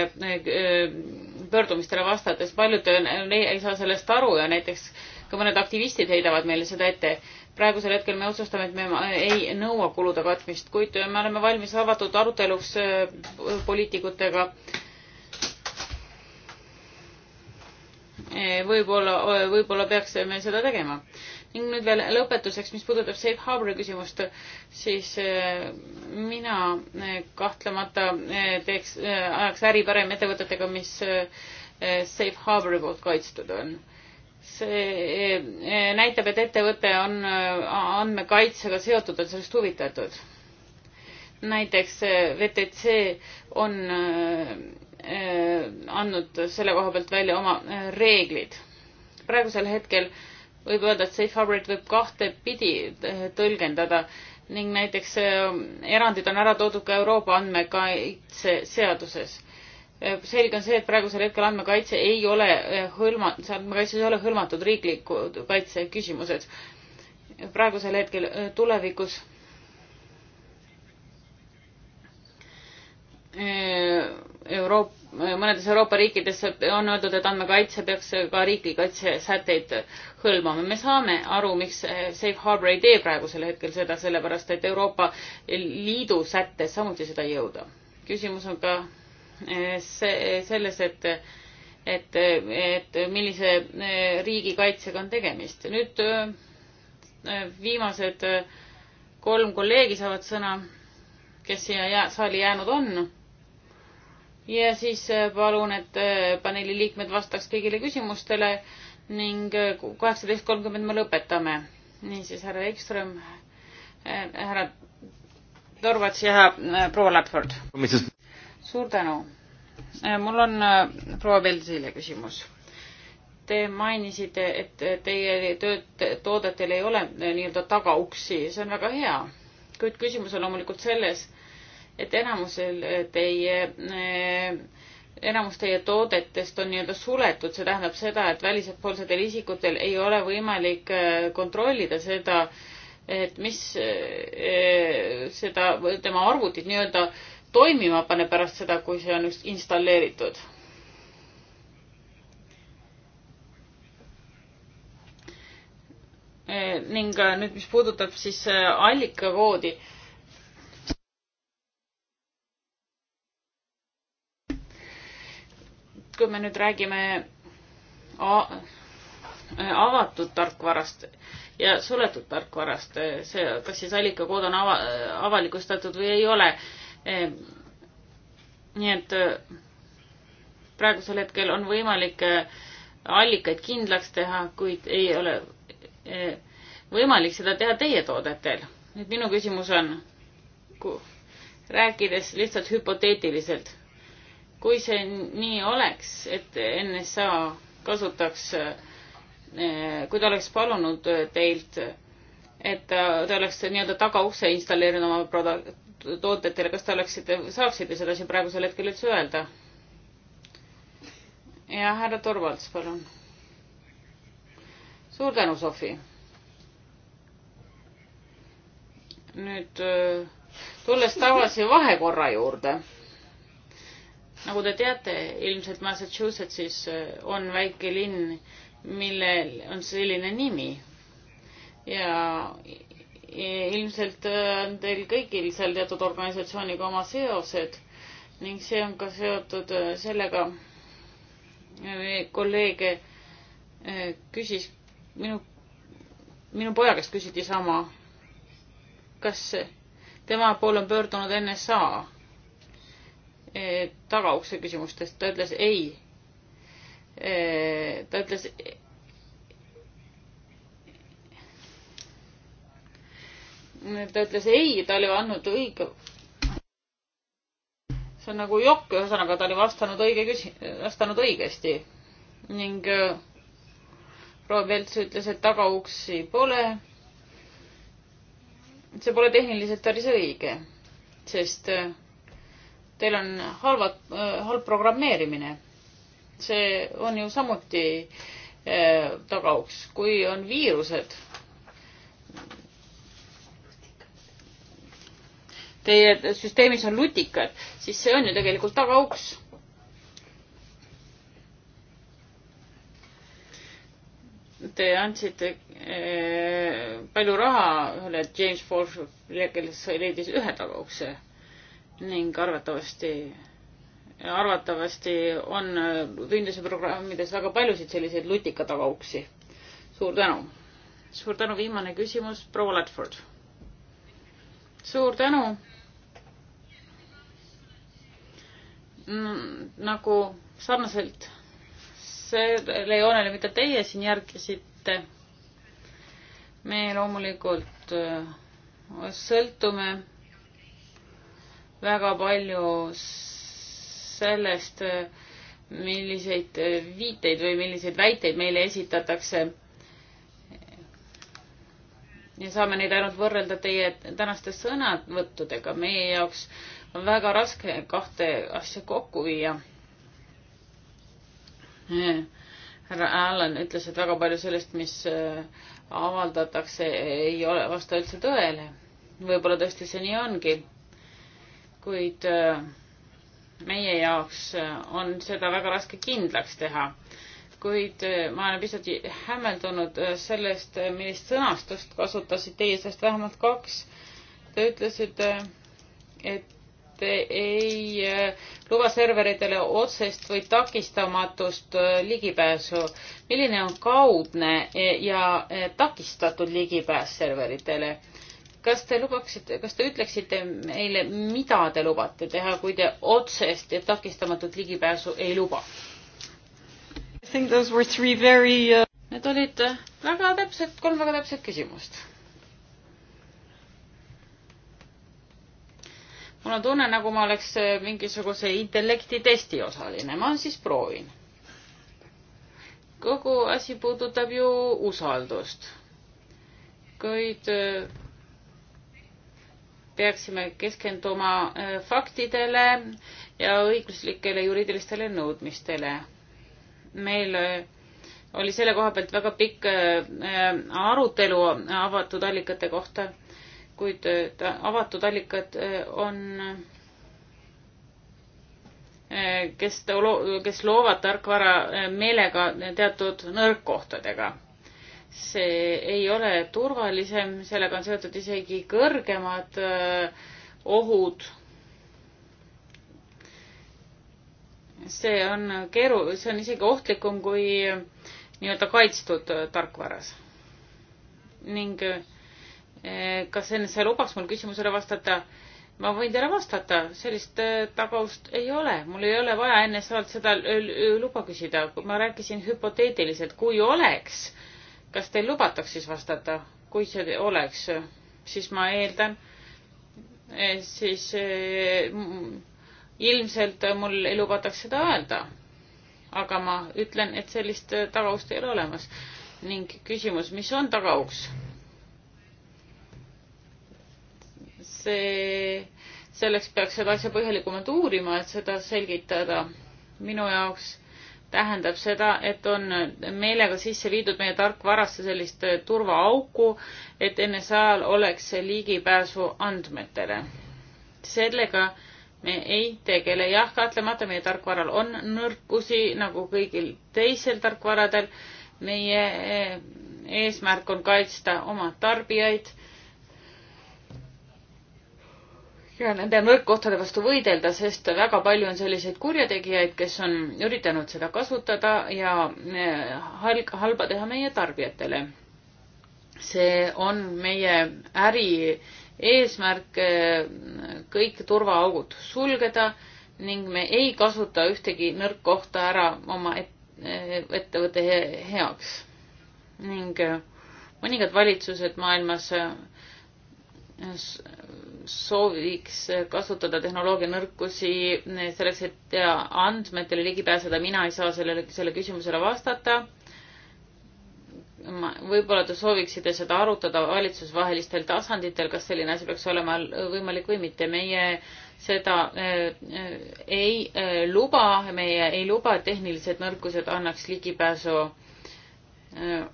Speaker 4: pöördumistele vastates. paljud ei saa sellest aru ja näiteks ka mõned aktivistid heidavad meile seda ette praegusel hetkel me otsustame, et me ei nõua kulude katmist, kuid me oleme valmis avatud aruteluks äh, poliitikutega. Äh, võib-olla, äh, võib-olla peaksime seda tegema. ning nüüd veel lõpetuseks, mis puudutab safe harbori küsimust, siis mina kahtlemata teeks, ajaks äri parem ettevõtetega, mis safe harbori poolt kaitstud on see eh, eh, näitab, et ettevõte on eh, andmekaitsega seotud, on sellest huvitatud. näiteks VTC on andnud selle koha pealt välja oma reeglid. praegusel hetkel võib öelda, et safe harbor'it võib kahte pidi tõlgendada ning näiteks erandid on ära toodud ka Euroopa andmekaitse seaduses selge on see, et praegusel hetkel andmekaitse ei ole eh, hõlma-, see andmekaitses ei ole hõlmatud riikliku kaitse küsimused. praegusel hetkel eh, tulevikus eh, Euroop-, mõnedes Euroopa riikides on öeldud, et andmekaitse peaks ka riigikaitse sätteid hõlmama. me saame aru, miks Safe Harbor ei tee praegusel hetkel seda, sellepärast et Euroopa Liidu sättes samuti seda ei jõuda. küsimus on ka selles, et et, et millise eh, riigikaitsega on tegemist. nüüd eh, viimased eh, kolm kolleegi saavad sõna, kes siia jää, saali jäänud on. ja siis palun, et paneeli liikmed vastaks kõigile küsimustele ning kaheksateist kolmkümmend me lõpetame. niisiis, härra Ekström, härra Dorvats ja proua Ladford suur tänu. Äh, mul on äh, proua Velsile küsimus. Te mainisite, et teie tööd, toodetel ei ole äh, nii-öelda tagauksi, see on väga hea, kuid küsimus on loomulikult selles, et enamusel teie enamus teie toodetest on nii-öelda suletud, see tähendab seda, et välispoolsetel isikutel ei ole võimalik kontrollida seda, et mis seda, tema arvutit nii-öelda äh, toimima pane pärast seda, kui see on installeeritud. ning äh, nüüd, mis puudutab siis äh, allikakoodi kui me nüüd räägime äh, avatud tarkvarast ja suletud tarkvarast, see, kas siis allikakood on ava, avalikustatud või ei ole, Ehm, nii et äh, praegusel hetkel on võimalik äh, allikaid kindlaks teha, kuid ei ole äh, võimalik seda teha teie toodetel. nüüd minu küsimus on, rääkides lihtsalt hüpoteetiliselt, kui see nii oleks, et NSA kasutaks, kui ta oleks palunud teilt, et ta oleks nii-öelda tagaukse installeerinud oma tootjatele, kas te oleksite, saaksite seda siin praegusel hetkel üldse öelda? ja härra Torvalds, palun. suur tänu, Sofi. nüüd äh, tulles tagasi vahekorra juurde. nagu te teate, ilmselt Massachusettsis äh, on väike linn, millel on selline nimi ja ilmselt äh, on teil kõigil seal teatud organisatsiooniga oma seosed ning see on ka seotud äh, sellega, äh, kolleeg küsis minu, minu poja käest küsiti sama, kas tema poole on pöördunud NSA tagaukse küsimustest, ta ütles ei. ta ütles ta ütles ei, ta oli andnud õige. see on nagu jokk, ühesõnaga ta oli vastanud õige küsi-, vastanud õigesti ning äh, proua Pelts ütles, et tagauksi pole. see pole tehniliselt päris õige, sest äh, teil on halvad, äh, halb programmeerimine. see on ju samuti tagauks, kui on viirused teie süsteemis on lutikad, siis see on ju tegelikult tagauks. Te andsite eh, palju raha ühele James Forshile, kes leidis ühe tagaukse ning arvatavasti, arvatavasti on tundluse eh, programmides väga paljusid selliseid lutika tagauksi. suur tänu. suur tänu, viimane küsimus, proua Ladford. suur tänu Mm, nagu sarnaselt sellele joonele, mida teie siin järgisite, me loomulikult äh, sõltume väga palju sellest, äh, milliseid äh, viiteid või milliseid väiteid meile esitatakse. ja saame neid ainult võrrelda teie tänaste sõnavõttudega. meie jaoks äh, on väga raske kahte asja kokku viia. härra Allan ütles, et väga palju sellest, mis äh, avaldatakse, ei ole, vasta üldse tõele. võib-olla tõesti see nii ongi. kuid äh, meie jaoks äh, on seda väga raske kindlaks teha. kuid ma olen pisut hämmeldunud sellest, millist sõnastust kasutasid teie, sest vähemalt kaks te ütlesite, et et ei äh, luba serveritele otsest või takistamatust äh, ligipääsu. milline on kaudne äh, ja takistatud ligipääs serveritele? kas te lubaksite, kas te ütleksite meile, mida te lubate teha, kui te otsest ja takistamatut ligipääsu ei luba?
Speaker 1: Very... Uh, Need olid
Speaker 4: väga täpsed, kolm väga täpset küsimust mul on tunne, nagu ma oleks äh, mingisuguse intellektitesti osaline, ma siis proovin. kogu asi puudutab ju usaldust. kuid äh, peaksime keskenduma äh, faktidele ja õiguslikele juriidilistele nõudmistele. meil oli selle koha pealt väga pikk arutelu avatud allikate kohta kuid avatud allikad äh, on, äh, kes, kes loovad tarkvara äh, meelega teatud nõrkkohtadega. see ei ole turvalisem, sellega on seotud isegi kõrgemad ohud. see on keeru-, see on isegi ohtlikum kui nii-öelda kaitstud tarkvaras. ning äh, Eh, kas enne sa lubaks mul küsimusele vastata? ma võin teile vastata, sellist eh, tagaust ei ole, mul ei ole vaja enne saalt seda eh, luba küsida, ma rääkisin hüpoteetiliselt, kui oleks, kas teil lubataks siis vastata, kui see oleks, siis ma eeldan, siis ilmselt mul ei lubataks seda öelda. aga ma ütlen, et sellist tagaust ei ole olemas ning küsimus, mis on tagauks see, selleks peaks seda asja põhjalikumalt uurima, et seda selgitada. minu jaoks tähendab seda, et on meelega sisse viidud meie tarkvarasse sellist äh, turvaauku, et NSA-l oleks ligipääsu andmetele. sellega me ei tegele, jah, kahtlemata meie tarkvaral on nõrkusi nagu kõigil teisel tarkvaradel. meie äh, eesmärk on kaitsta oma tarbijaid ja nende nõrkkohtade vastu võidelda, sest väga palju on selliseid kurjategijaid, kes on üritanud seda kasutada ja eh, halg-, halba teha meie tarbijatele. see on meie äri eesmärk eh, kõik turvaaugud sulgeda ning me ei kasuta ühtegi nõrkkohta ära oma et, eh, ettevõtte heaks. ning mõningad valitsused maailmas sooviks kasutada tehnoloogia nõrkusi selleks, et andmetele ligi pääseda, mina ei saa sellele, selle küsimusele vastata. ma, võib-olla te sooviksite seda arutada valitsusvahelistel tasanditel, kas selline asi peaks olema võimalik või mitte. meie seda äh, äh ei äh, luba, meie ei luba, et tehnilised nõrkused annaks ligipääsu äh,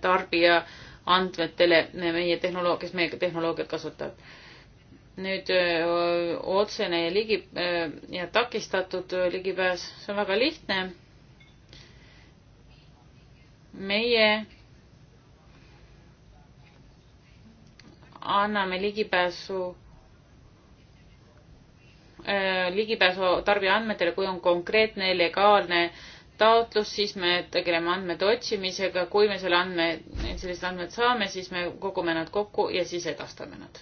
Speaker 4: tarbija äh, andmetele meie tehnoloog-, kes meie tehnoloogiat kasutab. nüüd öö, otsene ligi- öö, ja takistatud ligipääs, see on väga lihtne. meie anname ligipääsu ligipääsu tarbijaandmetele, kui on konkreetne legaalne taotlus, siis me tegeleme andmete otsimisega, kui me selle andme, sellised andmed saame, siis me kogume nad kokku ja siis edastame nad.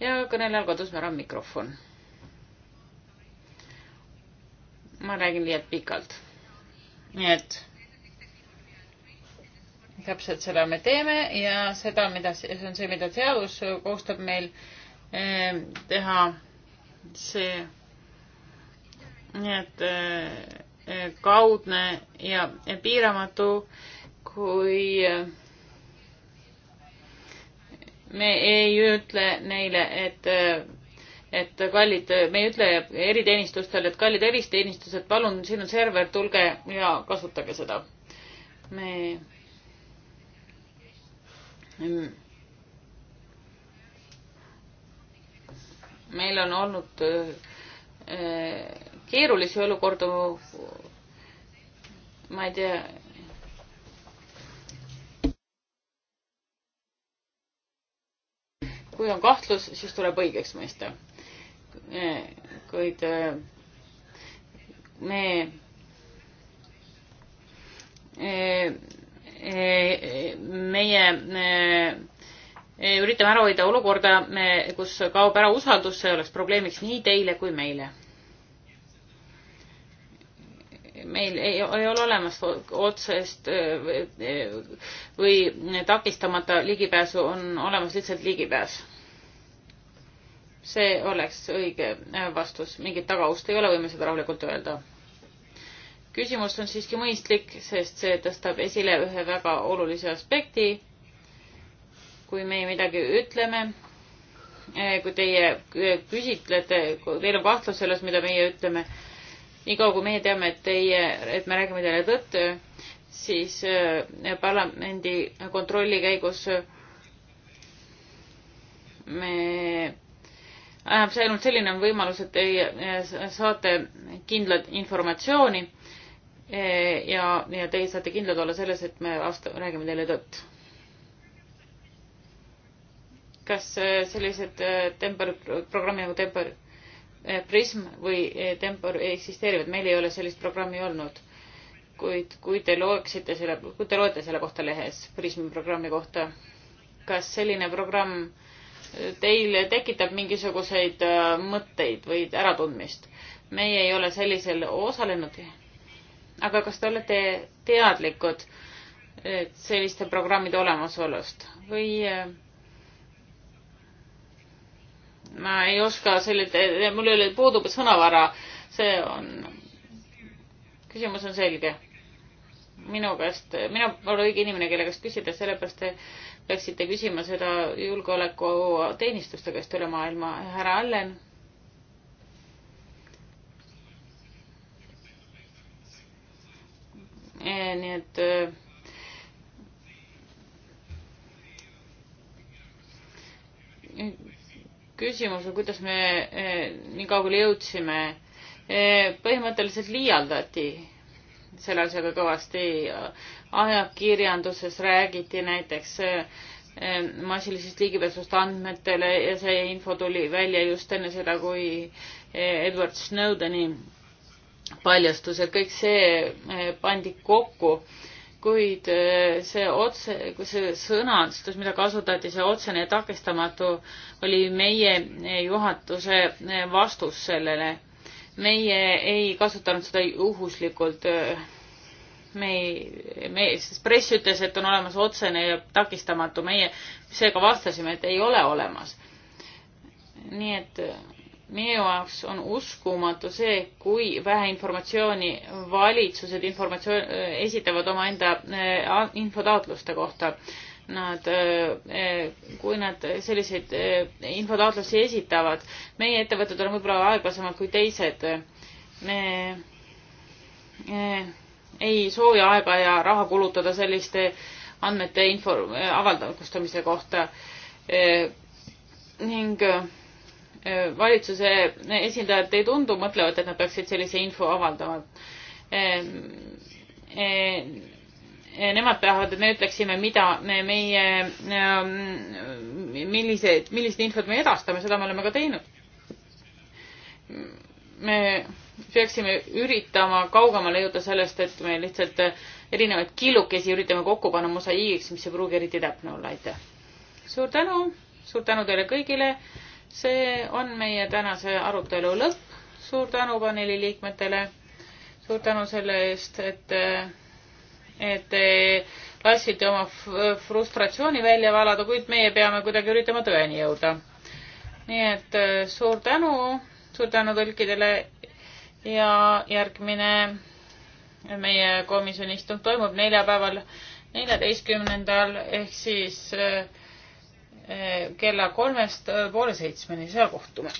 Speaker 4: ja kõnelejal kadus ära mikrofon. ma räägin liialt pikalt. nii et täpselt seda me teeme ja seda, mida, see on see, mida seadus koostab meil eh, teha, see nii et eh, eh, kaudne ja piiramatu, kui eh, me ei ütle neile, et, et kallid, me ei ütle eriteenistustele, et kallid eristeenistused, palun, siin on server, tulge ja kasutage seda. me mm, meil on olnud äh, keerulisi olukordu, ma ei tea, kui on kahtlus, siis tuleb õigeks mõista. kuid me meie me, üritame ära hoida olukorda, kus kaob ära usaldus, see oleks probleemiks nii teile kui meile meil ei, ei ole olemas otsest või takistamata ligipääsu, on olemas lihtsalt ligipääs. see oleks õige vastus, mingit tagaust ei ole, võime seda rahulikult öelda. küsimus on siiski mõistlik, sest see tõstab esile ühe väga olulise aspekti. kui meie midagi ütleme, kui teie küsitlete, kui teil on kahtlus selles, mida meie ütleme, niikaua kui meie teame, et teie, et me räägime teile tõtt, siis äh, parlamendi kontrolli käigus me ajab see ainult selline on võimalus, et teie äh, saate kindlat informatsiooni äh, ja, ja teie saate kindlad olla selles, et me vasta-, räägime teile tõtt. kas sellised temper, programmi nagu temper Eh, prism või eh, Tempor eksisteerivad, meil ei ole sellist programmi olnud. kuid kui te looksite selle, kui te loete selle kohta lehes, Prismi programmi kohta, kas selline programm eh, teil tekitab mingisuguseid mõtteid või äratundmist? meie ei ole sellisel osalenud. aga kas te olete teadlikud selliste programmide olemasolust või ma ei oska selline, eh, mul ei ole, puudub sõnavara, see on, küsimus on selge. minu käest, mina pole õige inimene, kelle käest küsida, sellepärast te peaksite küsima seda julgeolekuteenistuste käest üle maailma. härra Allen. Eh, nii et nüüd eh, küsimus on, kuidas me e, nii kaugele jõudsime. E, põhimõtteliselt liialdati selle asjaga kõvasti. ajakirjanduses räägiti näiteks e, massilisest ligipääsust andmetele ja see info tuli välja just enne seda, kui Edward Snowdeni paljastused, kõik see pandi kokku kuid eh, see otse, kui see sõnastus, mida kasutati, see otsene ja takistamatu, oli meie eh, juhatuse eh, vastus sellele. meie ei kasutanud seda juhuslikult. me ei, me, sest press ütles, et on olemas otsene ja takistamatu, meie seega vastasime, et ei ole olemas. nii et minu jaoks on uskumatu see, kui vähe informatsiooni valitsused informatsioon, äh, esitavad omaenda äh, infotaotluste kohta. Nad, äh, kui nad selliseid infotaotlusi esitavad, meie ettevõtted on võib-olla aeglasemad kui teised. me ei soovi aega ja raha kulutada selliste andmete info avaldamise kohta ning valitsuse esindajad ei tundu mõtlevat, et nad peaksid sellise info avaldama. Nemad tahavad, et me ütleksime, mida me, meie, millised, millist infot me edastame, seda me oleme ka teinud. me peaksime üritama kaugemale jõuda sellest, et me lihtsalt erinevaid killukesi üritame kokku panna mosaiigiks, mis ei pruugi eriti täpne olla, aitäh. suur tänu, suur tänu teile kõigile see on meie tänase arutelu lõpp. suur tänu paneeli liikmetele. suur tänu selle eest, et, et te lasite oma frustratsiooni välja valada, kuid meie peame kuidagi üritama tõeni jõuda. nii et suur tänu, suur tänu tõlkidele ja järgmine meie komisjoni istung toimub neljapäeval, neljateistkümnendal ehk siis äh, Eh, kella kolmest eh, poole seitsmeni, seal kohtume.